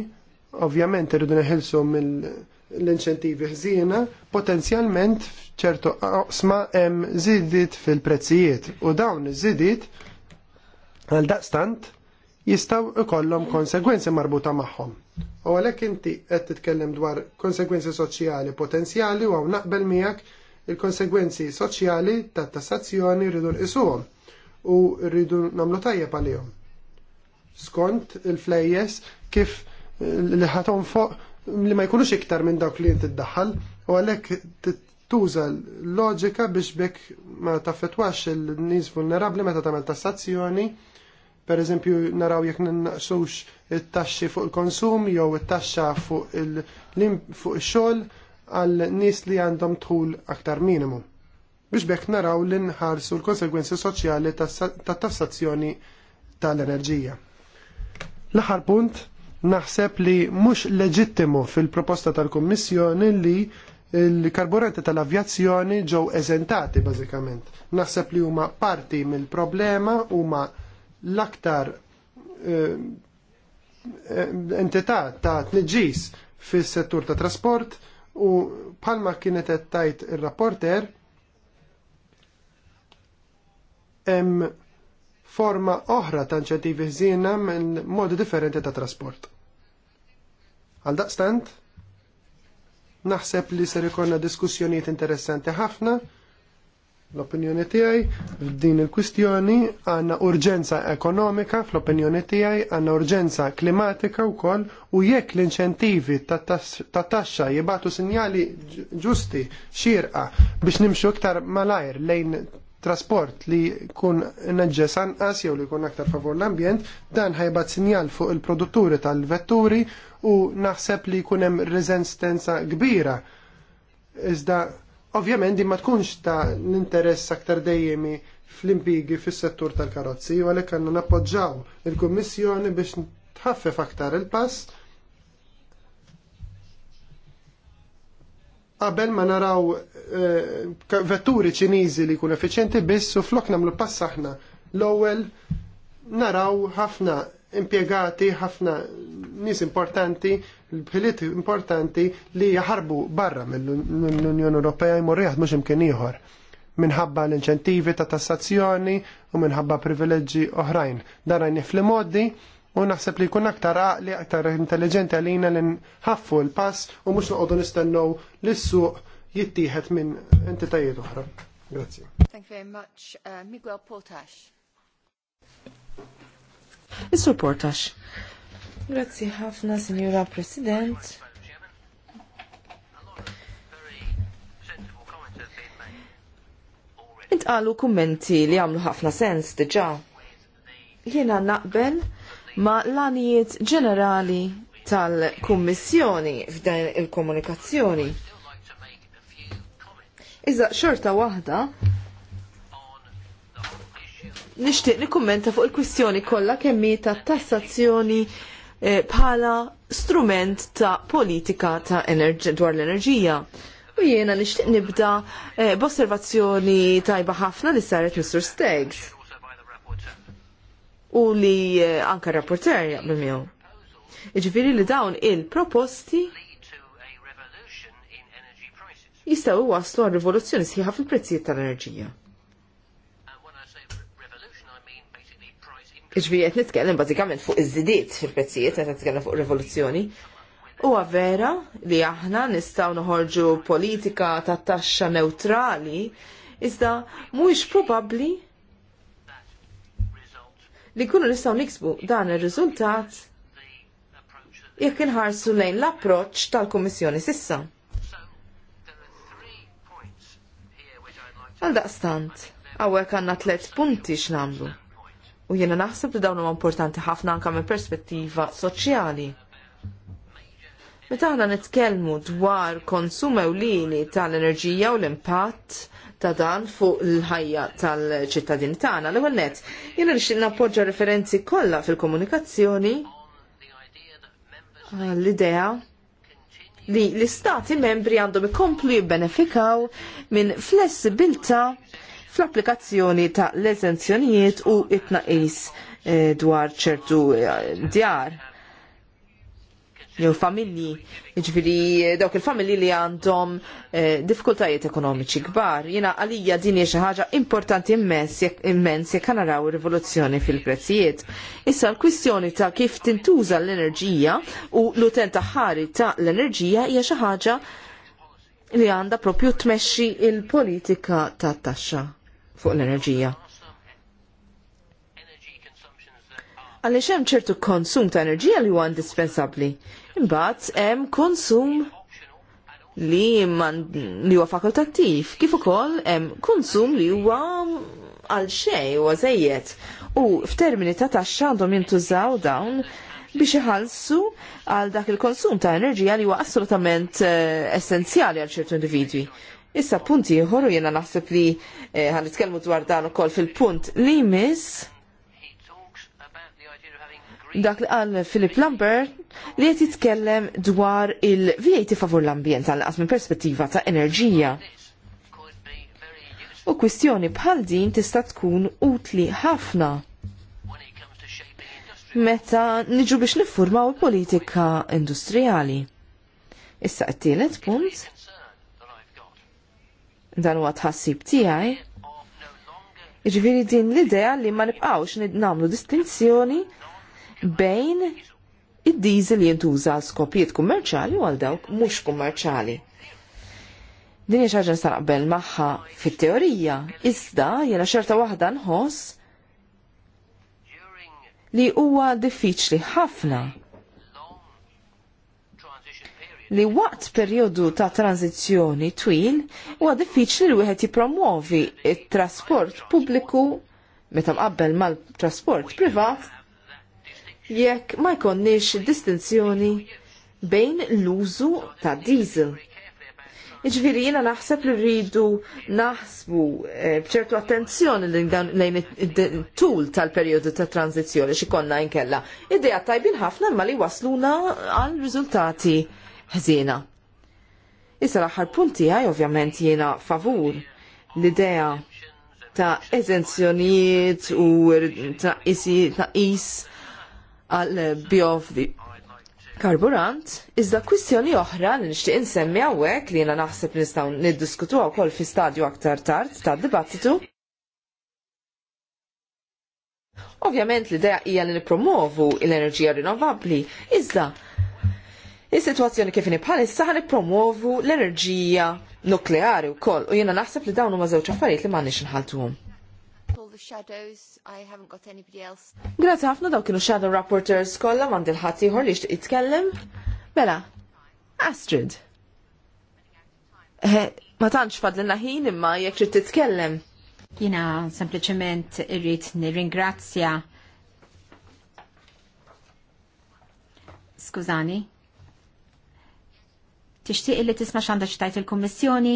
ovvjament irridu neħilsu mill-inċentivi ħsiena, potenzjalment ċertu qosma hemm żidiet fil-prezzijiet u dawn iż-żidiet għal daqstant jistaw ikollhom konsegwenzi marbuta magħhom. U għalhekk inti qed titkellem dwar konsegwenzi soċjali potenzjali u hawn naqbel miegħek il-konsegwenzi soċjali tat tassazzjoni rridu nqisuhom u rridu nagħmlu tajjeb għalihom skont il-flejjes kif li ħatom fuq li ma jkunux iktar minn dawk li tiddaħħal u għalhekk tuża l-loġika biex bekk ma tafetwax il-nies vulnerabbli meta tagħmel tassazzjoni. Per eżempju, naraw jekk naqsux it-taxxi fuq il-konsum jew it-taxxa fuq il xol għal nies li għandhom tħul aktar minimu. Biex bekk naraw li nħarsu l-konsegwenzi soċjali tat tassazzjoni tal-enerġija. L-aħħar punt naħseb li mhux leġittimu fil-proposta tal-Kummissjoni li il-karburanti tal-avjazzjoni ġew eżentati bażikament. Naħseb li huma parti mill-problema huma l-aktar eh, entità ta' tniġġis fis-settur ta' trasport u bħalma kienet qed tajt ir-rapporter hemm forma oħra ta' inċentivi ħżiena minn modi differenti ta' trasport. Għal daqstant, naħseb li ser ikonna diskussjonijiet interessanti ħafna l-opinjoni tiegħi f'din il-kwistjoni għandna urġenza ekonomika fl-opinjoni tiegħi għandna urġenza klimatika wkoll u jekk l-inċentivi ta' taxxa jibatu sinjali ġusti xirqa biex nimxu iktar malajr lejn trasport li kun neġġes anqas jew li kun aktar favor l-ambjent, dan ħajbat sinjal fuq il-produtturi tal-vetturi u naħseb li kun hemm reżistenza kbira. Iżda ovvjament din ma tkunx ta' l-interess aktar dejjemi fl-impigi fis-settur tal-karozzi u għalhekk għandna nappoġġaw il-Kummissjoni biex tħaffef aktar il-pass qabel ma naraw Eh, vetturi ċinizi li kun efficienti biss u flok nagħmlu passaħna l-ewwel naraw ħafna impjegati, ħafna nies importanti, bħiliet importanti li jaħarbu barra mill-Unjoni Ewropea jmorru mhux imkien ieħor minħabba l-inċentivi ta' tassazzjoni u minħabba privileġġi oħrajn. Dan għajni fl-modi u naħseb li jkun aktar aqli, aktar intelligenti għalina li nħaffu l-pass u mhux noqogħdu nistennew l-suq jittieħed minn entitajiet oħra. Grazzi. Thank you very much, uh, Miguel Portax. is Portash. Portax. Grazzi ħafna, Signora President. Intqalu kummenti li għamlu ħafna sens diġa. Jena naqbel ma l-anijiet ġenerali tal-Kummissjoni f'dan il-komunikazzjoni. Iza, xorta waħda nixtieq nikkummenta fuq il-kwistjoni kollha kemm ta' tassazzjoni eh, bħala strument ta' politika ta' dwar l-enerġija. U jiena nixtieq nibda eh, b'osservazzjoni tajba ħafna li saret Mr. Steggs. U li eh, anka rapporter jaqbel miegħu. Jiġifieri li dawn il-proposti jistgħu waslu għal rivoluzzjoni sħiħa fil-prezzijiet tal-enerġija. Iġbi nitkellem bażikament fuq iż-żidiet fil-prezzijiet meta nitkellem fuq rivoluzzjoni. Huwa vera li aħna nistgħu noħorġu politika ta' taxxa neutrali iżda mhuwiex probabbli li kunu nistgħu niksbu dan ir-riżultat jekk inħarsu lejn l-approċċ tal-Kummissjoni sissa. Għal daqstant, għawek għanna tlet punti x'namlu. U jena naħseb li dawn huma importanti ħafna anka minn perspettiva soċjali. Meta aħna nitkellmu dwar konsum ewlieni tal-enerġija u l-impatt ta' dan fuq l-ħajja tal-ċittadin tagħna. L-ewwel nett, jiena nixtieq nappoġġa referenzi kollha fil-komunikazzjoni l-idea li l-istati membri għandhom ikomplu jibbenefikaw minn flessibilta fl-applikazzjoni ta' l-eżenzjonijiet u it-naqis eh, dwar ċertu eh, djar jew familji, ġviri jiġifieri, dawk il-familji li għandhom eh, diffikultajiet ekonomiċi kbar. Jina għalija din hija xi ħaġa importanti immens jekk naraw rivoluzzjoni fil-prezzijiet. Issa l-kwistjoni ta' kif tintuża l-enerġija u l-utent ħari ta' l-enerġija hija xi ħaġa li għandha propju tmexxi il-politika ta' taxxa fuq l-enerġija. Għalli xem ċertu konsum ta' enerġija li huwa indispensabbli. Imbagħad hemm konsum li man li huwa fakultattiv, kif ukoll hemm konsum li huwa għal xej huwa żejjed. U f'termini ta' taxxa għandhom jintużaw dawn biex iħallsu għal dak il-konsum ta' enerġija li huwa assolutament eh, essenzjali għal ċertu individwi. Issa punti ieħor u jiena naħseb li ħan eh, nitkellmu dwar dan ukoll fil-punt li miss dak li qal Philip Lambert li qed jitkellem dwar il vijajti favur l-ambjent għal minn perspettiva ta' enerġija. U kwistjoni bħal din tista' tkun utli ħafna meta niġu biex niffurmaw il-politika industrijali. Issa t-tielet punt dan huwa tħassib tiegħi. iġviri din l-idea li ma nibqgħux nagħmlu distinzjoni bejn id-diesel jintuża għal skopijiet kummerċali u għal dawk mhux kummerċali. Din hija xaġa naqbel magħha fit-teorija, iżda jiena xerta waħda nħoss li huwa diffiċli ħafna li waqt periodu ta' tranzizjoni twil huwa diffiċli li wieħed jippromuovi it-trasport pubbliku meta mqabbel mal-trasport privat jekk ma jkonniex distinzjoni bejn l-użu ta' diesel. Iġviri jena naħseb li rridu naħsbu eh, bċertu attenzjoni lejn it-tul tal-periodu ta' tranzizjoni jinkella. inkella. Ideja tajbin ħafna ma li wasluna għal riżultati ħzina. Issa l-aħħar punti għaj ovvjament jena favur l-idea ta' eżenzjonijiet u ta' isi ta' is għal biofi karburant, iżda kwistjoni oħra li nixtieq insemmi hawnhekk li jiena naħseb nistgħu niddiskutu wkoll fi stadju aktar tard tad-dibattitu. Ovvjament l-idea hija li nippromovu l-enerġija rinnovabbli, iżda Is-sitwazzjoni kif inhi bħalissa ħan nippromovu l-enerġija nukleari wkoll u jiena naħseb li dawn huma żewġ affarijiet li m'għandniex inħaltuhom the shadows. I haven't got anybody else. Grazie ħafna daw kienu shadow rapporters kollha m'għand il-ħadd ieħor li jixtieq jitkellem. Bela. Astrid. Eh, ma tantx fadlilna ħin imma jekk trid titkellem. Jiena sempliċement irrid nirringrazzja Skużani. Tixtieq li tisma' x'għandha tajt il-Kummissjoni?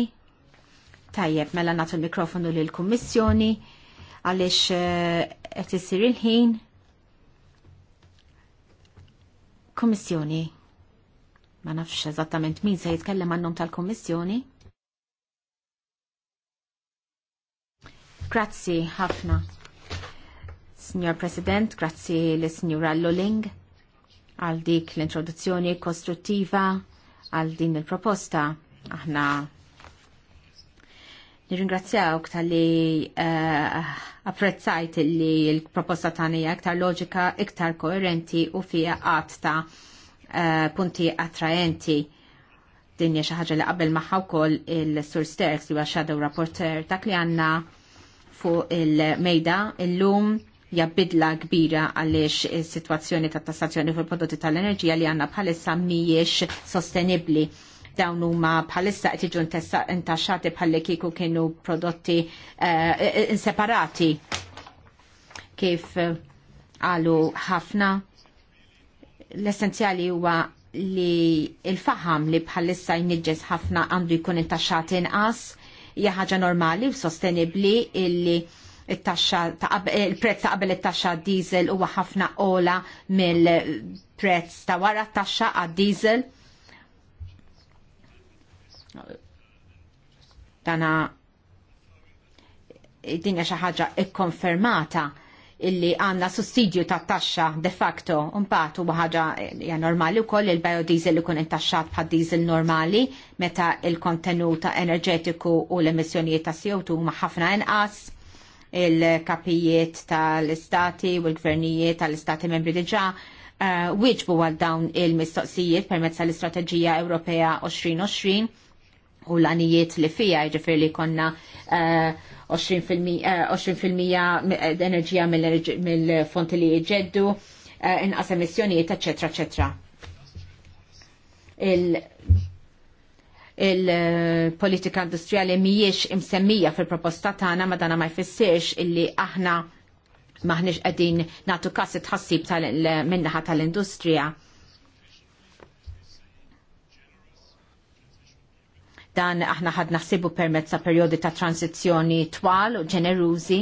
Tajjeb, mela nagħtu l-mikrofonu lill-Kummissjoni għaliex eh, qed isir il-ħin. Kommissjoni. Ma nafx eżattament min se jitkellem għannum tal-Kommissjoni. Grazzi ħafna. Signor President, grazzi l signora Lulling għal dik l-introduzzjoni kostruttiva għal din il-proposta. Aħna Nirringrazzjawk tal-li uh, apprezzajt li l-proposta tani iktar loġika, iktar koerenti u fija għat ta' uh, punti attraenti. Din xi ħaġa li qabel magħha wkoll il-Sur Sterks li huwa shadow rapporter dak li għandna fuq il-mejda il-lum jabbidla kbira għaliex is-sitwazzjoni tat tassazzjoni fil-prodotti tal-enerġija li għandna bħalissa mhijiex sostenibbli dawn huma bħalissa qed jiġu intaxxati bħalli kieku kienu prodotti eh, inseparati kif qalu eh, ħafna l-essenzjali huwa li il-faham li bħalissa jniġġes ħafna għandu jkun intaxxat inqas hija ħaġa normali u sostenibbli illi il-prezz ta' qabel it-taxxa diesel huwa ħafna ola mill-prezz ta' wara t-taxxa għad-diesel Dana dinja xi ħaġa ikkonfermata illi għanna sussidju ta' taxxa de facto mbagħad u ħaġa ja normali wkoll il-biodiesel ikun intaxxat bħal diesel normali meta il kontenuta enerġetiku u l-emissjonijiet ta' CO2 ma ħafna inqas il-kapijiet tal-istati u l-gvernijiet tal-istati membri diġa' uh, eh, wieġbu għal dawn il-mistoqsijiet permezz tal-Istrateġija Ewropea 2020 u l-anijiet li fija ġifir li konna 20% eh, eh, eh, enerġija mill-fonti li jġeddu, inqas emissjonijiet, eccetera, eccetera. Il-politika industrijali mhijiex imsemmija fil-proposta tagħna ma dana ma jfissirx illi aħna maħniex qegħdin nagħtu kas tħassib tal-industrija. tal industrija Dan aħna ħad naħsibu permezz ta' perjodi ta' transizzjoni twal u ġenerużi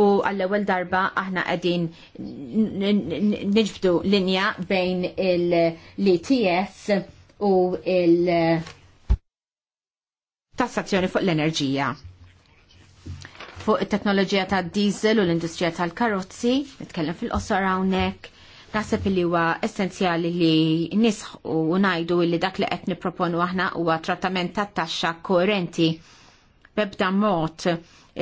u għall-ewwel darba aħna qegħdin niġbdu linja bejn l-ETS u l tassazzjoni fuq l-enerġija. Fuq it-teknoloġija tad diesel u l-industrija tal-karozzi, nitkellem fil-qosor hawnhekk, Naħseb li huwa essenzjali li nisħ u ngħidu li dak li qed nipproponu aħna huwa trattament tat-taxxa koerenti b'ebda mod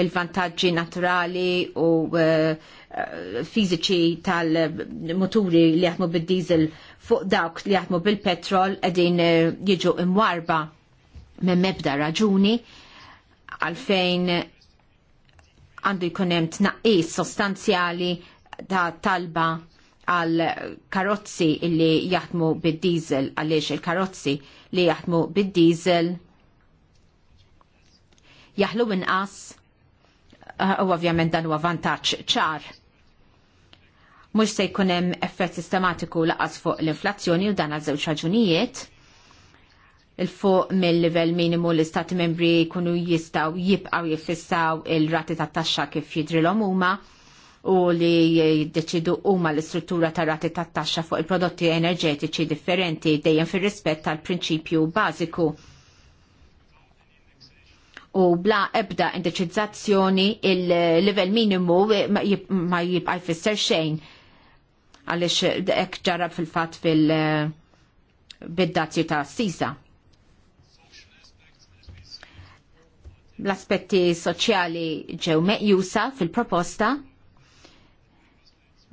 il-vantaġġi naturali u eh, eh, fiżiċi tal muturi li jaħdmu bid-diesel fuq dawk li jaħdmu bil-petrol qegħdin eh, jiġu imwarba minn mebda raġuni għalfejn għandu jkun hemm tnaqqis sostanzjali ta' talba għal karozzi li jaħdmu bid-diesel għaliex il-karozzi li jaħdmu bid-diesel jaħlu inqas u ovvjament dan huwa vantaġġ ċar. Mhux se jkun hemm effett sistematiku laqas fuq l-inflazzjoni u dan għal żewġ raġunijiet il-fuq mill-livell minimu l-istati membri jkunu jistaw jibqaw jiffissaw il-rati tat taxxa kif jidrilhom huma u li jiddeċidu huma l-istruttura ta' rati ta' taxxa fuq il-prodotti enerġetiċi differenti dejjem fir rispett tal-prinċipju bażiku. U bla ebda indeċizzazzjoni il-level minimu ma jibqa' jfisser xejn għaliex hekk ġarab fil-fatt fil-, fil bid-dazju ta' sisa. L-aspetti soċjali ġew meqjusa fil-proposta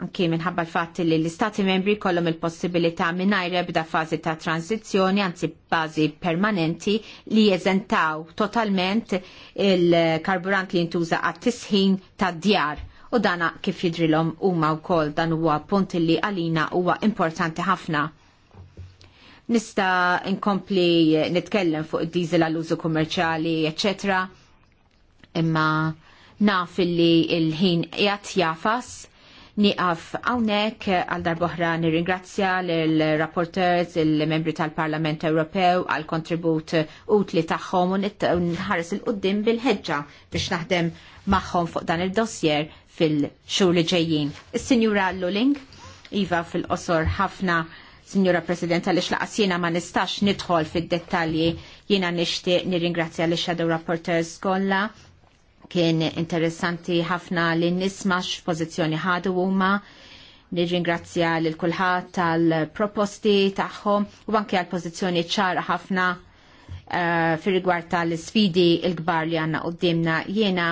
Anki minħabba l-fatt li l-Istati membri kollhom il-possibilità mingħajr ebda fażi ta' tranzizzjoni, anzi bażi permanenti, li jeżentaw totalment il-karburant li jintuża għat-tisħin tad djar u dana kif jidrilhom huma wkoll dan huwa punt li għalina huwa importanti ħafna. Nista inkompli nitkellem fuq id-diesel għall użu kummerċjali, eċetera, imma naf li l-ħin qiegħed jafas Niqaf hawnhekk għal darboħra nirringrazzja l-rapporters, il-membri tal-Parlament Ewropew għal kontribut utli tagħhom u nħares il qoddim bil-ħeġġa biex naħdem magħhom fuq dan il-dossier fil xur li ġejjin. Is-Sinjura Luling, Iva fil-qosor ħafna Signora Presidenta, li laqas jena ma nistax nidħol fid dettalji jena nishtiq nirringrazzja li shadow rapporteurs kolla Kien interessanti ħafna li nisma x-pozizjoni ħadu huma nirringrazzja lil kulħadd tal-proposti tagħhom u anke għal pożizzjoni ċara ħafna uh, eh, fir rigward tal-sfidi il-kbar li għandna qudiemna jiena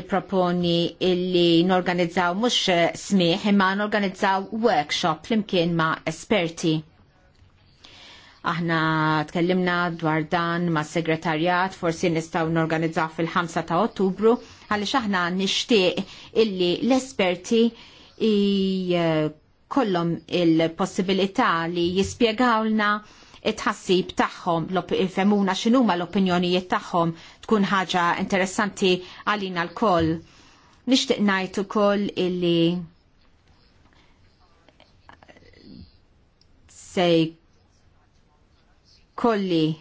nipproponi illi norganizzaw mhux smieħ imma norganizzaw workshop flimkien ma' esperti Aħna tkellimna dwar dan ma' segretarjat, forsi nistaw norganizzaw fil-5 ta' ottubru, għaliex aħna nishtiq illi l-esperti eh, kollom il-possibilità li jispiegawlna it-ħassib tagħhom femuna x'inhuma l-opinjonijiet tagħhom tkun ħaġa interessanti għalina l-koll. Nixtieq ngħid ukoll illi se kolli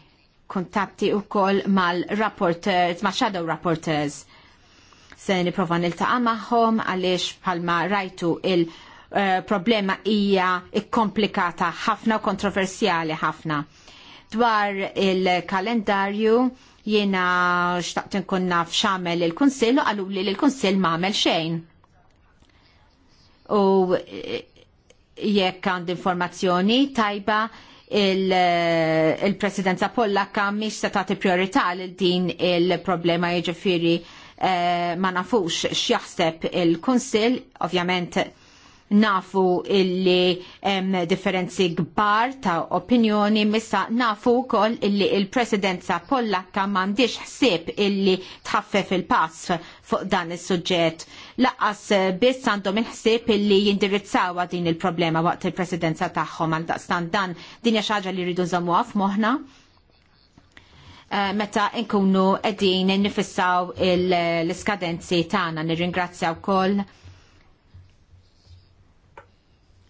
kontatti u koll mal-rapporters, ma' shadow rapporters. Se niprofa niltaqa' magħhom għaliex bħalma rajtu il- eh, problema hija ikkomplikata ħafna u kontroversjali ħafna. Dwar il-kalendarju jiena xtaqt nkun naf x'għamel il-Kunsill u qalu li l-Kunsill m'għamel xejn. U eh, jekk għand informazzjoni tajba Eh, il-presidenza pollaka miex se tagħti priorità lil din il-problema jiġifieri eh, ma nafux x'jaħseb il-Kunsill, ovvjament nafu illi hemm differenzi kbar ta' opinjoni missa nafu wkoll illi il-presidenza pollakka m'għandix ħsieb illi tħaffef il-pass fuq dan is-suġġett. Laqqas biss għandhom il-ħsieb illi jindirizzawa din il-problema waqt il-presidenza tagħhom għal daqstan dan din hija xi ħaġa li rridu nżammuha f'moħħna eh, meta nkunu qegħdin nifissaw l-iskadenzi tagħna nirringrazzja wkoll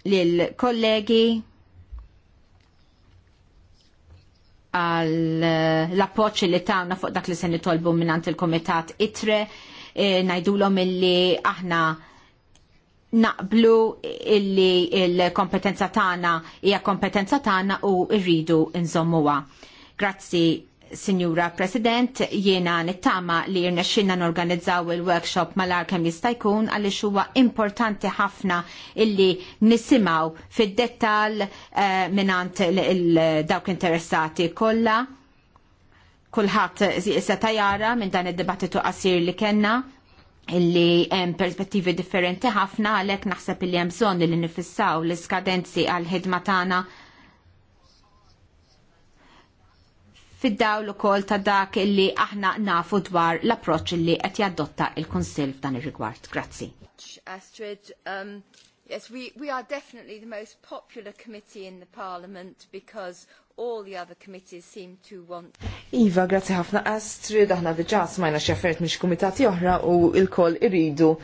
lill-kollegi eh, l-appoċ li tawna fuq dak li se nitolbu minnant il-komitat itre eh, ngħidulhom najdulom illi aħna naqblu illi il-kompetenza tagħna hija kompetenza tagħna u rridu nżommuha. Grazzi Signora President, jiena nittama li n norganizzaw il-workshop mal arkem jistajkun jista' jkun għaliex huwa importanti ħafna illi nisimaw fid-dettal uh, eh, minant dawk interessati kollha. Kulħadd seta' jara minn dan id-dibattitu qasir li kellna illi hemm perspettivi differenti ħafna għalhekk naħseb illi hemm bżonn li nifissaw l-iskadenzi għall ħidma tagħna fid-dawl ukoll ta' dak illi aħna nafu dwar l-approċċ illi qed jadotta il-Kunsill f'dan ir-rigward. Grazzi. Astrid, um, yes, we, we are definitely the most popular committee in the Parliament because all the other committees seem to want. Iva, grazzi ħafna Astrid, aħna diġà smajna xi affarijiet miex kumitati oħra u l-koll iridu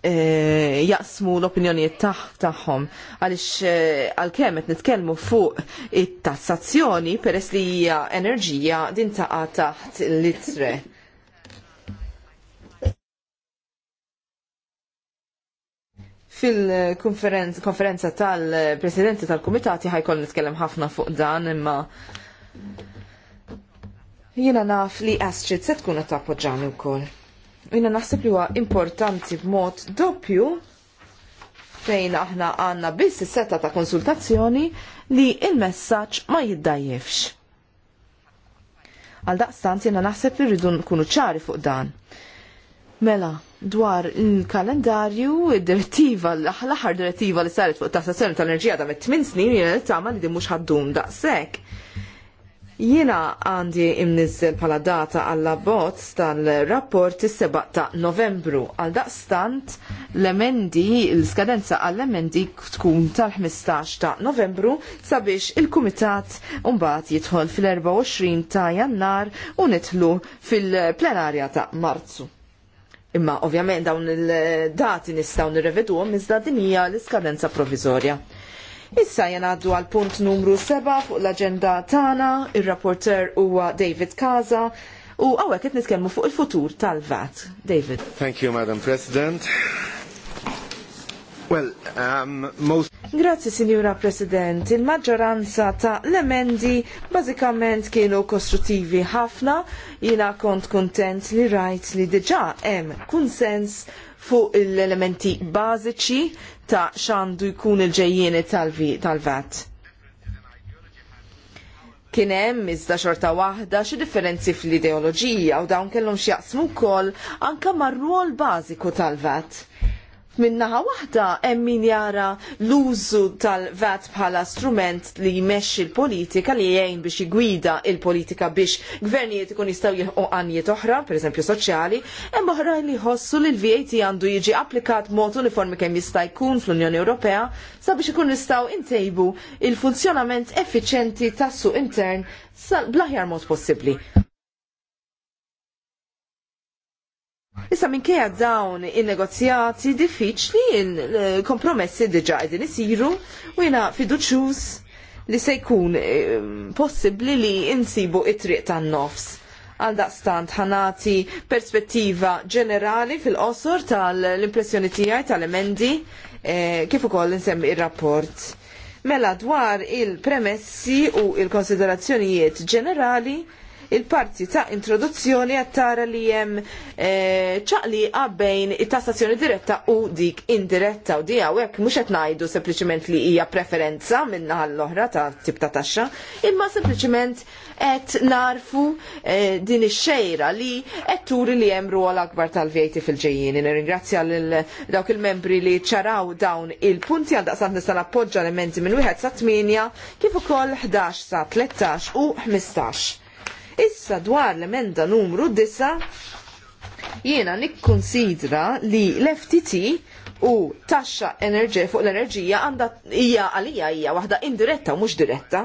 Eh, jaqsmu l-opinjonijiet tagħhom għaliex eh, għalkemm qed nitkellmu fuq it-tassazzjoni peress li hija enerġija din taqa' taħt l-itre. Fil-konferenza tal-presidenti tal-komitati ħajkollu nitkellem ħafna fuq dan imma jiena naf li Astrid se tkun qed tappoġġani wkoll. Jina naħseb li huwa importanti b'mod doppju fejn aħna għanna biss seta ta' konsultazzjoni li il-messaġġ ma jiddajjefx. Għal daqstant jina naħseb li rridu nkunu ċari fuq dan. Mela, dwar il-kalendarju, id-direttiva, l-aħħar direttiva li saret fuq tassazzjoni tal-enerġija ta' 8 snin jena tama li di ħaddum daqsek. Jiena għandi imnizzel pala data għalla bots tal-rapport is 7 ta' novembru. Għal daqstant l-emendi, l-skadenza għall-emendi tkun tal-15 ta' novembru sabiex il-Kumitat umbat jitħol fil-24 ta' jannar u nitlu fil-plenarja ta' marzu. Imma ovvjament dawn il-dati nistaw nirrevedu iżda din hija l-iskadenza provizorja. Issa jenaddu għal punt numru 7 fuq l-agenda tagħna, ir-rapporter huwa David Kaza, u għawek qed nitkellmu fuq il-futur tal-VAT. David. Thank you, Madam President. Well, um, most... Grazie, Signora President. Il-maġġoranza ta' l-emendi bazikament kienu kostruttivi ħafna. Jina kont kontent li rajt li diġa hemm konsens fuq l-elementi bażiċi ta' xandu jkun il-ġejjieni tal-vet. Kien hemm iżda xorta waħda xi differenzi fl-ideoloġija u dawn kellhom x'jaqsmu wkoll anke mar-rwol bażiku tal-vat. Minnaħa waħda hemm min jara l-użu tal-vat bħala strument li jmexxi l-politika li jgħin biex jgwida il-politika biex gvernijiet ikun jistgħu jilħqu għanijiet oħra, pereżempju soċjali, hemm oħra li jħossu li l-VAT għandu jiġi applikat mod uniformi kemm jista' jkun fl-Unjoni Ewropea sabiex ikun nistgħu intejbu il-funzjonament effiċjenti tas-suq intern bl-aħjar mod possibbli. Issa minkejja dawn in-negozjati diffiċli il-kompromessi diġa qegħdin isiru u jiena fiduċus li se jkun ehm, possibbli li insibu it-triq tan-nofs. Għal daqstant ħanati perspettiva ġenerali fil-qosor tal-impressjoni tiegħi tal-emendi eh, kif ukoll insemmi ir-rapport. Mela dwar il-premessi u il-konsiderazzjonijiet ġenerali il-parti ta' introduzzjoni qed tara li hemm eh, ċaqli bejn it-tassazzjoni diretta u dik indiretta u dija u mhux qed ngħidu sempliċement li hija preferenza minna għall oħra ta' tip ta' taxxa, imma sempliċement qed narfu eh, din ix-xejra li qed turi li hemm rwol akbar tal-VAT fil-ġejjin. Nirringrazzja lil dawk il-membri li ċaraw dawn il-punti għal daqsant nista' nappoġġa elementi minn wieħed sa' 8 kif ukoll 11 sa' 13 u 15. Issa dwar l-emenda numru 9 jiena nikkonsidra li l-FTT u taxxa enerġija fuq l-enerġija għandha hija għalija hija waħda indiretta u mhux diretta.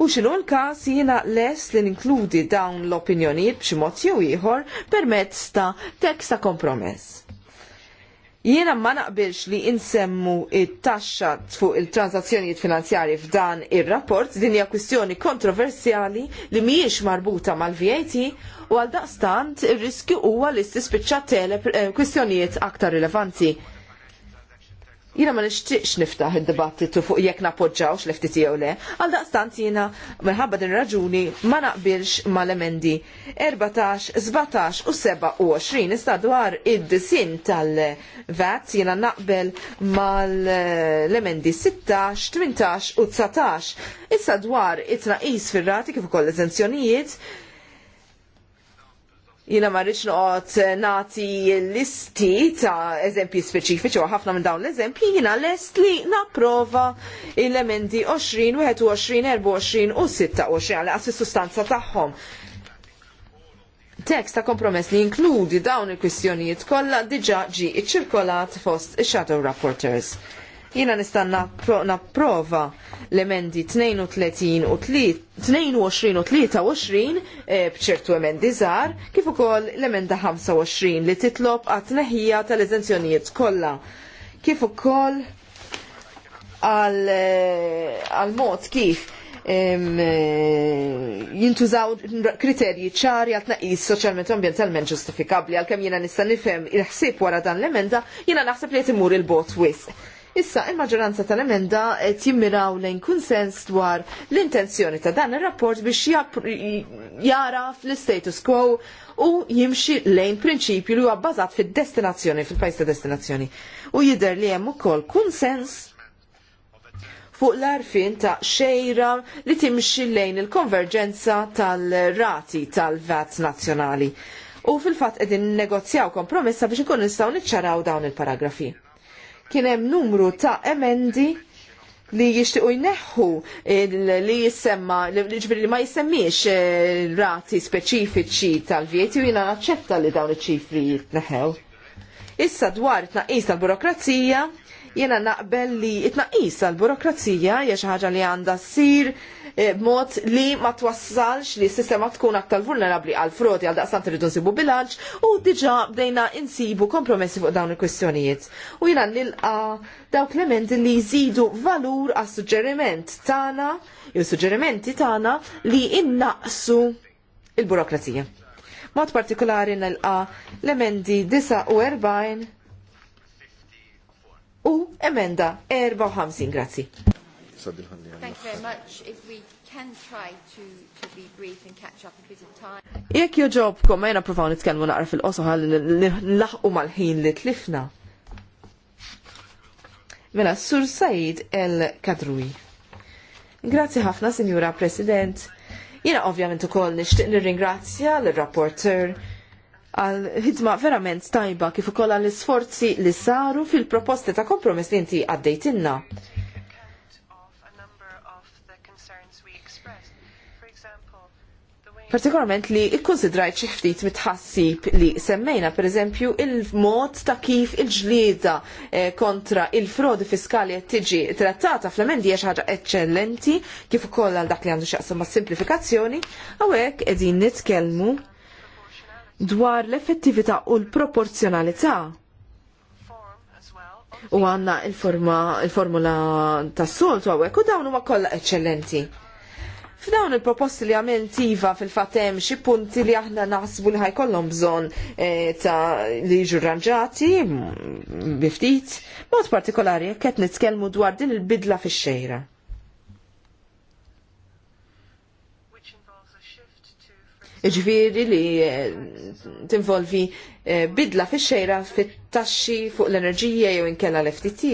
U x'inhu l każ jiena less li ninkludi dawn l-opinjonijiet b'xi mod jew ieħor permezz ta' teksta kompromess. Jiena ma naqbilx li insemmu it-taxxa fuq il-transazzjonijiet finanzjarji f'dan ir-rapport din hija kwistjoni kontroversjali li mhijiex marbuta mal-VAT u għal daqstant ir-riskju huwa li tispiċċa tele eh, kwistjonijiet aktar rilevanti. Jina ma nishtiqx niftaħ id-dibattitu fuq jekk napoġġawx l-FTT le, għal daqstant jiena minħabba din raġuni ma naqbilx mal-emendi 14, 17 u 27 issa dwar id-disin tal-VAT jiena naqbel mal-emendi 16, 18 u 19 issa dwar it-tnaqis fir-rati kif ukoll eżenzjonijiet Jina marriċ noqot eh, nati listi ta' eżempji speċifiċi u ħafna minn dawn l-eżempji jina lest li naprova il emendi 20, 21, 24 u 26 għal għas sustanza tagħhom tekst ta' kompromess li jinkludi dawn il-kwistjonijiet kollha diġà ġie iċċirkolat fost ix-Shadow Rapporteurs. Jiena nistanna napprova l-emendi 32 u 22 u 23 e, bċertu emendi żgħar, kif ukoll l-emenda 25 li titlob għat neħija tal-eżenzjonijiet kollha. Kif ukoll għal e, mod kif e, jintużaw kriterji ċari għal tnaqis soċjalment u ambjentalment ġustifikabli għal kemm jiena nista' nifhem il-ħsieb wara dan l-emenda, jiena naħseb li qed imur il-bot wisq Issa, il-maġġoranza tal-emenda qed jimmiraw lejn konsens dwar l-intenzjoni ta' dan ir-rapport biex jara fl-status quo u jimxi lejn prinċipju li huwa bbażat fid-destinazzjoni, fil pajs ta' destinazzjoni. U jidher li hemm ukoll konsens fuq l-arfin ta' xejra li timxi lejn il-konverġenza tal-rati tal-VAT nazzjonali. U fil-fat edin negozjaw kompromessa biex ikun nistaw niċċaraw dawn il-paragrafi kien hemm numru ta' emendi li jixtiequ jneħħu li jissemma, li ma jissemmiex eh, rati speċifiċi tal-vieti u jina naċċetta li dawn iċ-ċifri jitneħew. Issa dwar it-naqis tal-burokrazija, jena naqbel li t naqis tal-burokrazija hija xi ħaġa li għandha ssir b'mod eh, li ma twassalx li s-sistema tkun aktar vulnerabli għal frodi għal daqsan tridu nsibu bilanċ u diġa bdejna insibu kompromessi fuq dawn il-kwestjonijiet. U jina nilqa dawk l li jżidu valur għas suġġeriment tana, jew suġġerimenti tana li innaqsu il-burokrazija. Mod partikolari nilqa l-emendi 49 u emenda 54, grazzi. Thank you very much. If we can try to, to be brief and catch up a bit of time. Jek joġobkom, ma jena provaw nitkellmu naqra fil-qosu għal laħqu mal-ħin li tlifna. Mela, Sur Said El-Kadrui. Grazzi ħafna, Sinjura President. Jena ovvjament ukoll nixtieq nirringrazzja l-rapporter għal ħidma verament tajba kif ukoll għall isforzi li saru fil-proposti ta' kompromess li inti għaddejtinna. partikolarment li ikkonsidrajt xi ftit mitħassib li semmejna pereżempju il-mod ta' kif il-ġlieda eh, kontra il-frodi fiskali qed tiġi trattata fl-emendi hija xi ħaġa eċċellenti kif ukoll għal dak li għandu x'jaqsam ma' simplifikazzjoni hawnhekk qegħdin nitkellmu dwar l-effettività u l-proporzjonalità u għanna il-formula il tas-soltu għawek u dawn huma kollha eċċellenti. F'dawn il-proposti li għamil tiva fil fatem hemm xi punti li aħna naħsbu li ħajkollhom bżonn eh, ta' li jiġu rranġati mm, biftit, mod partikolari jekk qed nitkellmu dwar din il-bidla fix-xejra. Iġviri li eh, tinvolvi eh, bidla fi xejra fit-taxxi fuq l-enerġija jew inkella l-FTT.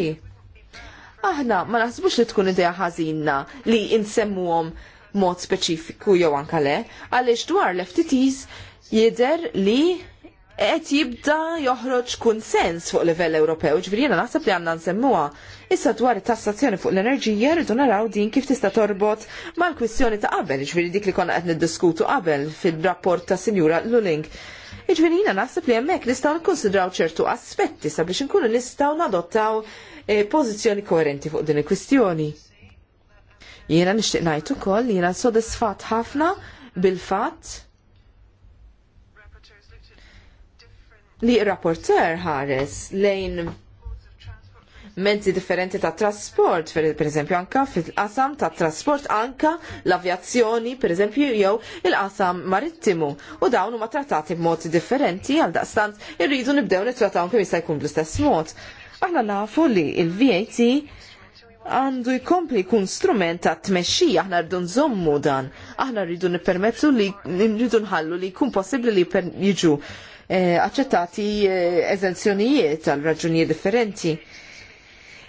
Aħna ma naħsbux li tkun idea ħażinna li insemmuhom mod speċifiku jew anka le, għaliex dwar l-FTTs jidher li qed jibda joħroġ kunsens fuq livell Ewropew, ġifieri jiena naħseb li għandna nsemmuha. Issa dwar it-tassazzjoni fuq l-enerġija rridu naraw din kif tista' torbot mal-kwistjoni ta' qabel, ġifieri dik li konna qed niddiskutu qabel fil-rapport ta' Sinjura Luling. Iġveri jina nasib li jemmek nistaw nkonsidraw ċertu aspetti sabiex nkunu nistaw nadottaw e, eh, pozizjoni koerenti fuq din il-kwistjoni. Jiena nixtieq ngħid ukoll jiena sodisfat ħafna bil-fatt li rapporter ħares lejn mezzi differenti ta' trasport, per eżempju anka fil-qasam ta' trasport anka l-avjazzjoni, per eżempju jew il-qasam marittimu. U dawn huma trattati b'mod differenti għal daqstant irridu nibdew nittrattawhom kemm jista' jkun bl-istess mod. Aħna nafu li il-VAT għandu jkompli jkun strument ta' tmexxi aħna rridu nżommu dan. Aħna rridu nippermettu li rridu nħallu li jkun possibbli li jiġu eh, aċċettati eh, eżenzjonijiet għal raġunijiet differenti.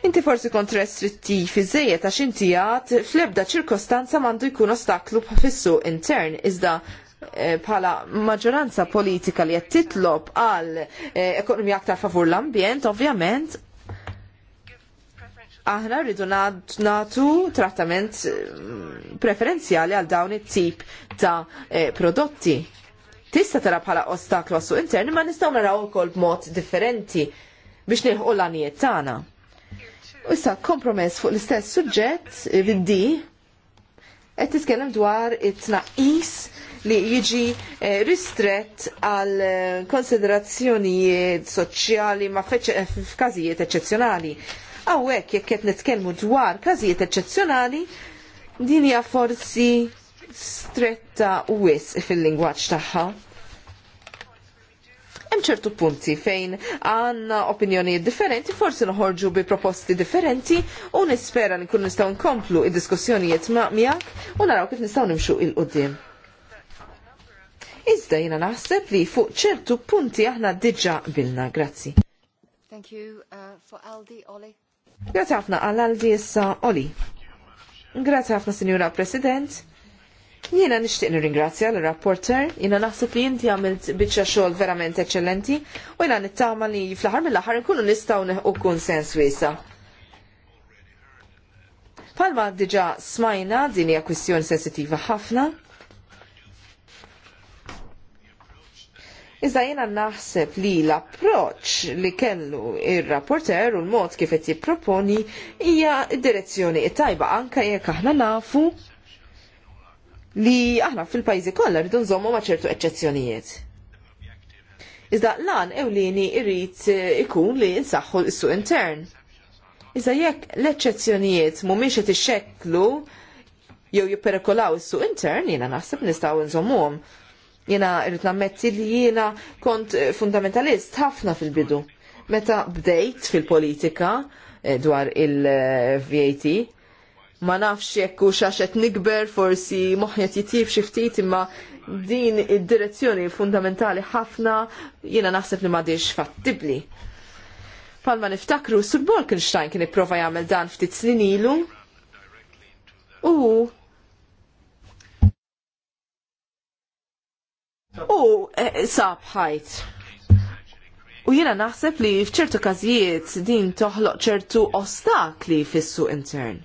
Inti forsi kont restrittiv iżejjed għax inti għad fl-ebda ċirkostanza m'għandu jkun ostaklu fissu intern iżda eh, bħala maġġoranza politika li qed titlob għal ekonomija aktar favur l-ambjent, ovvjament aħna rridu nagħtu trattament mm, preferenzjali għal dawn it-tip ta' eh, prodotti. Tista' tara bħala ostaklu għas interni ma nistgħu naraw ukoll b'mod differenti biex nilħu l-għanijiet tagħna. Issa kompromess fuq l-istess suġġett vid eh, qed tiskellem dwar it-tnaqqis li jiġi eh, ristret għal konsiderazzjonijiet soċjali ma' f'każijiet eċċezzjonali. Hawnhekk jekk qed nitkellmu dwar każijiet eċċezzjonali, din hija forsi stretta wis fil-lingwaġġ tagħha hemm ċertu punti fejn għandna opinjonijiet differenti, forsi noħorġu bi proposti differenti u nispera li nkunu nistgħu nkomplu id-diskussjonijiet miegħek u naraw kif nistgħu nimxu il qudiem Iżda jiena naħseb li fuq ċertu punti aħna diġà bilna, grazzi. Thank you uh, for Aldi, Oli. Grazie ħafna għal-għaldi issa Oli. Grazie ħafna, Sinjura President. Jiena nixtieq nirringrazzja l-rapporter, jiena naħseb li inti għamilt biċċa xogħol verament eċċellenti u jiena nittama li fl aħħar mill aħħar nkunu nistgħu kun sens wiesa. Palma diġa smajna din hija kwistjoni sensittiva ħafna Iżda jena naħseb li l-approċ li kellu il-rapporter u l-mod kif qed jipproponi hija d-direzzjoni tajba anka jekk aħna nafu li aħna fil-pajjiżi kollha rridu nżommu ma' ċertu eċċezzjonijiet. Iżda lan ewlieni irrid ikun li nsaħħu l-issu intern. Iżda jekk l-eċċezzjonijiet mhumiex qed ixxekklu jew jipperikolaw is-suq intern jiena naħseb nistgħu nżommuhom Jena irrit nammetti li jena kont eh, fundamentalist ħafna fil-bidu. Meta bdejt fil-politika eh, dwar il-VAT, ma nafx jekk u xaxet nikber forsi moħjet jitib xiftit imma din id-direzzjoni fundamentali ħafna jena naħseb li madix fattibli. Palma niftakru, Sur Bolkenstein kien ipprova jagħmel dan ftit snin ilu. U u eh, sab ħajt. U jiena naħseb li fċertu każijiet din toħloq ċertu ostakli fis-suq intern.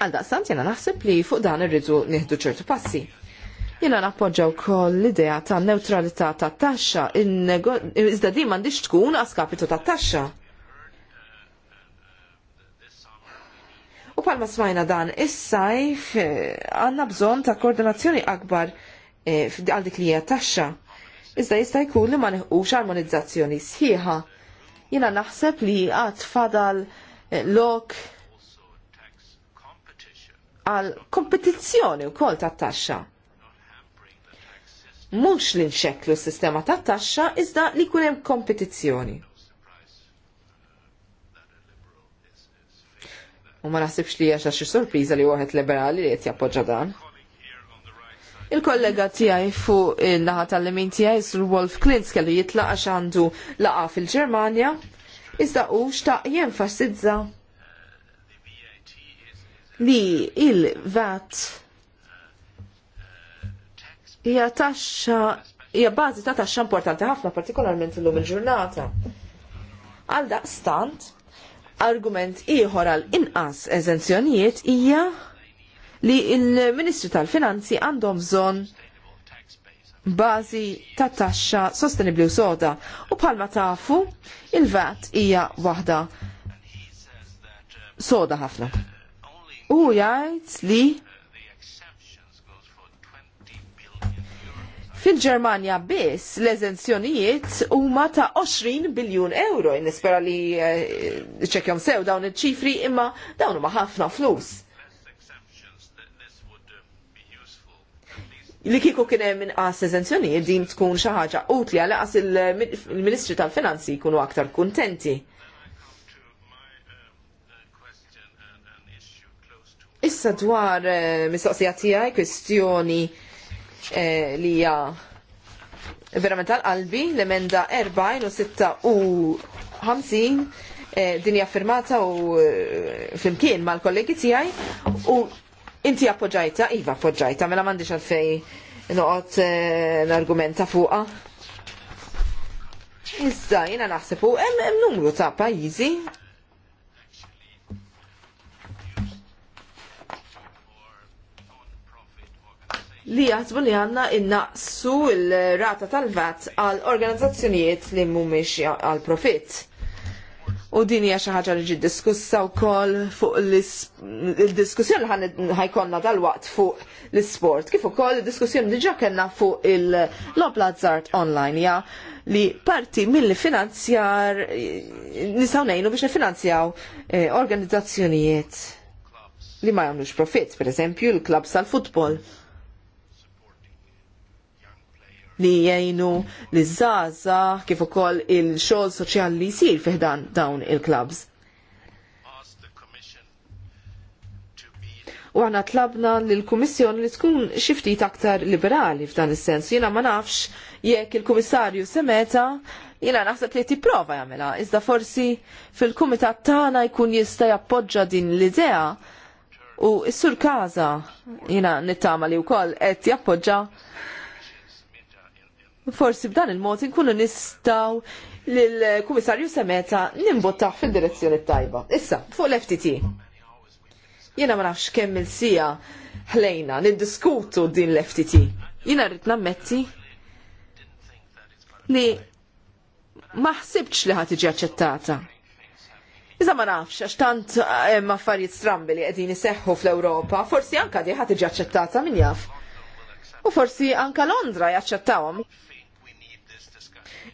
Għal daqsant jiena naħseb li fuq dan irridu nieħdu ċertu passi. Jiena nappoġġa wkoll l-idea ta' neutralità ta' taxxa, iżda din m'għandix tkun għaskapitu ta' taxxa. U palma smajna dan, is-sajf eh, għanna bżon ta' koordinazzjoni akbar eh, għal dik li hija taxxa. Iżda jista' jkun li ma neħqux armonizzazzjoni sħiħa. Jiena naħseb li għad fadal eh, lok għal kompetizzjoni u kol ta' taxxa. Mux li nxekklu s-sistema ta' taxxa, iżda li kunem kompetizzjoni. U ma naħsibx li għaxa xi sorpriża li waħed liberali li qed jappoġġa dan. Il-kollega tiegħi fuq il-naħa tal-lemin tiegħi sur Wolf Klintz kellu jitlaq għax għandu laqa fil-Ġermanja, iżda u xtaq jenfasizza li il-VAT hija taxxa hija bażi ta' taxxa importanti ħafna partikolarment illum il-ġurnata. Għal daqstant, Argument ieħor għal inqas eżenzjonijiet hija li il-Ministru tal-Finanzi għandhom bżonn bażi ta' taxxa sostenibli u soda u bħalma tafu il-VAT hija waħda soda ħafna. U jgħid li Fil-Ġermanja biss l-eżenzjonijiet huma ta' 20 biljun euro. Nispera li eh, ċekjom sew dawn iċ-ċifri imma dawn huma ħafna flus. li kiku kien hemm inqas eżenzjonijiet din tkun xi ħaġa utli għalqas il-Ministri tal-Finanzi jkunu aktar kuntenti. Issa dwar eh, mistoqsija tiegħi kwestjoni eh, li hija verament tal-qalbi l-emenda 40 u 6 u 50 dinja eh, din hija firmata u eh, flimkien mal-kollegi tiegħi u inti appoġġajta, iva appoġġajta, mela m'għandix għalfej noqgħod eh, n-argumenta fuqha. Iżda jiena naħsepu, hemm numru ta' pajjiżi li jaħsbu li għanna innaqsu il-rata tal-vat għal organizzazzjonijiet li mumiex għal profit. U din hija xi ħaġa li ġi diskussa wkoll fuq l diskussjoni li ħajkonna tal-waqt fuq l-isport. Kif ukoll id-diskussjoni diġà kellna fuq il-Loplazzart online ja li parti mill-finanzjar nistgħu ngħinu biex nifinanzjaw eh, organizzazzjonijiet li ma jagħmlux profit, pereżempju l-klabs tal-futbol li jgħinu li zaza kif ukoll il-xogħol soċjali li jsir fih dawn il-klabs. u għana tlabna l-Kummissjon li tkun xiftit aktar liberali f'dan is-sens. Jina ma nafx jekk il-Kummissarju semeta jina naħseb li tipprova jagħmilha, iżda forsi fil-kumitat tagħna jkun jista' jappoġġa din l-idea u s-sur Kaza jina nittama li wkoll qed jappoġġa forsi b'dan il-mod inkunu nistaw lill kummissarju Semeta nimbottaħ fil-direzzjoni tajba. Issa, fuq l-FTT. Jena ma nafx kemm il-sija ħlejna niddiskutu din l-FTT. Jena rrit nammetti li ma ħsibx li ħat iġi aċċettata. Iżda ma nafx, għax tant eh, hemm affarijiet strambi li qegħdin iseħħu fl-Ewropa, forsi anka di ħad tiġi aċċettata min jaf. U forsi anka Londra jaċċettawhom.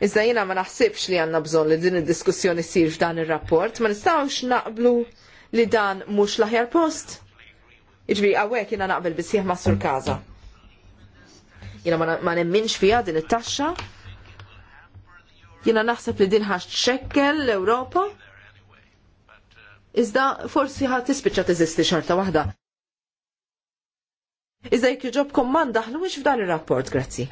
Iżda jiena ma naħsibx li għandna bżonn li din id-diskussjoni sir f'dan ir-rapport, ma nistgħux naqblu li dan mhux l-aħjar post. Iġbi, għawek jiena naqbel bisieħ ma' sur kaza. Jiena ma nemminx fiha din it-taxxa. Jiena naħseb li din ħax txekkel l-Ewropa. Iżda forsi ħa tispiċċa teżisti xorta waħda. Iżda jekk jġobkom man mux f'dan ir-rapport, grazzi.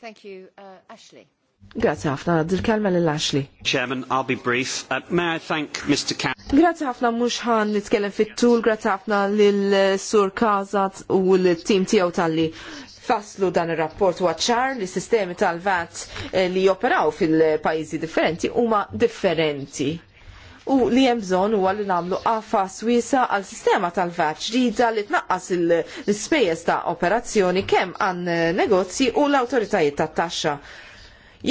Thank you, uh, Ashley. Grazie ħafna, dil-kelma lill-Ashley. Chairman, I'll be brief. Uh, may I thank Mr. Cam Grazie ħafna mhux ħan nitkellem fit-tul, grazie ħafna lill-Sur uh, Kazat u l-tim tiegħu tal-li faslu dan ir-rapport waċċar, ċar li sistemi tal-VAT eh, li joperaw fil-pajjiżi differenti huma differenti u li hemm bżonn huwa li nagħmlu qafa swiesa għal sistema tal-vat ġdida li tnaqqas l-ispejjeż ta' operazzjoni kemm għan negozji u l-awtoritajiet tat-taxxa.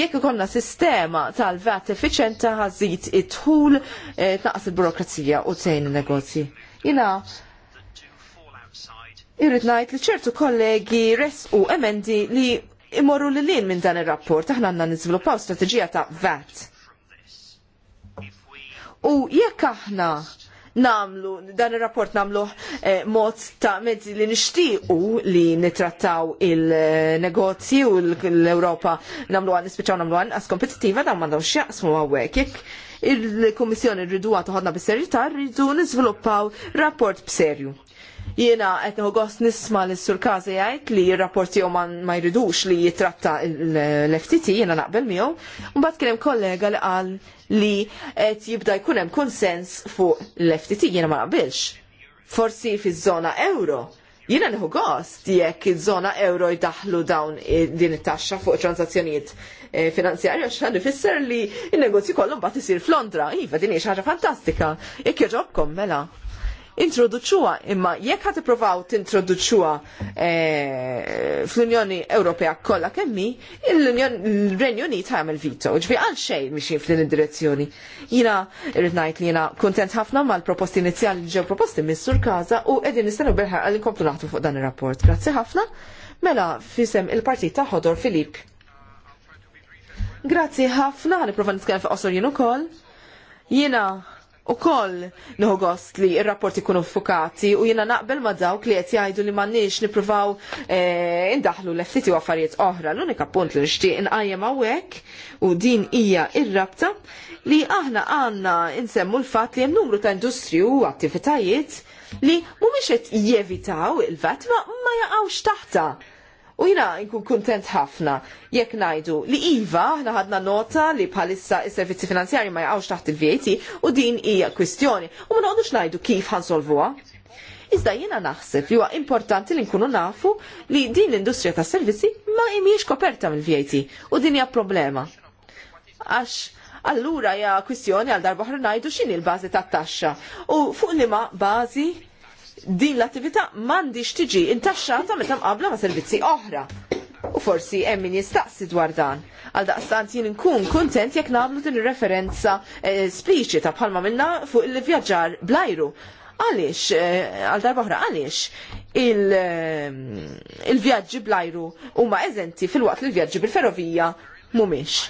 Jekk ikollna sistema tal-vat effiċenta ħażid it-tħul eh, tnaqqas il-burokrazija u tgħin in-negozji. Jina irrid ngħid li ċertu kollegi resqu emendi li imorru li lin minn dan ir-rapport aħna għandna niżviluppaw strateġija ta' VAT U jekk aħna namlu, dan il-rapport namlu eh, mod ta' mezzi li nishtiqu li nitrattaw il-negozji u l-Europa namlu għan nispiċaw namlu għan as kompetitiva dan mandaw xjaqsmu għawek. il-Komissjoni rridu għatu ħadna b-serjetà rridu nizviluppaw rapport b'serju. Jiena qed gost nisma l sur każi jgħid li r-rapporti ma jridux li jitratta l-FTT, jiena naqbel miegħu. Mbagħad kien hemm kollega li qal li qed jibda jkun hemm konsens fuq l-FTT, jiena ma naqbilx. Forsi fiż-żona euro jiena nħu gost jekk iż-żona euro jdaħlu dawn din it-taxxa fuq transazzjonijiet e, finanzjarji għax ħan ifisser li n-negozju kollu mbagħad isir f'Londra. Iva din hija ħaġa fantastika. Jekk jogħġobkom mela introduċuha imma jekk ħad ippruvaw tintroduċuha eh, fl-Unjoni Ewropea kollha kemm hi, l-Renju Unit ħamel vito, ġbi għal xejn mixin f'din id-direzzjoni. Jiena irrid ngħid li jiena kuntent ħafna mal-proposti inizjali li ġew proposti mis-sur Kaza u qegħdin nistennew bil għal inkomplu naħtu fuq dan ir-rapport. Grazzi ħafna. Mela fisem il-partit ta' ħodor Filip. Grazzi ħafna, niprofa nitkellem fuq Osor jien ukoll. Jiena u koll nħogost li il-rapport kunu fukati u jena naqbel ma dawk li qed jgħidu li m'għandniex nippruvaw eh, indaħlu l-FTT u affarijiet oħra. L-unika punt li nixtieq inqajjem hawnhekk u din hija il rabta li aħna għandna insemmu l-fatt li hemm numru ta' industri u attivitajiet li mhumiex qed jevitaw il-vat ma, ma jaqgħux taħta. U jina nkun kuntent ħafna jekk najdu li Iva aħna ħadna nota li bħalissa is servizzi finanzjari ma jgħawx taħt il-VAT u din hija kwistjoni u ma noqgħodux najdu kif ħansolvuha. Iżda jiena naħseb li huwa importanti li nkunu nafu li din l-industrija tas servizzi ma imiex koperta mill-VAT u din hija problema. Għax allura hija kwistjoni għal darba ħra ngħidu x'inhi l-bażi tat-taxxa u fuq liema bażi din l-attività m'għandix tiġi intaxxata meta mqabla ma' servizzi oħra. U forsi hemm min jistaqsi dwar dan. Għal daqstant jien nkun kuntent jekk nagħmlu din ir-referenza eh, ta' bħalma minna fuq il-vjaġġar blajru għalix, eh, għal darba oħra, għalix eh, il-vjaġġi blajru huma eżenti fil-waqt li l-vjaġġi bil-ferrovija mumiex.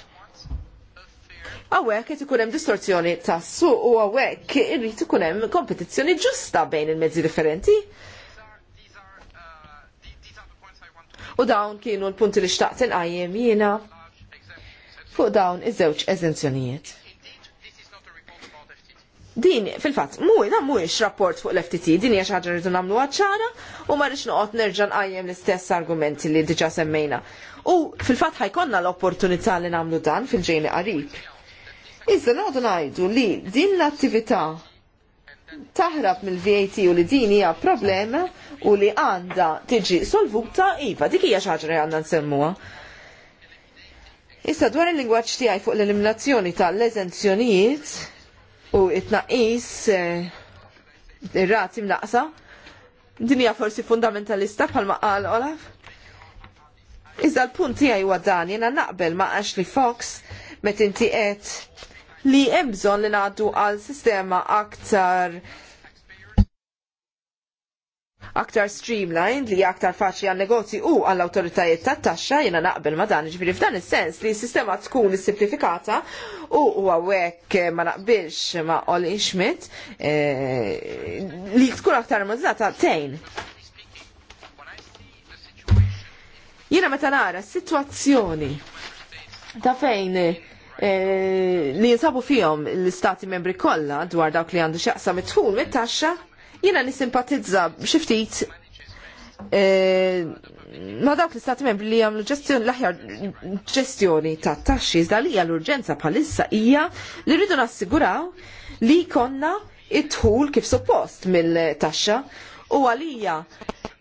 Għawek qed ikun hemm distorzjoni tas u għawek irrid ikun hemm kompetizzjoni ġusta bejn il-mezzi differenti. U dawn kienu l-punti li xtaqt inqajjem jiena fuq dawn iż-żewġ eżenzjonijiet. Din, fil-fatt, mui, da mui rapport fuq l-FTT, din hija xi ħaġa rridu nagħmlu għadċana u ma rridx noqgħod nerġa' nqajjem l-istess argumenti li diġa' semmejna. U fil-fatt ħajkonna l-opportunità li nagħmlu dan fil-ġejni qarib. Iżda nodu najdu li din l-attività taħrab mill-VAT u li din hija problema u li għanda tiġi solvuta iva, dik hija xi ħaġa li għandna nsemmuha. Issa dwar il-lingwaġġ tiegħi fuq l-eliminazzjoni tal-eżenzjonijiet u it-tnaqqis eh, ir-rati mnaqsa, din hija forsi fundamentalista bħalma qal Olaf. Iżda l-punt tiegħi huwa dan jiena naqbel ma' Ashley Fox meta inti qed li hemm bżonn li nadu għal sistema aktar aktar streamlined li aktar faċli għal negozji u għall autoritajiet tat taxxa jiena naqbel ma dan ġifieri f'dan is-sens li s-sistema tkun simplifikata u għawek ma naqbilx ma Oli Schmidt eh, li tkun aktar mażata tejn. Jiena meta nara s-sitwazzjoni ta' fejn Eh, li jinsabu fihom l-istati membri kollha dwar dawk li għandu it mitħul mit-taxxa, jiena nisimpatizza xi ftit eh, ma dawk l-istati membri li għamlu ġestjoni l-aħjar ġestjoni ta' taxxi iżda li l-urġenza bħalissa hija li rridu nassiguraw li konna it-tħul kif suppost mill-taxxa u għalija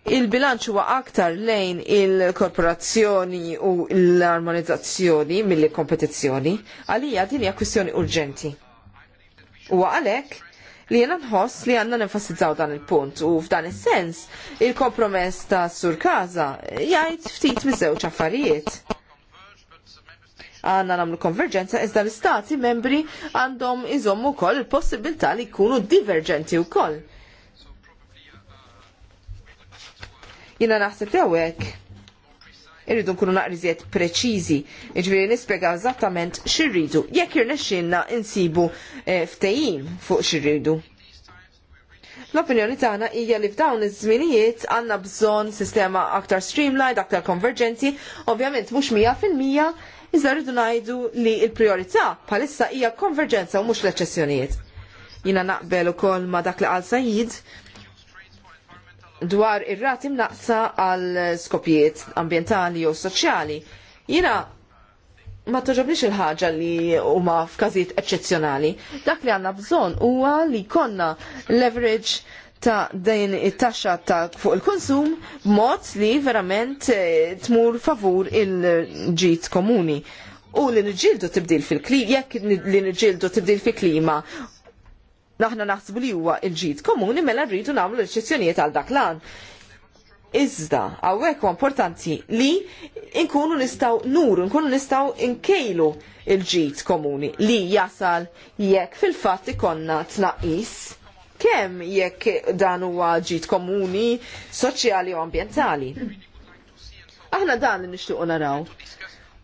il-bilanċ huwa aktar lejn il-korporazzjoni u l-armonizzazzjoni mill kompetizzjoni għalija din hija kwistjoni urġenti. U għalhekk li jena nħoss li għandna nenfasizzaw dan il-punt u f'dan is-sens il-kompromess ta' Sur Kaza jgħid ftit miż-żewġ affarijiet għanna namlu konverġenza, iżda l-istati membri għandhom iżommu kol il-possibilità li jkunu diverġenti u kol. Jina naħseb dewek irridu nkunu naqriżiet preċiżi, iġviri nispjegaw eżattament xirridu, jekk irnexxinna insibu ftejim eh, ftehim fuq xirridu. L-opinjoni tagħna hija li f'dawn iż-żminijiet għandna bżonn sistema aktar streamlined, aktar konverġenti, ovvjament mhux mija fil-mija, iżda rridu ngħidu li l-priorità bħalissa hija konverġenza u mhux l-eċċessjonijiet. Jina naqbel ukoll ma dak li qal Sajid dwar ir-rati mnaqsa għal skopijiet ambientali u soċjali. Jina ma toġobniex il-ħaġa li huma f'każijiet eċċezzjonali. Dak li għandna bżonn huwa li konna leverage ta' din it-taxxa ta' fuq il-konsum b'mod li verament eh, tmur favur il-ġit komuni. U l-inġildu tibdil fil-klima, jekk li inġildu tibdil fil-klima naħna naħsbu li huwa il-ġid komuni mela rridu nagħmlu l-eċċezzjonijiet għal dak lan. Iżda, għawek huwa importanti li nkunu nistaw nuru, nkunu nistaw nkejlu il ġid komuni li jasal jekk fil-fat ikonna tnaqis kemm jekk dan huwa ġid komuni, soċjali u ambientali. Aħna dan li nixtiequ naraw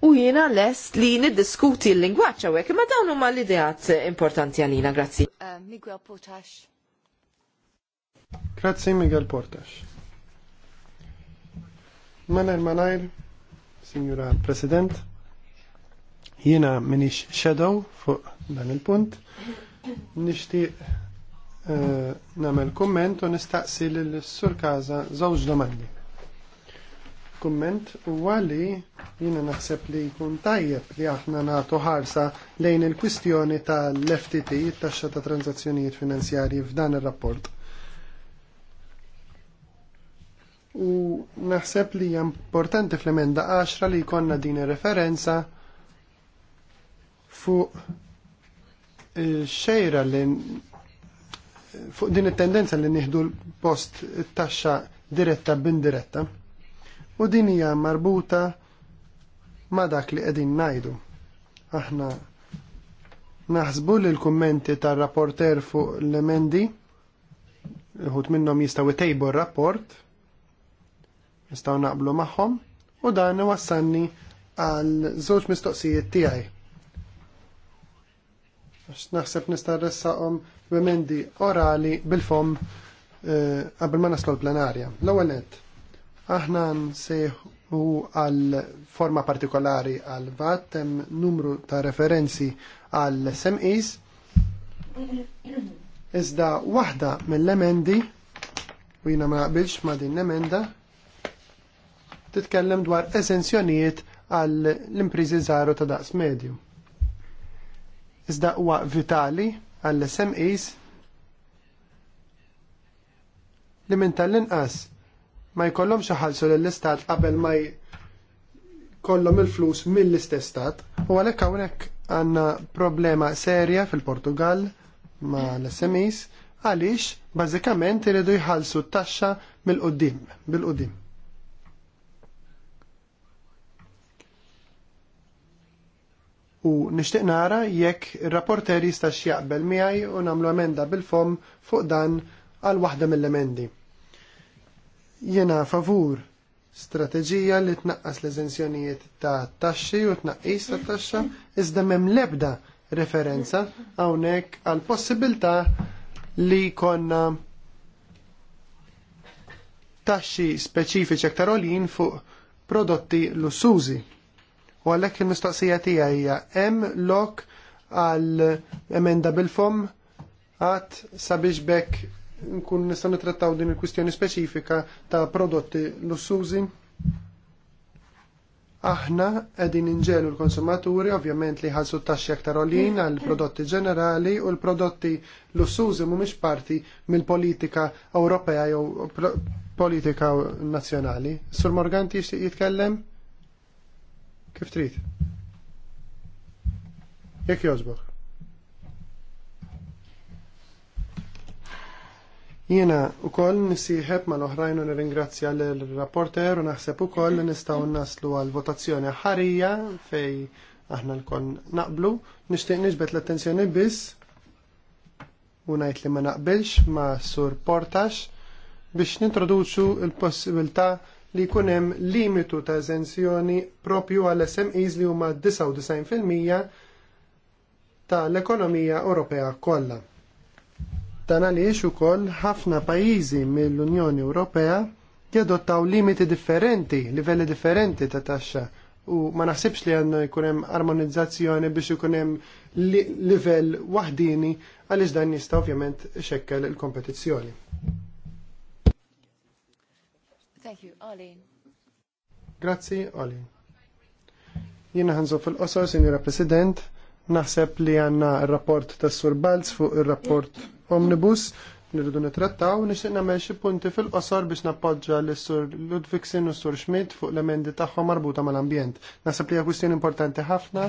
u jiena lest li niddiskuti l-lingwaċ għawek, ma dawn huma l-ideat importanti għalina, grazzi. Uh, Miguel Portax. Grazzi Miguel Portax. Manel Manajr, Signora President, jiena minix shadow fuq dan il-punt, nishtiq uh, namel komment u nistaqsi l-sur kaza zawġ domandi kumment u għalli jiena naħseb li jkun tajjeb li aħna nagħtu ħarsa lejn il-kwistjoni tal-FTT, taxxa ta' tranzazzjonijiet finanzjarji f'dan ir-rapport. U naħseb li hija importanti fl-emenda 10 li jkollna din ir-referenza fuq xejra li fuq din it-tendenza li nieħdu l-post taxxa diretta b'indiretta. diretta u din hija marbuta ma' dak li qegħdin ngħidu. Aħna naħsbu li l-kummenti tar-rapporter fuq l-emendi ħut jistgħu jistaw jtejbu rapport, nistgħu naqblu magħhom u dan wassanni għal żewġ mistoqsijiet tiegħi. Għax naħseb nista' ressaqhom b'emendi orali bil-fom eh, qabel ma naslu l-plenarja. L-ewwel nett, Aħna nsejħu għal forma partikolari għal VAT, hemm numru ta' referenzi għal SMEs. Iżda waħda mill-emendi, u jina ma naqbilx ma din l-emenda, titkellem dwar esenzjonijiet għal l-imprizi zaru ta' daqs medju. Iżda huwa vitali għall SMEs li minn tal-inqas ma jkollhomx iħallsu lill-istat qabel ma jkollhom il-flus mill-istess stat u għalhekk hawnhekk għandna problema serja fil-Portugal ma l-SMEs għaliex bażikament iridu jħallsu t-taxxa mill-qudiem bil-qudiem. U nixtieq nara jekk ir-rapporter jista' jaqbel miħaj u nagħmlu emenda bil-fom fuq dan għal waħda mill-emendi. Jena favur strateġija li tnaqqas l-eżenzjonijiet ta' taxxi u tnaqqis ta' taxxa iżda m'hemm l-ebda referenza hawnhekk għal possibilità li konna taxxi speċifiċi aktar olin fuq prodotti lussużi. U għalhekk il-mistoqsija tiegħi hija hemm lok għal emenda bil-fom għat sabiex bekk nkun nista' nitrattaw din il-kwistjoni speċifika ta' prodotti lussużi? Aħna qegħdin inġelu l-konsumaturi ovvjament li ħalsu t-taxxi aktar olin għal prodotti ġenerali u l-prodotti lussużi mhumiex parti mill-politika Ewropea jew politika nazzjonali. Sur Morganti jixtieq jitkellem? Kif trid? Jekk jogħġbok. Jiena wkoll ma mal-oħrajn u nirringrazzja l-rapporter u naħseb ukoll li nistgħu naslu għal votazzjoni ħarija fej aħna lkoll naqblu. Nixtieq niġbed l-attenzjoni biss u ngħid li ma naqbilx ma' sur Portax biex nintroduċu il possibilta li jkun hemm limitu ta' eżenzjoni propju għal SMEs li huma 99% tal-ekonomija Ewropea kollha Dan għaliex ukoll ħafna pajjiżi mill-Unjoni Ewropea jadottaw limiti differenti, livelli differenti ta' taxxa u ma naħsibx li għanna jkunem armonizzazzjoni biex jkunem li livell wahdini għaliex dan jista' ovvjament xekkel il-kompetizzjoni. Thank you, Ali. Grazzi, Olin. Jiena ħanżu fil-qosor, Sinjora President, Naħseb li għanna il-rapport tas Sur Balz fuq il-rapport Omnibus nirridu nitrattaw nixtieq nagħmel xi punti fil-qosor biex nappoġġa lis sur Ludwigsin u Sur Schmidt fuq l-emendi tagħhom marbuta mal-ambjent. Naħseb li hija kwistjoni importanti ħafna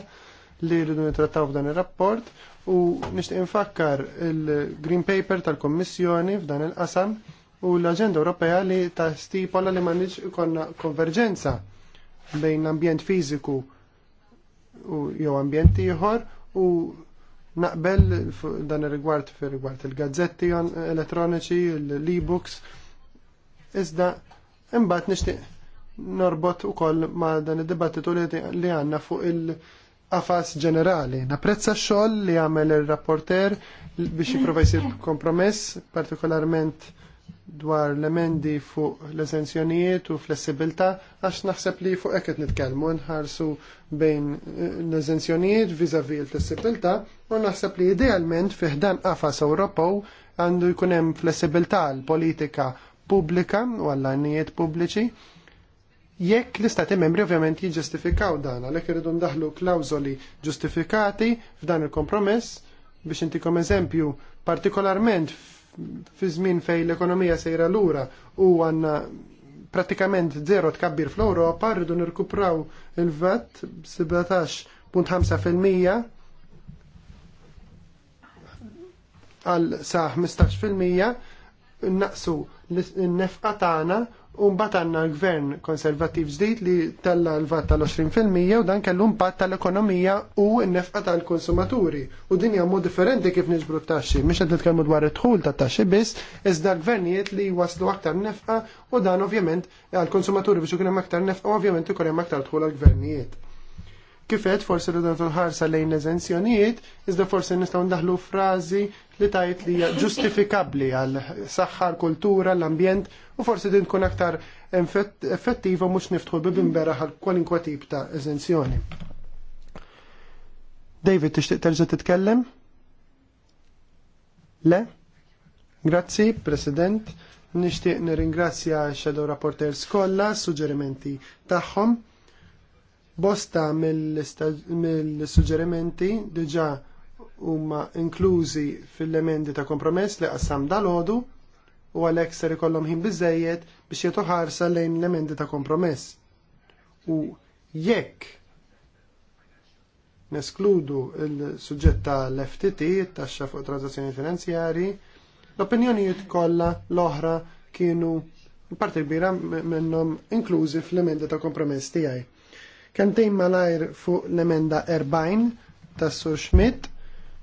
li rridu nitrattaw f'dan ir-rapport u nixtieq infakkar il-Green Paper tal-Kommissjoni f'dan il-qasam u l-Aġenda Ewropea li ta' stipola li ma nix ikonna konverġenza bejn l-ambjent fiżiku u jew ambjenti ieħor u naqbel dan ir-rigward fir rigward il-gazzetti elettroniċi, l-e-books. Iżda imbagħad nixtieq norbot ukoll ma' dan id-dibattitu li għandna fuq il-qafas ġenerali. Napprezza x-xogħol li għamel ir rapporter biex jipprova jsir kompromess, partikolarment dwar l-emendi fuq l-esenzjonijiet u flessibilta, għax naħseb li fuq eket nitkelmu nħarsu bejn eh, l-esenzjonijiet vizavi l-flessibilta, u naħseb li idealment fiħdan qafas Ewropew għandu jkun hemm flessibilta l-politika pubblika u għall-għannijiet pubbliċi. Jekk l-istati membri ovvjament jiġġustifikaw dan, għalhekk irridu ndaħlu klawżoli ġustifikati f'dan il-kompromess biex intikom eżempju partikolarment fi żmien fej l-ekonomija sejra lura u għanna pratikament zero tkabbir fl-Europa rridu nirkupraw il vet 175 għal sa 15% naqsu n-nefqa tagħna u mbagħad għandna l-gvern konservativ ġdid li tella l-vat tal-20% u dan kellu impatt tal-ekonomija u n-nefqa tal-konsumaturi. U din hija mod differenti kif niġbru t-taxxi, mhux qed nitkellmu dwar it dħul ta' taxxi biss, iżda l-gvernijiet li waslu aktar nefqa u dan ovvjament għall-konsumaturi biex ikun hemm aktar nefqa u ovvjament ikun hemm aktar tħul għall-gvernijiet. Kifet forsi tal ħarsa lejn eżenzjonijiet, iżda forsi nistgħu ndaħlu frazi li tajt li ġustifikabli għal saħħa, l-kultura, l-ambjent u forsi din tkun aktar effettiva mhux niftħu bibimbera għal kwalinkwa tip ta' eżenzjoni. David, tixtieq terġa' titkellem? Le? Grazzi, President. Nixtieq nirringrazzja Shadow Rapporters kollha suġġerimenti tagħhom. Bosta mill-suġġerimenti diġa' huma inklużi fil-emendi ta' kompromess li qassam dal-ħodu u għalhekk ser ikollhom ħin biżejjed biex jagħtu ħarsa lejn l-emendi ta' kompromess. U jekk neskludu il-suġġett ta' l-FTT, taxxa fuq transazzjoni finanzjari, l-opinjonijiet kollha l-oħra kienu parti kbira minnhom inklużi fl emendi ta' kompromess tiegħi. Kantejn malajr fuq l-emenda 40 tas Sur Schmidt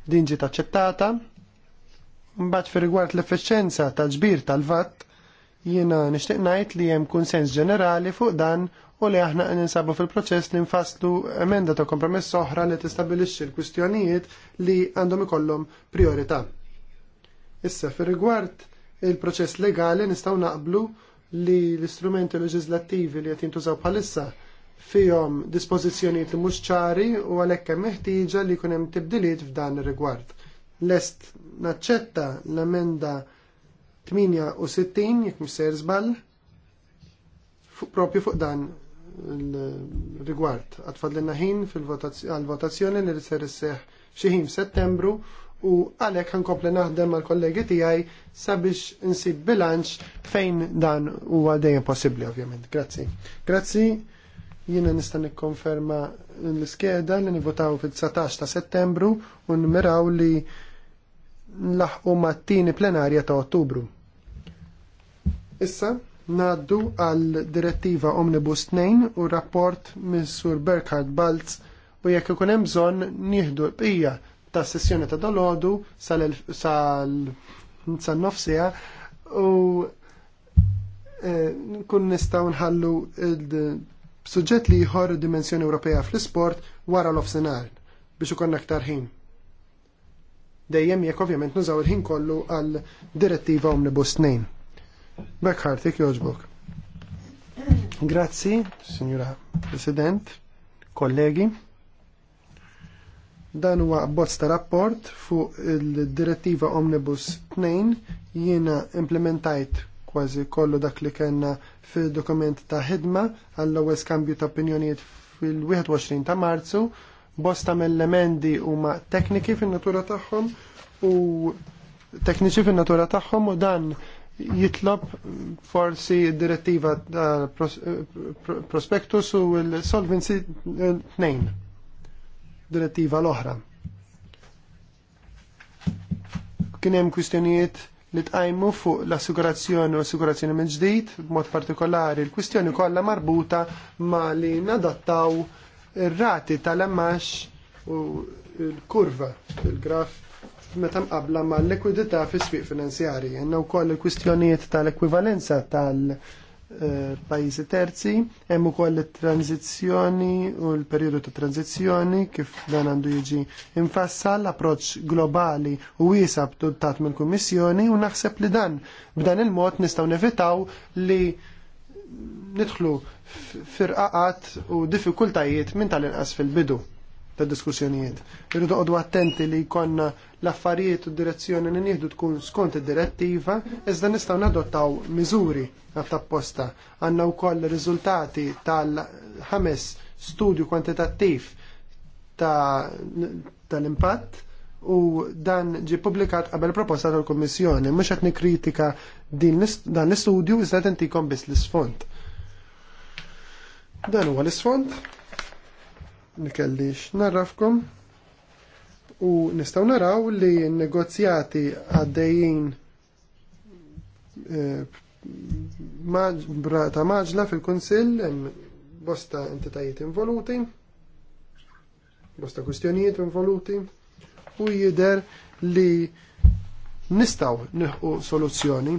din ġiet aċċettata. Mbagħad firigward rigward l-effiċenza tal-ġbir tal-vatt, jiena nixtieq ngħid li hemm kunsens ġenerali fuq dan u li aħna ninsabu fil-proċess li nfasslu emenda ta' kompromess oħra li tistabilixxi l-kwistjonijiet li għandhom ikollhom priorità. Issa fir rigward il-proċess legali nistgħu naqblu li l-istrumenti leġislattivi li qed jintużaw bħalissa fihom dispożizzjonijiet li mhux ċari u għalhekk hemm meħtieġa li jkun hemm tibdiliet f'dan ir-rigward. Lest naċċetta l-emenda 68 jekk mhux se żball propju fuq dan rigward għatfadlinna ħin fil-votazzjoni li ser seħ xieħim settembru u għalek ħankompli naħdem mal kollegi tijaj sabiex nsib bilanċ fejn dan u għadeja possibli ovvjament. Grazzi. Grazzi Jiena nista' nikkonferma l-iskeda li nivotaw fil-19 ta' Settembru u nmiraw li nlaħqu mat-tieni plenarja ta' Ottubru. Issa ngħaddu għal direttiva Omnibus 2 u rapport mis Sur Berkhard Balz u jekk ikun hemm bżonn nieħdu l-bqija ta' sessjoni ta' dalodu sal-nofsija u eh, kun nistgħu nħallu Suġġett li jħor dimensjoni Ewropea fl-isport wara l-offsenar biex ukoll aktar ħin. Dejjem jekk ovvjament nużaw il-ħin kollu għal direttiva Omnibus 2. Bekħar, jek joġbok. Grazzi, signora President, kollegi. Dan huwa abbozz ta' rapport fuq il-direttiva Omnibus 2 jiena implementajt kważi kollu dak li kellna fil-dokument ta' ħidma għall-ewwel skambju ta' opinjonijiet fil-21 ta' Marzu. Bosta mill-emendi huma tekniki fin-natura tagħhom u tekniċi fin-natura tagħhom u dan jitlob forsi direttiva tal prospektus u l-solvency 2 direttiva l-oħra. Kien hemm kwistjonijiet li tqajmu fuq l-assigurazzjoni u assigurazzjoni minn ġdid, b'mod partikolari l-kwistjoni kollha marbuta ma li nadattaw ir-rati tal emmax u l-kurva, il-graf meta mqabla ma l-likwidità fis-swieq finanzjarji. Għandna wkoll il-kwistjonijiet tal-ekwivalenza tal-, -ekwivalenza tal Eh, pajjiżi terzi, hemm ukoll it-tranzizzjoni u l-perjodu ta' tranzizzjoni kif dan għandu jiġi infassal l approċċ globali u wiesa b'tuttat mill-Kummissjoni u naħseb li dan b'dan il-mod nistgħu nevitaw li nidħlu firqaqat u diffikultajiet minn tal-inqas fil-bidu ta' diskussjonijiet. Irridu għodu attenti li jkollna l-affarijiet u direzzjoni li nieħdu tkun skont id-direttiva, iżda nistgħu nadottaw miżuri għat-tapposta. Għandna wkoll riżultati tal-ħames studju kwantitattiv tal-impatt u dan ġi publikat qabel proposta tal-Kommissjoni. Mhux qed nikkritika dan l-istudju iżda intikom biss l-isfond. Dan huwa l-isfond li narrafkom, u nistgħu naraw li negozjati għaddejjin eh, ta' maġla fil-Kunsill bosta entitajiet involuti, bosta kwistjonijiet involuti u jider li nistaw nħu soluzzjoni.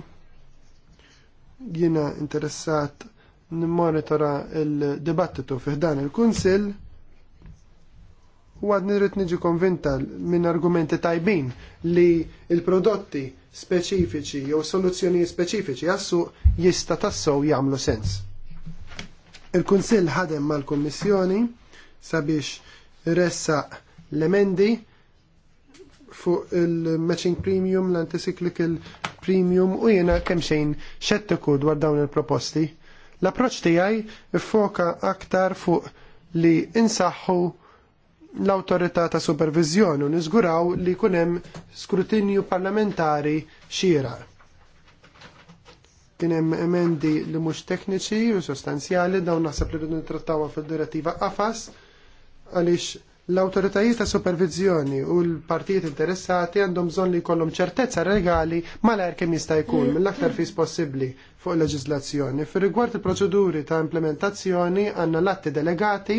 Jina interessat nimmonitora il-dibattitu fiħdan il-Kunsill u għad nirrit niġi konvinta minn argumenti tajbin li il-prodotti speċifiċi jew soluzzjoni speċifiċi għassu jista tassow jagħmlu sens. Il-Kunsill ħadem mal-Kommissjoni sabiex ressaq l-emendi fuq il-matching premium, l-anticyclical premium u jena kemxejn xettiku dwar dawn il-proposti. L-approċ tiegħi ifoka aktar fuq li insaħħu l-autorità ta' supervizjoni u niżguraw li jkun hemm skrutinju parlamentari xira. Kien hemm emendi li mhux tekniċi u sostanzjali dawn naħseb li rridu nittrattawha fid-direttiva qafas għaliex l-autoritajiet ta' supervizjoni u l-partijiet interessati għandhom bżonn li jkollhom ċertezza regali malajr kemm jista' jkun mm. mill-aktar fis possibbli fuq leġiżlazzjoni. Fir rigward il-proċeduri ta' implementazzjoni għandna l-atti delegati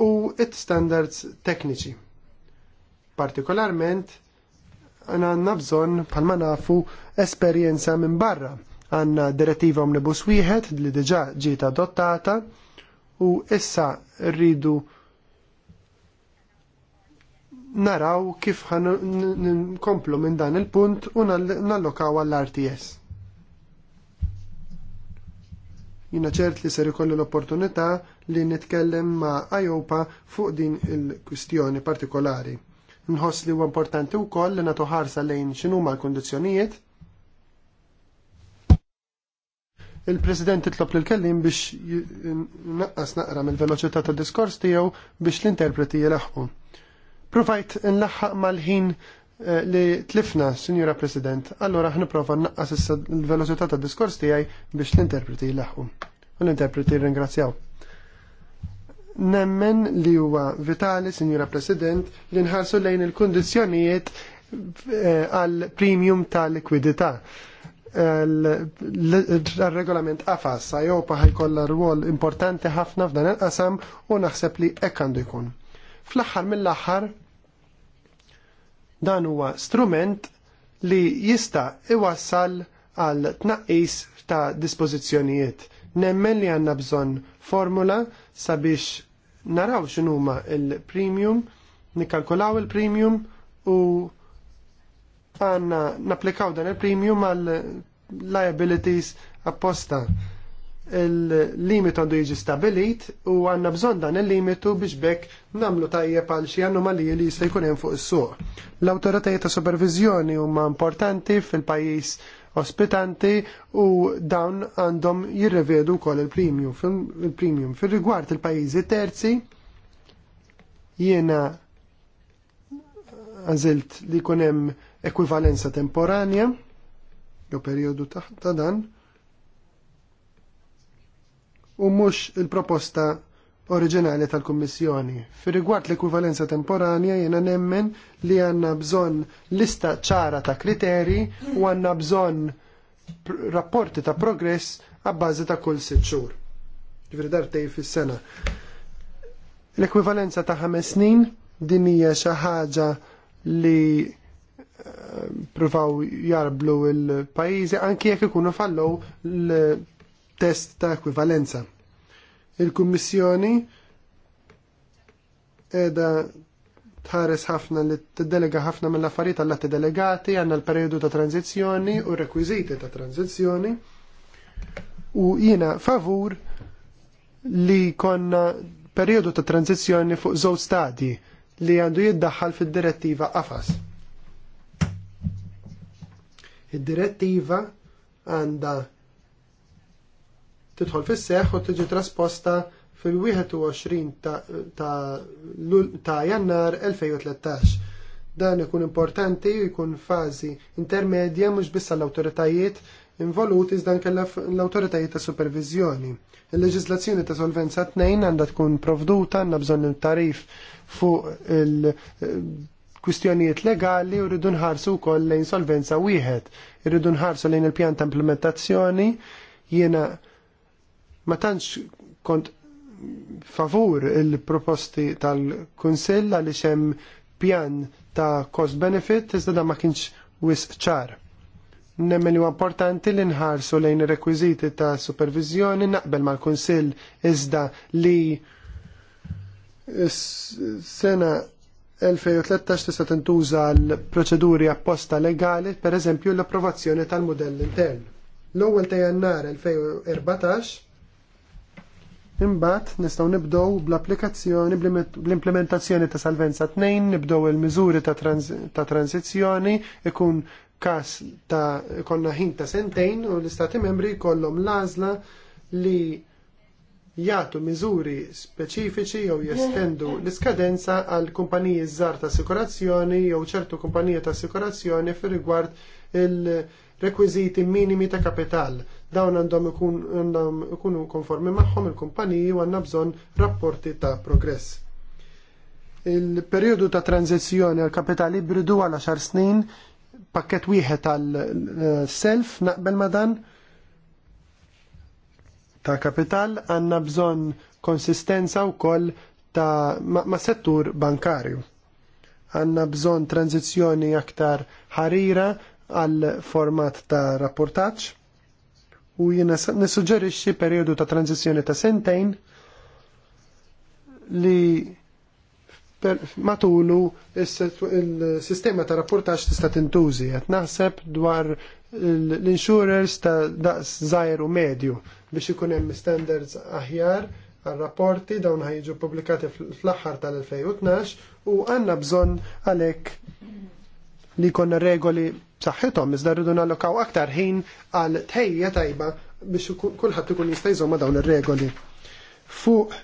u it-standards tekniċi. Partikolarment, għanna bżon bħalma nafu esperjenza minn barra. Għanna direttiva omnibus wieħed li diġa ġiet adottata u issa rridu naraw kif komplu minn dan il-punt u nallokaw għall-RTS. Jina ċert li ser ikolli l-opportunità li nitkellem ma' Ajopa fuq din il-kwistjoni partikolari. Nħoss li huwa importanti wkoll li nagħtu ħarsa lejn x'inhuma l-kundizzjonijiet. Il-President titlob lill-kellim biex naqqas naqra mill-veloċità tad-diskors tiegħu biex l-interpreti jilaħqu. Provajt nlaħħaq mal-ħin Eh, li tlifna, Sinjura President, allora ħniprofa naqqas issa l-veloċità ta' diskors tiegħi biex l-interpreti jilaħħu. U l-interpreti ringrazzjaw. Nemmen li huwa vitali, Sinjura President, li nħarsu lejn il-kundizzjonijiet eh, għal premium ta' likwidità. Il-regolament afas, sa jopa e ħajkolla rwol importanti ħafna f'dan il-qasam u naħseb li hekk għandu jkun. Fl-aħħar mill-aħħar Dan huwa strument li jista' iwassal għal tnaqqis ta' dispożizzjonijiet. Nemmen li għandna bżonn formula sabiex naraw x'inhuma il-premium, nikkalkulaw il-premium u għanna naplikaw dan il-premium għal liabilities apposta il-limit għandu jiġi stabilit u għanna bżon dan il-limitu biex bekk namlu tajjeb għal xi anomalija li jista' jkun hemm fuq is-suq. L-awtoritajiet ta' supervizjoni huma importanti fil-pajjiż ospitanti u dawn għandhom jirrevedu wkoll il-premium. premium fil-rigward il-pajjiżi terzi jiena għażilt li jkun hemm ekwivalenza temporanja jew perjodu ta' dan. Ta u mhux il-proposta oriġinali tal-Kummissjoni. Fir rigward l-ekwivalenza temporanja jiena nemmen li għandna bżonn lista ċara ta' kriteri u għandna bżonn rapporti ta' progress għabbażi ta' kull sitt xhur. Ġifieri dartej fis-sena. L-ekwivalenza ta' ħames snin din hija xi ħaġa li eh, provaw jarblu il-pajjiżi anki jekk ikunu fallow l test ta' ekwivalenza. Il-Kummissjoni edha tħares ħafna li t-delega ħafna mill-affarijiet għall atti delegati għanna l-periodu ta' tranzizjoni u rekwiziti ta' tranzizjoni u jina favur li konna periodu ta' tranzizjoni fuq żewġ stadji li għandu jiddaħħal fid-direttiva qafas. Id-direttiva għanda tidħol fis seħħ u tiġi trasposta fil-21 ta' jannar 2013. Dan ikun importanti u jkun fażi intermedja mhux biss l-awtoritajiet involuti iżda anke l-awtoritajiet ta' supervizjoni. Il-leġislazzjoni ta' solvenza 2 għandha tkun provduta għandna bżonn il-tarif fuq il- eh, kwistjonijiet legali u rridu nħarsu wkoll lejn solvenza wieħed. Irridu nħarsu lejn il-pjan ta' implementazzjoni jiena ma tantx kont favur il-proposti tal-Kunsill li xem pjan ta' cost benefit iżda da ma kienx wis ċar. Nemmen li importanti li nħarsu lejn ir-rekwiżiti ta' supervizjoni naqbel mal-Kunsill iżda li s-sena 2013 tista' tintuża l-proċeduri apposta legali, per eżempju l-approvazzjoni tal-modell intern. L-ewwel ta' jannar 2014 Imbagħad nistgħu nibdew bl-applikazzjoni bl-implementazzjoni ta' Salvenza 2, nibdew il-miżuri ta' transizzjoni, ikun każ ta' konna ħin ta' sentejn u l-istati membri jkollhom l-għażla li jagħtu miżuri speċifiċi jew jestendu l-iskadenza għal kumpaniji żgħar ta' assikurazzjoni jew ċertu kumpaniji ta' assikurazzjoni fir rigward il-rekwiżiti minimi ta' kapital Dawn għandhom ikunu konformi magħhom il-kumpaniji u għandna bżonn rapporti ta' progress. Il-periodu ta' tranzizjoni għal kapital ibridu għal 10 snin, pakket wieħed għal eh, self naqbel ma' dan ta' kapital għandna bżonn konsistenza wkoll ta' ma', ma settur bankarju għanna bżon tranzizjoni aktar ħarira għal format ta' rapportaċ u jiena nissuġġerixxi perjodu ta' tranzizjoni ta' sentejn li matulu il-sistema ta' rapportax tista' tintużi qed naħseb dwar l-insurers ta' daqs żgħir u medju biex ikun hemm standards aħjar għal-rapporti dawn ħajġu publikati fl-aħħar tal-2012 u għanna bżonn għalek li jkollna regoli b'saħħithom iżda rridu nallokaw aktar ħin għal tħejja tajba biex kulħadd ikun jista' jżomma dawn ir-regoli. Fuq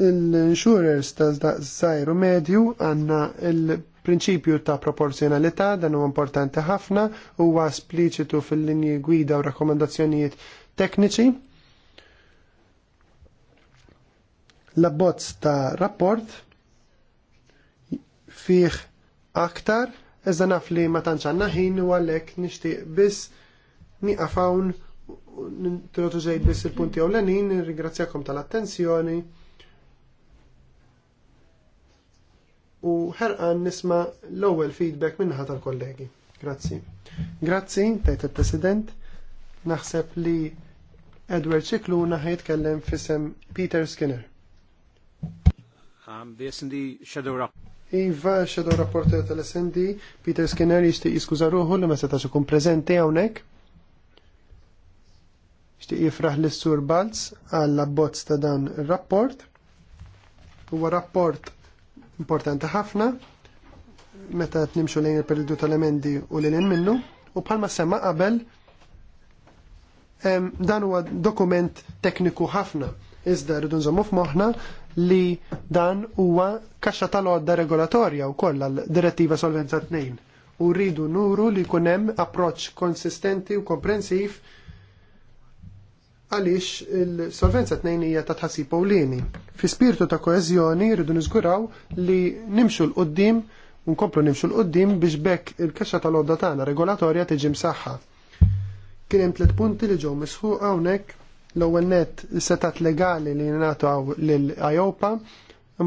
l-insurers ta' żgħir medju għandna l prinċipju ta' proporzjonalità dan huwa importanti ħafna huwa spliċitu fil-linji gwida u rakkomandazzjonijiet tekniċi. L-abbozz ta' rapport fih aktar iżda naf li ma tantx għandna ħin u għalhekk nixtieq biss nieqaf hawn trotu ġejt biss il-punti ewlenin, nirringrazzjakom tal-attenzjoni. U ħerqan nisma' l-ewwel feedback minnaħa tal-kollegi. Grazzi. Grazzi, tajt il-President. Naħseb li Edward Cikluna ħajtkellem fisem Peter Skinner. Um, the Shadow Iva, xedu rapporter tal-SND, Peter Skinner jishti jiskuza ruħu li ma setax ikun prezenti hawnhekk. Jishtiq jifraħ l sur Balz għalla abbozz ta' dan ir-rapport. Huwa rapport importanti ħafna meta nimxu lejn il-periodu tal-emendi u l minnu u bħalma semma qabel dan huwa dokument tekniku ħafna Iżda rridu nżommu f'moħħna li dan huwa kaxxa tal-għodda regolatorja wkoll għall direttiva Solvenza 2. U rridu nuru li jkun hemm approċċ konsistenti u komprensiv għaliex il-solvenza hija ta' tħassib Paulini. Fi spirtu ta' koezjoni rridu niżguraw li nimxu l-qoddim, nkomplu nimxu l-qoddim biex bekk il-kaxxa tal-odda tagħna regolatorja tiġi msaħħa. Kien hemm tliet punti li ġew misħu hawnhekk L-ewwel net setat legali li nagħtu lill-IOPA,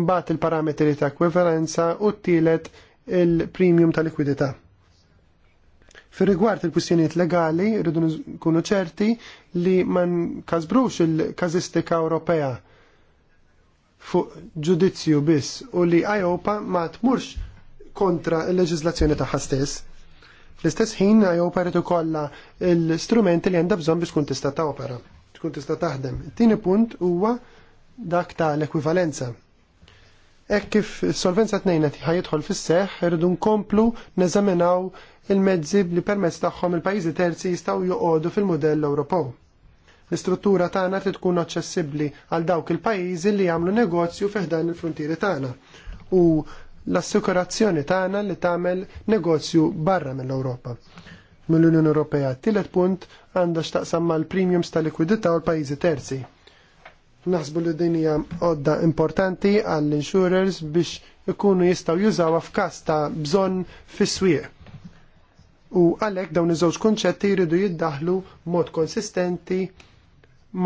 mbagħad il-parametri ta' ekwivalenza u t-tielet il-premium ta' likwidità. Fir rigward il-kwistjonijiet legali, rridu nkunu ċerti li ma nkasbrux il-kazistika Ewropea fuq ġudizzju biss u li IOPA ma tmurx kontra l leġizlazzjoni tagħha stess. l istess ħin IOPA rrid ukoll l-strumenti li għandha bżonn biex tkun tista' ta' opera tkun tista' taħdem. Tieni punt huwa dak ta' l-ekwivalenza. Ek kif solvenza tnejna tiħa jidħol fis-seħ, irridu nkomplu neżaminaw il-mezzi li permezz tagħhom il-pajjiżi terzi jistgħu joqogħdu fil-mudell Ewropew. L-istruttura tagħna trid tkun aċċessibbli għal dawk il-pajjiżi li jagħmlu negozju fiħdan il fruntieri tagħna. U l-assikurazzjoni tagħna li tagħmel negozju barra mill-Ewropa mill-Unjoni Ewropea. Tielet punt għandha x'taqsam mal-premiums ta' likwidità u l-pajjiżi terzi. Naħsbu li din hija għodda importanti għall-insurers biex ikunu jistgħu jużawha f'każ ta' bżonn fis-swieq. U għalhekk dawn iż-żewġ kunċetti jridu jiddaħlu mod konsistenti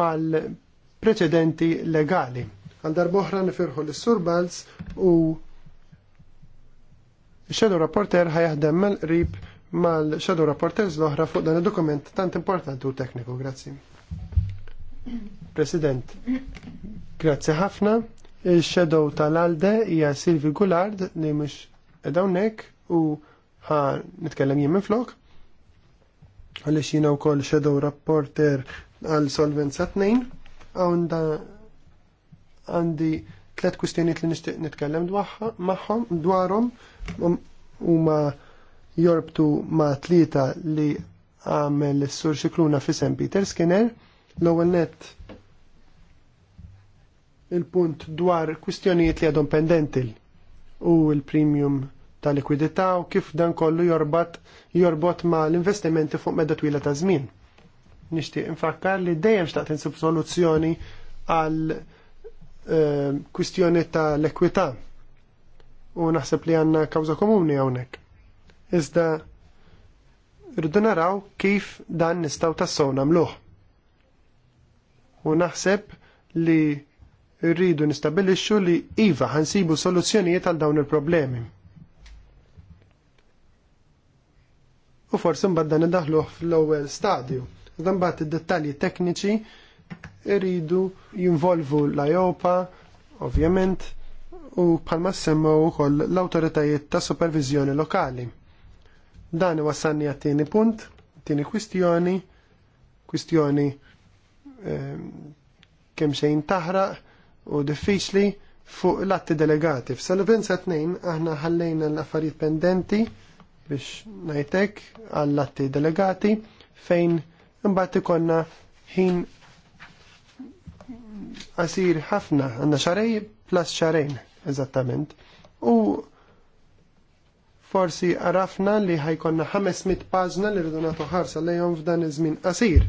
mal-preċedenti legali. Għal darboħra nifirħu l-Sur Balz u x-xedu Rapporter ħajaħdem mal-rib mal-Shadow Rapporters l-oħra fuq dan il-dokument tant importanti u tekniku. Grazzi. President, grazzi ħafna. Il-Shadow tal-Alde hija Silvi Gullard li mhux edawnek u ħa nitkellem jien minn flok. Għaliex jiena wkoll Shadow Rapporter għal Solvenza 2 għandha għandi tliet kwistjonijiet li nixtieq nitkellem dwarhom dwarhom um, huma ma' jorbtu ma' tlieta li għamel s-sur xikluna fi St. Peter Skinner. L-ewwel net il-punt dwar kwistjonijiet li għadhom pendenti u l-premium ta' likwidità u kif dan kollu jorbat jorbot ma' l-investimenti fuq medda twila ta' żmien. Nixtieq infakkar li dejjem xtaqt insib soluzzjoni għal eh, kwistjoni ta' l-ekwità u naħseb li għandna kawża komuni hawnhekk iżda rridu naraw kif dan nistgħu tassaw nagħmluh. U naħseb li rridu nistabilixxu li iva ħansibu soluzzjonijiet għal dawn il-problemi. U forsi mbagħad dan fl-ewwel stadju. Iżda mbagħad id-dettalji tekniċi rridu jinvolvu l ajopa ovvjament, u bħalma semmew ukoll l-awtoritajiet ta' supervizjoni lokali. Dan wasanni għat-tieni punt, tieni kwistjoni, kwistjoni ehm, kemm xejn taħraq u diffiċli fuq l-atti delegati. F'Solvenza 2 aħna ħallejna l-affarijiet pendenti biex najtek għall-atti delegati fejn imbagħad ikonna ħin qasir ħafna għandna xarej plus xarejn eżattament. U forsi arafna li ħajkonna 500 pażna li rridu nagħtu ħarsa lejhom f'dan iż-żmien qasir.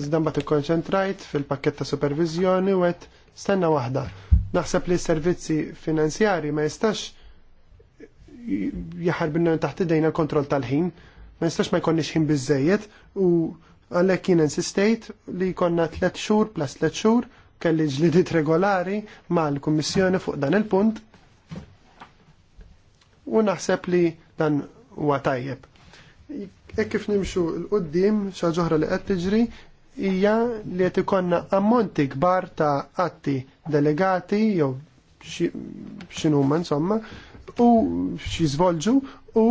Iżda mbagħad ikkonċentrajt fil-pakket ta' supervizjoni u qed stenna waħda. Naħseb li s-servizzi finanzjari ma jistax jaħarbinna taħt idejna l-kontroll tal-ħin, ma jistax ma jkollniex ħin biżejjed u għalhekk jien insistejt li jkollna tliet xhur plus tliet xhur kelli ġlidiet regolari mal-Kummissjoni fuq dan il-punt u naħseb li dan huwa tajjeb. Hekk kif nimxu l qudiem xa ġoħra li qed tiġri hija li qed ikonna ammonti kbar ta' atti delegati jew x'inhuma insomma u xi żvolġu u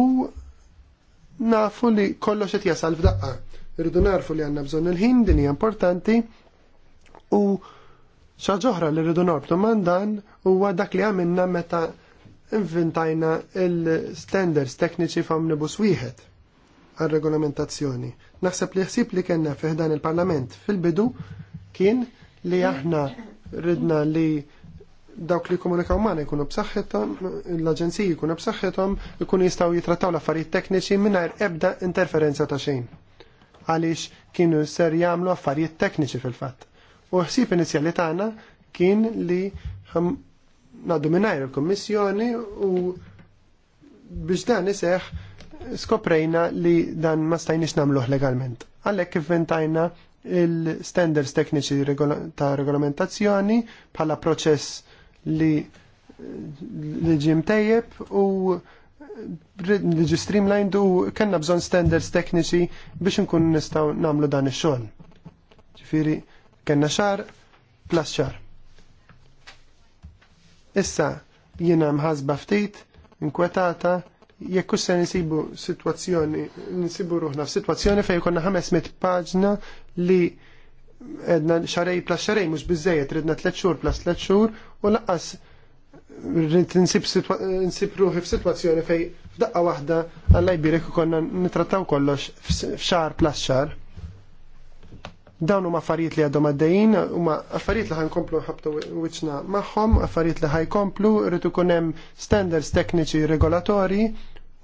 nafu li kollox qed jasal f'daqqa. Irridu narfu li għandna bżonn il-ħin din hija importanti u xa ġoħra li rridu norbtu mandan huwa dak li għamilna meta inventajna il-standards tekniċi f'omnibus wieħed għal-regolamentazzjoni. Naħseb li ħsib li kena fiħdan il-Parlament fil-bidu kien li aħna ridna li dawk li komunikaw maħna jkunu b'saħħithom, l-aġenziji jkunu b'saħħithom, jkunu jistaw jitrattaw l-affarijiet tekniċi mingħajr ebda interferenza ta' xejn. Għaliex kienu ser jagħmlu affarijiet tekniċi fil-fatt. U ħsieb inizjali tagħna kien li naddu minnajr il-Kommissjoni u biex dan iseħ skoprejna li dan ma stajniex namluħ legalment. Għallek kif ventajna il-standards tekniċi ta' regolamentazzjoni bħala proċess li li ġim tejjeb u li ġi streamlined u kanna bżon standards tekniċi biex nkun nistaw namlu dan ix-xogħol. Ġifieri kanna xar plus xar. Issa jiena mħasba ftit, inkwetata, jekk se nisibu situazzjoni, nisibu ruħna f'sitwazzjoni fejn konna 500 paġna li edna xarej plas xarej mhux biżejjed ridna tliet xhur plas tliet xhur u laqqas nsib ruħi f'sitwazzjoni fejn f'daqqa waħda għallaj birek konna nitrattaw kollox f'xar plas xar. Dawn huma affarijiet li għadhom għaddejjin, huma affarijiet li ħankomplu ħabta wiċċna magħhom, affarijiet li ħajkomplu, rrid ikun hemm standards tekniċi regolatori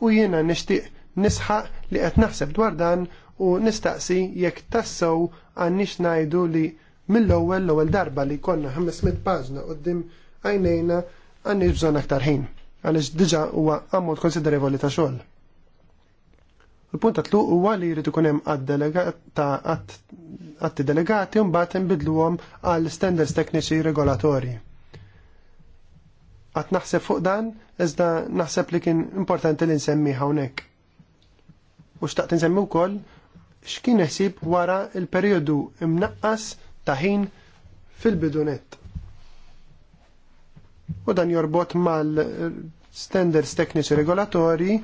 u jiena nixtieq nisħaq li qed naħseb dwar dan u nistaqsi jekk tassew għandix ngħidu li mill-ewwel l-ewwel darba li konna 500 paġna qudiem għajnejna għandix bżonn aktar ħin għaliex diġà huwa ammont konsiderevoli ta' xogħol. Il-punt għatlu huwa li jiridu kunem għatti delegati mbagħad inbidluhom għal standards tekniċi regolatorji. Għat naħseb fuq dan, iżda naħseb li kien importanti li nsemmi hawnhekk. U xtaqt nsemmi wkoll x'kien ħsieb wara il-perjodu imnaqqas ta' ħin fil-bidunet. U dan jorbot mal standards tekniċi regolatorji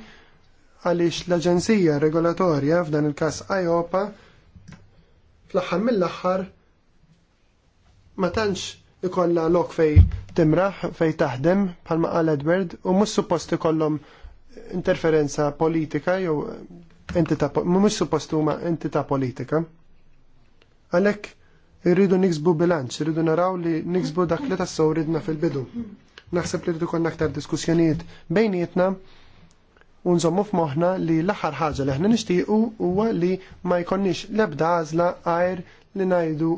għaliex l-Aġenzija Regolatorja f'dan il-każ IOPA fl-aħħar mill-aħħar ma tantx ikollha lok fej timraħ fej taħdem bħalma qal Edward u mhux suppost ikollhom interferenza politika jew entità mhux suppost huma entità politika. Għalhekk irridu niksbu bilanċ, irridu naraw li niksbu dak li tassaw ridna fil-bidu. Naħseb li rridu konna aktar diskussjonijiet bejnietna unżommu nżommu li l-aħħar ħaġa li ħna nixtiequ huwa li ma jkonniex l-ebda għażla għajr li ngħidu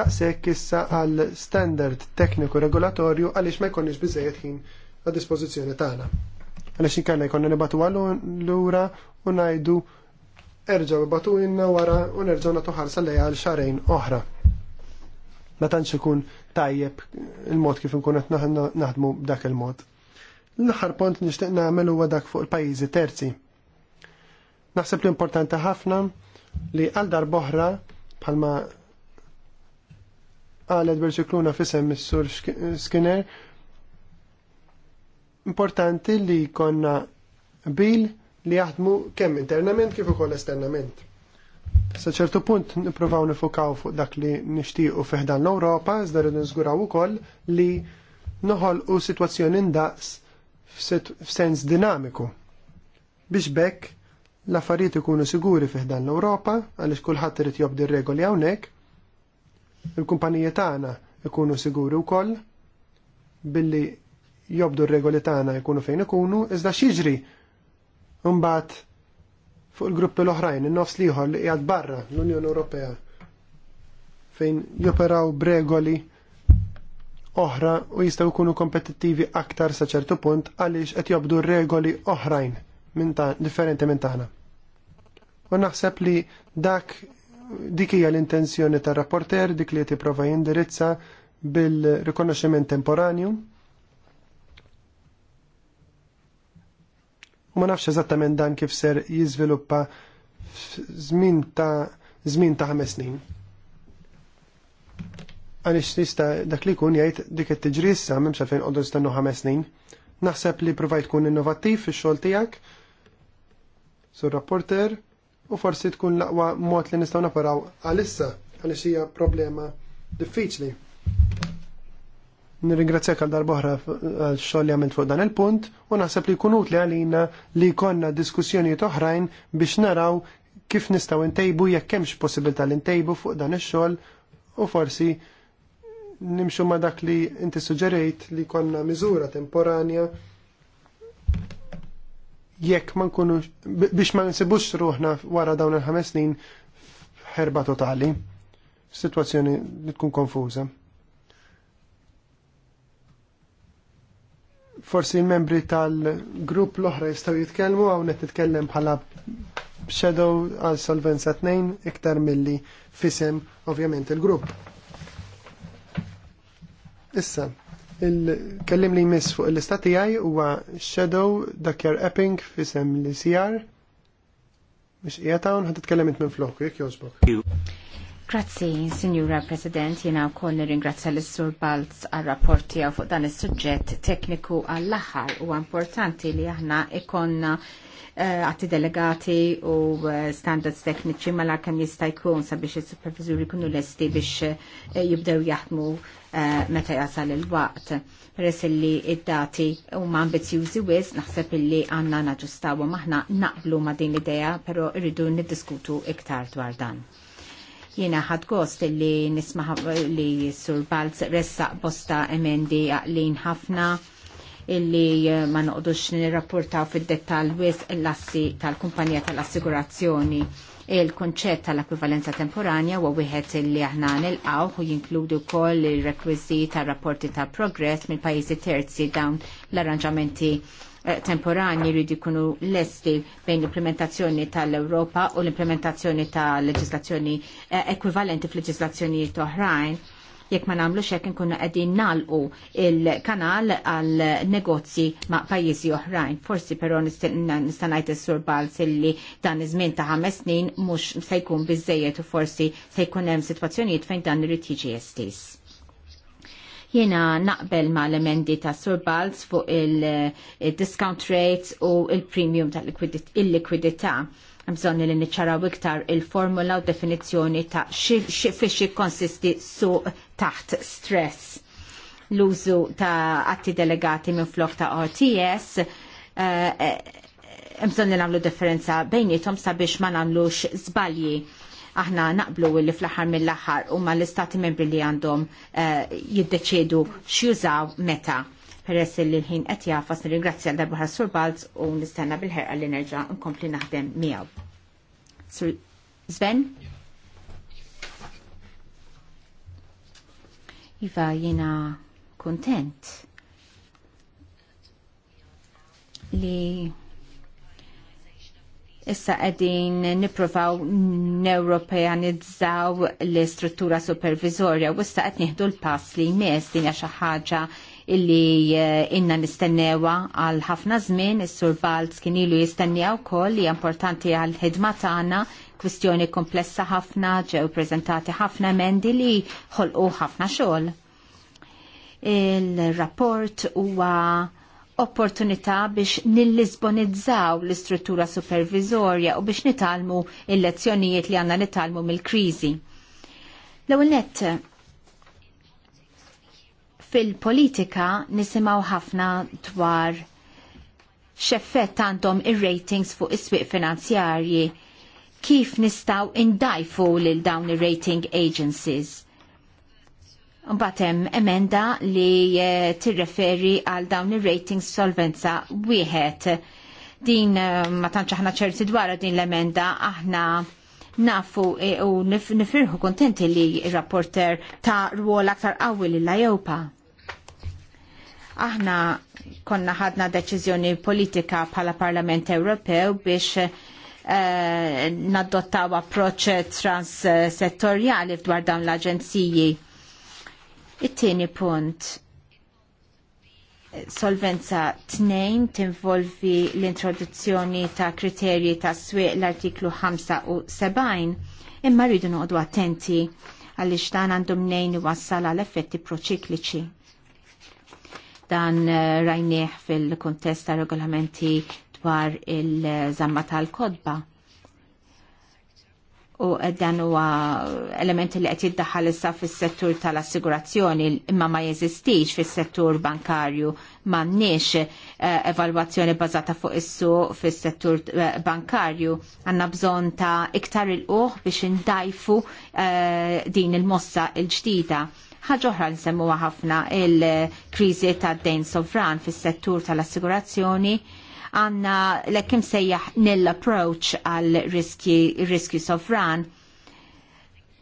daqshekk issa għal standard tekniku regolatorju għaliex ma jkollniex biżejjed ħin għad dispożizzjoni tagħna. Għaliex inkella jkollna nibatu lura u ngħidu erġaw batu inna wara u nerġaw nagħtu ħarsa lejha għal xarejn oħra ma tantx ikun tajjeb il-mod kif inkun qed naħdmu b'dak il-mod. L-aħħar pont nixtieq nagħmel huwa dak fuq il-pajjiżi terzi. Naħseb li importanti ħafna li għal boħra bħalma għalet bil-ċikluna fisem mis-sur Skinner importanti li konna bil li jaħdmu kemm internament kif ukoll esternament. Sa ċertu punt nippruvaw nifukaw fuq dak li nixtiequ fiħdan l-Ewropa, iżda rridu nżguraw ukoll li noħolqu sitwazzjoni ndaqs f'sens dinamiku. Biex bekk l-affarijiet ikunu siguri fiħdan l-Ewropa għaliex kulħadd irid jobdi r-regoli hawnhekk, il-kumpaniji tagħna ikunu siguri wkoll billi jobdu r-regoli tagħna jkunu fejn ikunu, iżda x'jiġri mbagħad fuq il-gruppi l-oħrajn, in-nofs liħor li qiegħed barra l-Unjoni Ewropea fejn joperaw b'regoli oħra u jistaw jkunu kompetittivi aktar sa ċertu punt għaliex qed jobdu regoli oħrajn differenti minn tagħna. U naħseb li dak dik hija l-intenzjoni tar-rapporter dik li jipprova jindirizza bil-rikonoxximent temporanju. U ma nafx eżattament dan kif ser jiżviluppa żmien ta' żmien ta' ħames snin għaliex tista dak li jkun jgħid dik it-tiġri issa m'hemmx fejn għoddu stannu ħames snin. Naħseb li provajt tkun innovattiv fix-xogħol tiegħek sur rapporter u forsi tkun l-aqwa mod li nistgħu naparaw għalissa għaliex hija problema diffiċli. Nirringrazzjak għal darboħra għal xogħol li għamilt fuq dan il-punt u naħseb li jkun utli għalina li jkollna diskussjonijiet oħrajn biex naraw kif nistgħu ntejbu jekk hemmx possibilità li ntejbu fuq dan ix-xogħol u forsi nimxu ma dak li inti suġerejt li konna miżura temporanja jekk ma nkunu biex ma nsibux ruħna wara dawn il-ħames snin ħerba totali, situazzjoni li tkun konfuża. Forsi l-membri tal-grupp l-oħra jistaw jitkellmu għaw net titkellem bħala shadow għal solvenza 2 iktar milli fisem ovvjament il-grupp. Issa, il-kellim li jmiss fuq l-istati għaj huwa Shadow Dakjar Epping fisem li CR. Miex ijatawn, ħad t-tkellem minn flok, jek jozbok. Grazzi, Signora President, jena u koll ringrazzja l-Sur Balz għal-rapporti għaw fuq dan il-sujġet tekniku għall-axar u importanti li aħna ikonna għatti eh, delegati u eh, standards tekniċi mala kem jista' jkun sabiex il-supervizuri kunu lesti biex eh, jibdew jaħdmu Eh, meta jasal il-waqt. Peress illi id-dati huma ambizjużi wis, naħseb illi għandna naġustawu maħna naqblu ma' din l-idea, però irridu niddiskutu iktar dwar dan. Jiena ħad gost illi nisma li Sur Balz ressaq bosta emendi għaqlin ħafna illi eh, ma noqdux nirrapportaw fid detal wis l-assi tal-kumpanija tal-assigurazzjoni Il-konċett tal-ekwivalenza temporanja huwa wieħed li aħna nilqgħu u jinkludu wkoll ir-rekwiżiti tar-rapporti ta' progress mill pajjiżi terzi dawn l-arranġamenti eh, temporanji jridu jkunu lesti bejn l-implementazzjoni tal-Europa u l-implementazzjoni tal leġislazzjoni eh, ekwivalenti fl-leġislazzjoni oħrajn Jekk ma nagħmlu hekk inkunu qegħdin nagħlqu il-kanal għal negozji ma' pajjiżi oħrajn. Forsi però nista' ngħid is-Sur Balz illi dan iż-żmien ta' ħames snin mhux se jkun biżejjed u forsi se jkun hemm sitwazzjonijiet fejn dan irid jiġi estis. Jiena naqbel ma l-emendi ta' surbalz fuq il-discount rates u il-premium tal-likwidità. Mżonni li niċċaraw iktar il-formula u definizzjoni ta' xi konsisti suq taħt stress. L-użu ta' atti delegati minn flok ta' RTS eh, eh, mżonni namlu differenza bejnietom sabiex ma namlux zbalji aħna naqblu li fl-aħħar mill-aħħar u ma l-istati membri li għandhom eh, jiddeċedu x'jużaw meta. Peress li l-ħin qed jafas nirringrazzja ringrazzja darba Sur Balz u nistenna bil-ħerqa li nerġa' nkompli naħdem miegħu. Sur Sven? Iva jiena kontent li issa qegħdin nippruvaw newropeanizzaw l-istruttura supervizorja u issa qed nieħdu l-pass li jmiss din hija xi ħaġa illi eh, inna nistennewa għal ħafna żmien is-Sur Balz kien ilu jistennew wkoll li importanti għal ħidma tagħna kwistjoni komplessa ħafna ġew preżentati ħafna emendi li ħolqu ħafna xogħol. Il-rapport huwa opportunità biex nillisbonizzaw l-istruttura supervizorja u biex nitalmu il-lezzjonijiet li għanna nitalmu mill-krizi. L-ewwel nett Fil-politika nisimaw ħafna dwar xeffett għandhom ir-ratings fuq is-swieq finanzjarji kif nistaw indajfu lil dawn ir-rating agencies. Batem emenda li eh, tirreferi għal dawn ir-rating solvenza wieħed. Din eh, ma tantx aħna ċerti dwar din l-emenda aħna nafu eh, u nifirħu kontenti li r rapporter ta' ruol aktar qawwi lil ajopa Aħna konna ħadna deċiżjoni politika bħala Parlament Ewropew biex uh, nadottaw approċ transsettorjali f'dwar dawn l-aġenziji. It-tieni punt solvenza 2 tinvolvi l-introduzzjoni ta' kriterji ta' swieq l-artiklu 75 imma rridu noqdu attenti għaliex dan għandhom nejn wassal l effetti proċikliċi. Dan eh, rajnieħ fil-kontest ta' regolamenti dwar il-żamma tal-kodba. U dan huwa elementi li qed jiddaħħal issa fis-settur tal-assigurazzjoni imma ma jeżistix fis-settur bankarju m'għandniex eh, evalwazzjoni bażata fuq is-suq fis-settur eh, bankarju għandna bżonn ta' iktar il-qoħ biex indajfu din il-mossa il-ġdida. il mossa il mossa il ġdida Ħaġa oħra nsemmuha ħafna il-kriżi tad-dejn sovran fis-settur tal-assigurazzjoni għanna l-ekkim sejjaħ nil-approach għal riski, sovran.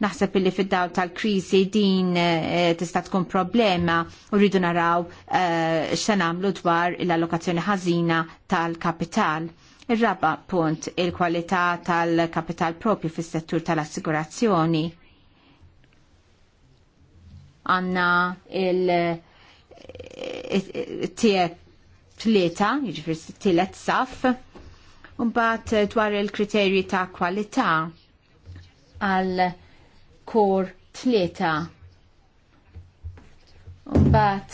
Naħseb illi fid-daw tal krizi din eh, tista' tkun problema u rridu naraw eh, x'se nagħmlu dwar l-allokazzjoni ħażina tal-kapital. Ir-raba punt il-kwalità tal-kapital propju fis-settur tal-assigurazzjoni għanna il-tiet tlieta, jġifir tielet saf, Mbagħad dwar il-kriterji ta' kwalità għal kur tlieta. Mbagħad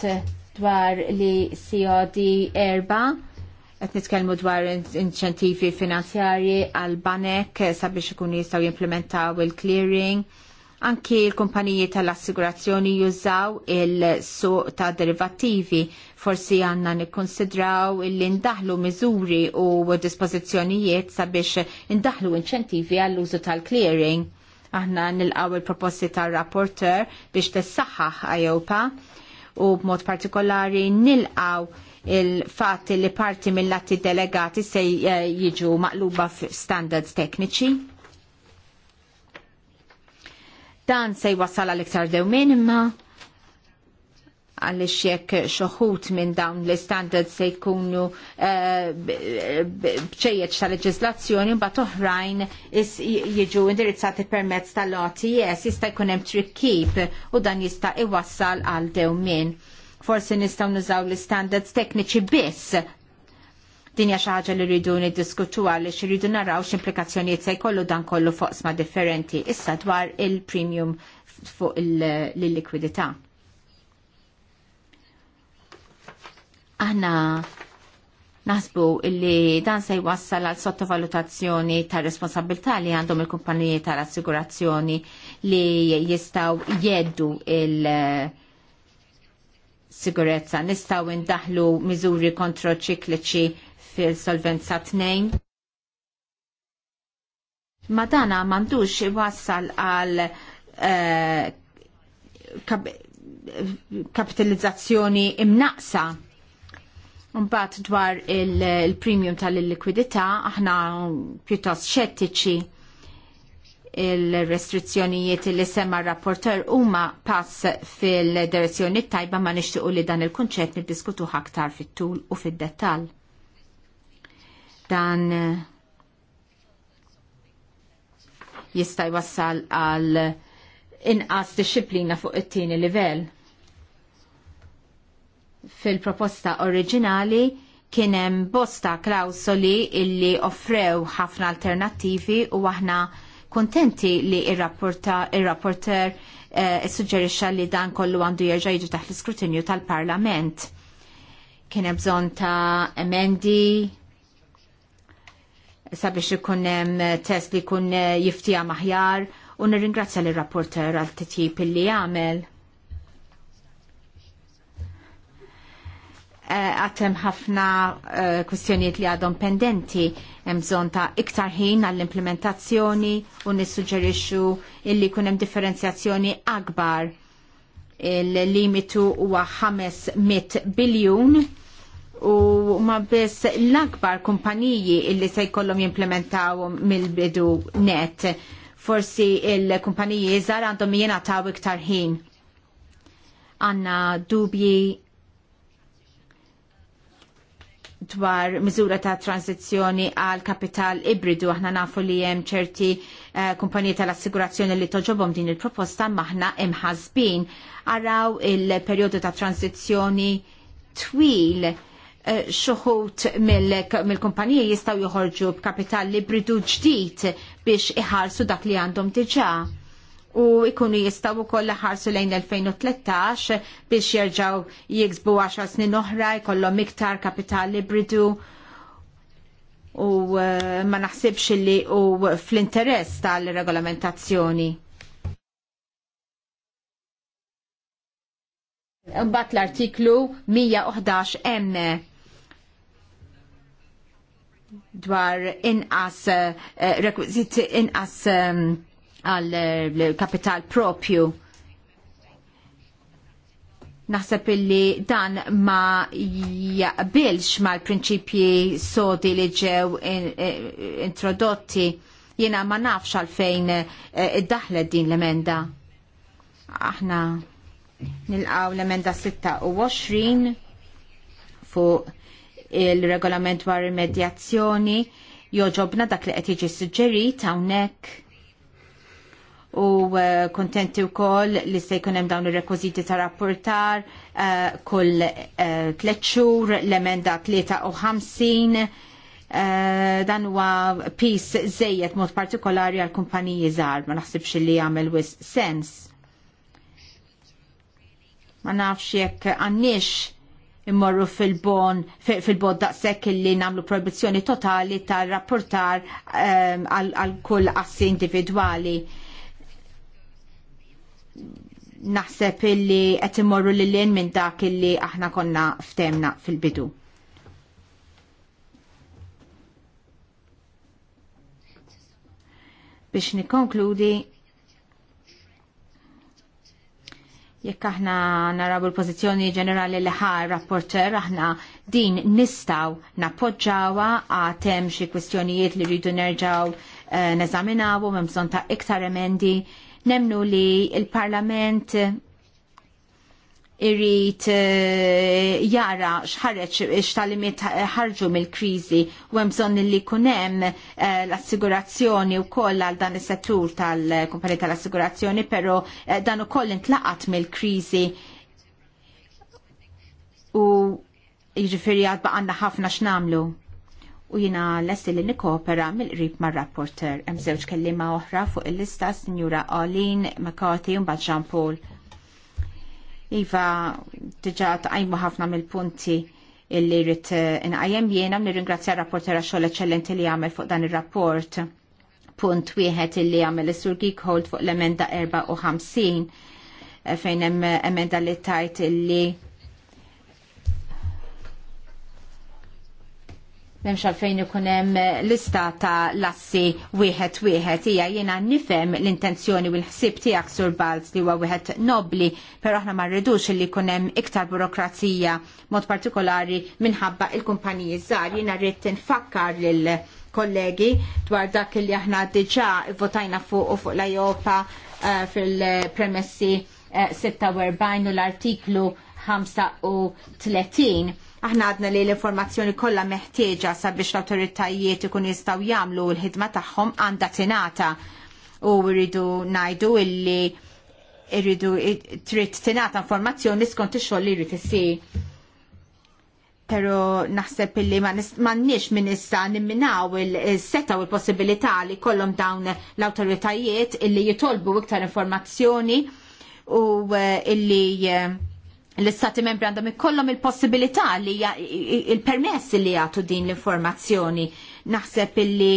dwar li COD erba' qed nitkellmu dwar inċentifi finanzjarji għal banek sabiex ikun jistgħu jimplementaw il-clearing Anki l-kumpaniji tal-assigurazzjoni jużaw il-suq ta' derivattivi. Forsi għanna nikkonsidraw illi ndaħlu miżuri u dispożizzjonijiet sabiex ndaħlu inċentivi għall-użu tal-clearing. Aħna nilqaw il-proposti tal-rapporter biex tessaħħaħ għajopa u b'mod partikolari nilqaw il-fat li parti mill-atti delegati se eh, jiġu maqluba standards tekniċi Dan se jwassal għal iktar dewmien imma għalli jekk xoħut minn dawn l standard se jkunu eh, bċejjeċ ta' leġislazzjoni mbagħad oħrajn jiġu indirizzati permezz tal-OTS jista' jkun hemm trikkib u dan jista' iwassal għal dewmien. Forsi nistgħu nużaw l-standards tekniċi biss Din hija xi ħaġa li rridu niddiskutu għaliex irridu naraw x'implikazzjonijiet se jkollu dan kollu fuq sma differenti issa dwar il-premium fuq il-likwidità. Aħna Nasbu illi dan se jwassal għal sottovalutazzjoni ta' responsabilità li għandhom il-kumpaniji tal-assigurazzjoni li jistaw jeddu il- sigurezza nistaw indaħlu miżuri kontroċikliċi fil-solvenza tnejn Ma dana mandux wassal għal kapitalizzazzjoni eh, kap kapitalizzazzjoni imnaqsa. Mbagħad dwar il-premium il premium tal likwidità aħna pjuttost xettiċi il-restrizzjonijiet li semma rapporter huma pass fil-direzzjoni tajba ma nixtiequ li dan il-kunċett niddiskutu aktar fit-tul u fid-dettall dan eh, jista' jwassal għal inqas disċiplina fuq it-tieni livell. Fil-proposta oriġinali kien hemm bosta klawsoli illi offrew ħafna alternattivi u aħna kontenti li ir-rapporter eh, suġġerixxa li dan kollu għandu jerġa' taħt l-iskrutinju tal-Parlament. Kien hemm bżonn ta' emendi sabiex ikun hemm test li jkun eh, jiftija maħjar u nirringrazzja lir rapporter għal titjib li għamel. Eh, għatem ħafna eh, kwestjoniet li għadhom pendenti hemm bżonn ta' iktar ħin għall-implementazzjoni u nissuġġerixxu illi jkun hemm differenzjazzjoni akbar il-limitu huwa 500 biljun u ma biss l-akbar kumpaniji illi se jkollhom jimplementaw mill-bidu net. Forsi il-kumpaniji iżgħar għandhom jingħataw iktar ħin. Għandna dubji dwar miżura ta' tranzizjoni għal kapital ibridu. Aħna nafu li hemm ċerti eh, kumpaniji tal-assigurazzjoni li toġobhom din il-proposta maħna imħazbin. Araw il-perjodu ta' tranzizjoni twil xoħut mill-kumpaniji jistaw joħorġu b'kapital libridu ġdid biex iħarsu dak li għandhom diġà u ikunu jistaw u koll ħarsu lejn 2013 biex jirġaw jiksbu 10 snin oħra jkollhom iktar kapital libridu u eh, ma naħsibx li u fl-interess tal-regolamentazzjoni. Mbagħad l-artiklu 111 M dwar inqas eh, eh, rekwiziti inqas ehm, għal eh, kapital propju naħseb illi dan ma jaqbilx mal prinċipji sodi li ġew introdotti jiena ma nafx għalfejn iddaħlet din l-emenda. Aħna nilqaw l-emenda 26 fuq il-regolament dwar il-medjazzjoni joġobna dak li qed jiġi suġġerit hawnhekk u eh, kontenti wkoll li se jkun hemm dawn ir-rekwiżiti ta' rapportar eh, kull eh, tliet xhur l-emenda 53 dan huwa pis żejjed mod partikolari għal kumpaniji żgħar ma naħsibx li jagħmel wis sens. Ma nafx jekk għandniex immorru fil-bon, fil-bod daqsek illi namlu proibizjoni totali tar rapportar ehm, għal kull assi individuali. Naħseb illi qed immorru lil minn dak illi aħna konna ftemna fil-bidu. Biex nikonkludi, Jekk aħna narabu l-pożizzjoni ġenerali li ħa rapporter aħna din nistaw napoġġawa għatem xi kwistjonijiet li rridu nerġaw eh, nezaminawu memżon bżonn ta' iktar emendi nemnu li l-Parlament irrit eh, jara xħarreċ x'talimit ħarġu mill-kriżi u hemm bżonn li jkun hemm eh, l-assigurazzjoni wkoll għal dan is-settur tal-kumpanija tal-assigurazzjoni, pero eh, dan ukoll intlaqat mill-kriżi u jiġifieri għad baqanna ħafna x'namlu u jina l-essi li nikopera mill-qrib mar rapporter Hemm żewġ kelliema oħra fuq il-lista Sinjura Olin Makati u mbagħad Jean Paul. Iva diġa tqajmu ħafna mill-punti illi rrit eh, inqajem jiena nirringrazzja rapportera xogħol eċċellenti li għamil fuq dan ir-rapport. Punt wieħed illi għamil is-Sur Hold fuq l-emenda 54 eh, fejn hemm emenda li tajt illi memx għalfejn ikunem lista ta' lassi wieħed wieħed hija jiena nifhem l-intenzjoni u l-ħsieb tiegħek sur Balz li huwa wieħed nobli, però aħna ma rridux li jkun hemm iktar burokrazija mod partikolari minħabba il-kumpaniji żgħar jiena rrid nfakkar lil kollegi dwar dak li aħna diġà votajna fuq u fuq l-Ajopa uh, eh, fil-premessi uh, eh, 46 u l-artiklu 35 Aħna għadna li l-informazzjoni kollha meħtieġa sabiex l-awtoritajiet ikun jistgħu jagħmlu l-ħidma tagħhom għandha tingħata u rridu ngħidu illi rridu trid tingħata informazzjoni skont ix-xogħol li jrid isir. Pero naħseb illi m'għandniex minn issa nimminaw il-seta u l-possibilità li kollhom dawn l-awtoritajiet illi jitolbu iktar informazzjoni u eh, illi eh, l-istati membri għandhom ikollhom il-possibilità li il-permess li jagħtu din l-informazzjoni. Naħseb illi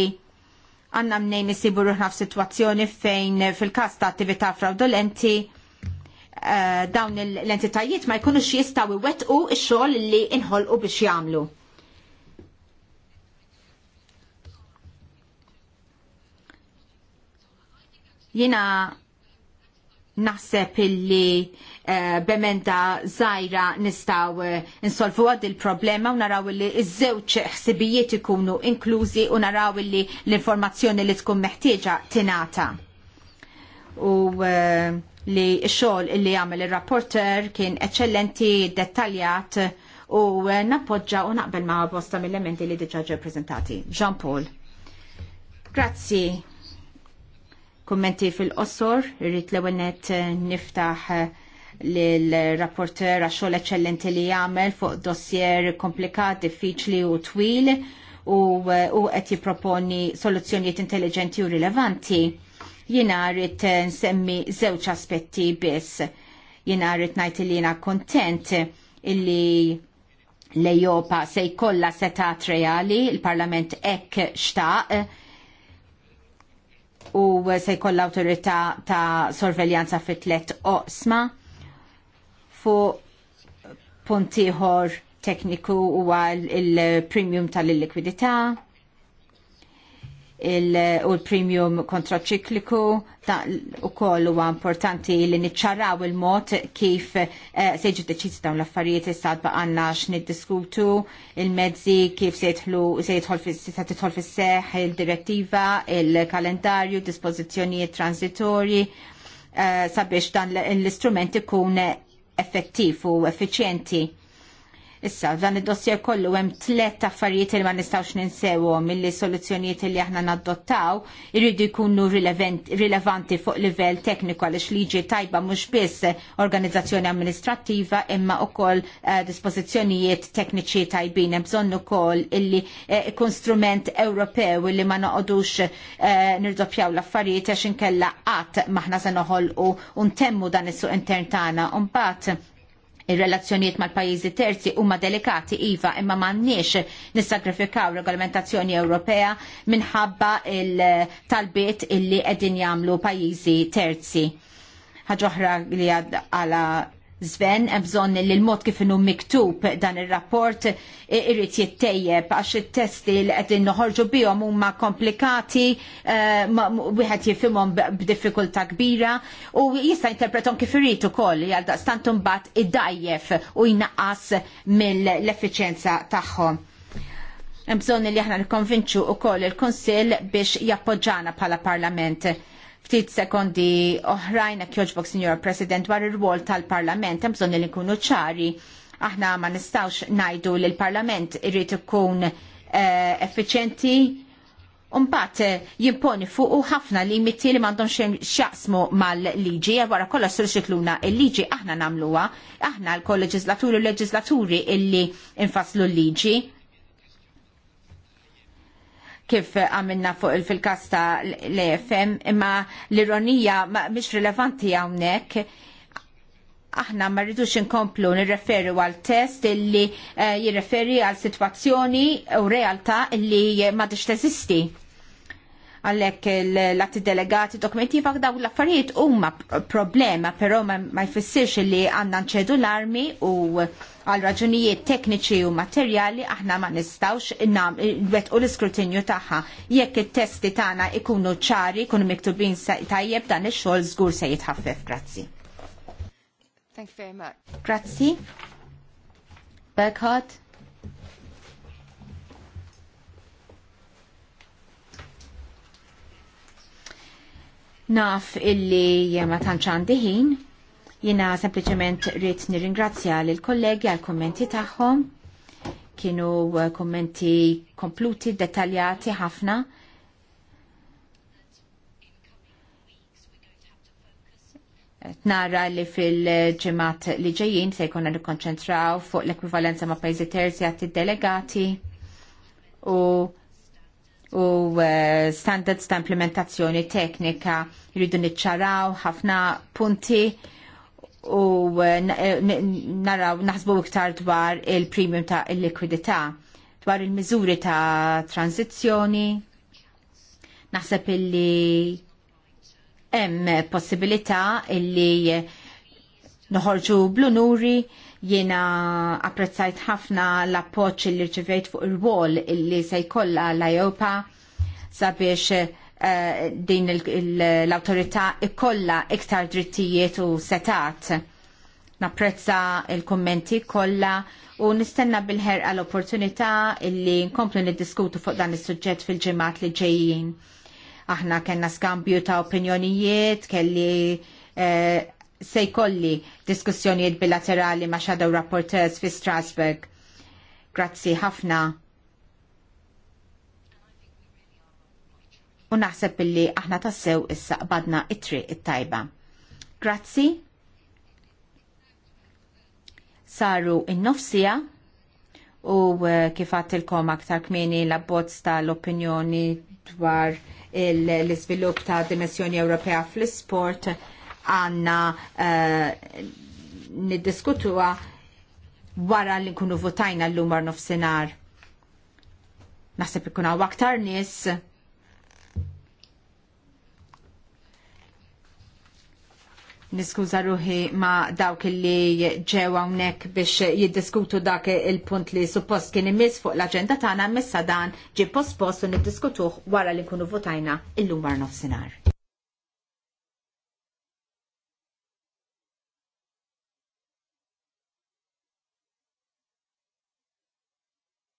għandna mnejn nisibu ruħna f'sitwazzjoni fejn fil-każ ta' attività fraudolenti eh, dawn l-entitajiet ma jkunux jistgħu jwettqu x-xogħol li inħolqu biex jagħmlu. Jiena naħseb illi uh, bemenda zaħira nistaw uh, għad il-problema u naraw illi iż-żewċ ħsibijiet ikunu inklużi u naraw illi l-informazzjoni li tkun meħtieġa tinata. U uh, li xogħol illi jagħmel ir-rapporter kien eċċellenti, dettaljat u nappoġġa u naqbel ma' bosta mill-elementi li diġa ġew prezentati. Jean Paul. Grazzi. Kummenti fil-qossor, rrit l-ewenet eh, niftaħ eh, l-rapporter għaxol eccellenti li jagħmel fuq dossier komplikat, diffiċli u twil u eh, qed jipproponi soluzzjonijiet intelligenti u rilevanti. Jina rrit nsemmi żewġ aspetti biss. Jina rrit najt li jina kontent illi l-Ejopa se jkollha setat reali, il-Parlament hekk xtaq u se jkoll l awtorità ta' sorveljanza fit tlet oqsma fu puntiħor tekniku huwa il-premium tal illikwidità u l-premium kontraċikliku u koll huwa importanti li niċċaraw il-mod kif eh, se jiġu dawn l-affarijiet issad baqa għandna x'niddiskutu il-mezzi kif se jidħlu se tidħol fis-seħħ il-direttiva, il-kalendarju, dispożizzjonijiet transitorji eh, sabiex dan l-istrument ikun effettiv u effiċjenti Issa, dan id-dossier kollu hemm tliet affarijiet li ma nistgħux ninsewhom milli soluzzjonijiet li aħna nadottaw irridu jkunu rilevanti fuq livell tekniku għaliex liġi tajba mhux biss organizzazzjoni amministrattiva imma wkoll eh, dispożizzjonijiet tekniċi tajbin hemm bżonn ukoll illi eh, ikun strument Ewropew illi ma noqogħdux eh, nirdoppjaw l-affarijiet għax inkella qatt maħna se noħolqu u ntemmu dan is-suq intern tagħna. Mbagħad Ir-relazzjonijiet mal-pajjiżi terzi huma delikati iva imma m'għandniex nissagrifikaw regolamentazzjoni Ewropea minħabba il-talbiet illi qegħdin jagħmlu pajjiżi terzi oħra li għala Zven, bżon li l-mod kif inhu miktub dan ir-rapport irrid jittejjeb għax it-testi li qed noħorġu bihom huma komplikati, eh, wieħed jifhimhom b'diffikultà kbira u jista' jinterpretom kif irid ukoll għal daqstant imbagħad iddajjef u jnaqqas mill-effiċjenza tagħhom. Bżon li aħna nikkonvinċu ukoll il-Kunsill biex jappoġġana bħala Parlament ftit sekondi oħrajn oh jogħġbok, Signor President, dwar ir-rwol tal-Parlament, hemm bżonn li nkunu ċari. Aħna ma nistawx ngħidu li l-Parlament irid ikun uh, effiċenti Umbat eh, jimponi fuq ħafna limiti li mandom xjaqsmu mal-liġi, għara kolla s-surxikluna il-liġi aħna namluwa, aħna l-kolleġislaturi u leġislaturi illi infaslu l-liġi kif għamilna fuq il filkasta kasta l fm imma l-ironija mhix rilevanti hawnhekk aħna ma rridux inkomplu nirreferi għal test illi eh, jirreferi għal sitwazzjoni u realtà illi ma teżisti għalhekk l-atti delegati dokumenti jifak daw l-affarijiet huma problema, però ma jfissirx li għandna nċedu l-armi u għal raġunijiet tekniċi u materjali aħna ma nistawx wet u l-iskrutinju tagħha. Jekk it-testi tagħna ikunu ċari, ikunu miktubin tajjeb dan ix-xogħol żgur se jitħaffef. Grazzi. Thank you very much. Grazzi. Berghardt. Naf illi ma tantx għandi ħin, jiena sempliċement rrid nirringrazzja lill kollegi għall kummenti tagħhom. Kienu uh, kummenti kompluti, dettaljati ħafna. Tnara li fil-ġemat li ġejjin se jkunna nikkonċentraw fuq l ekvivalenza ma' pajzi terzi għat delegati u u eh, standards ta' implementazzjoni teknika jridu niċċaraw ħafna punti u eh, eh, naraw naħsbu iktar dwar il-premium ta' il-likwidità dwar il-miżuri ta' tranzizzjoni naħseb illi hemm possibilità illi noħorġu blunuri nuri Jiena apprezzajt ħafna l-appoċ li rċivejt fuq il wall li se jkollha l europa sabiex eh, din l-autorità ikolla iktar drittijiet u setat. Napprezza il-kommenti kollha u nistenna bil ħer l-opportunità illi nkomplu niddiskutu fuq dan is-suġġett fil-ġimgħat li ġejjin aħna kena skambju ta' opinjonijiet, kelli eh, se jkolli diskussjonijiet bilaterali ma' shadow rapporteurs fi Strasbourg. Grazzi ħafna. U naħseb billi aħna tassew issa qbadna it-triq it-tajba. Grazzi. Saru in-nofsija u uh, kifat il aktar kmini l-abbozz tal-opinjoni dwar l-izvilup ta' dimensjoni Ewropea fl-sport għanna uh, niddiskutuha wara li nkunu votajna l lumar għar nofsenar. Naħseb ikun għaw aktar nis. Niskuża ruħi ma dawk li ġew hawnhekk biex jiddiskutu dak il-punt li suppost kien imis fuq l-aġenda tagħna missa dan ġie postpost u niddiskutuh wara li nkunu votajna illum war nofsinhar.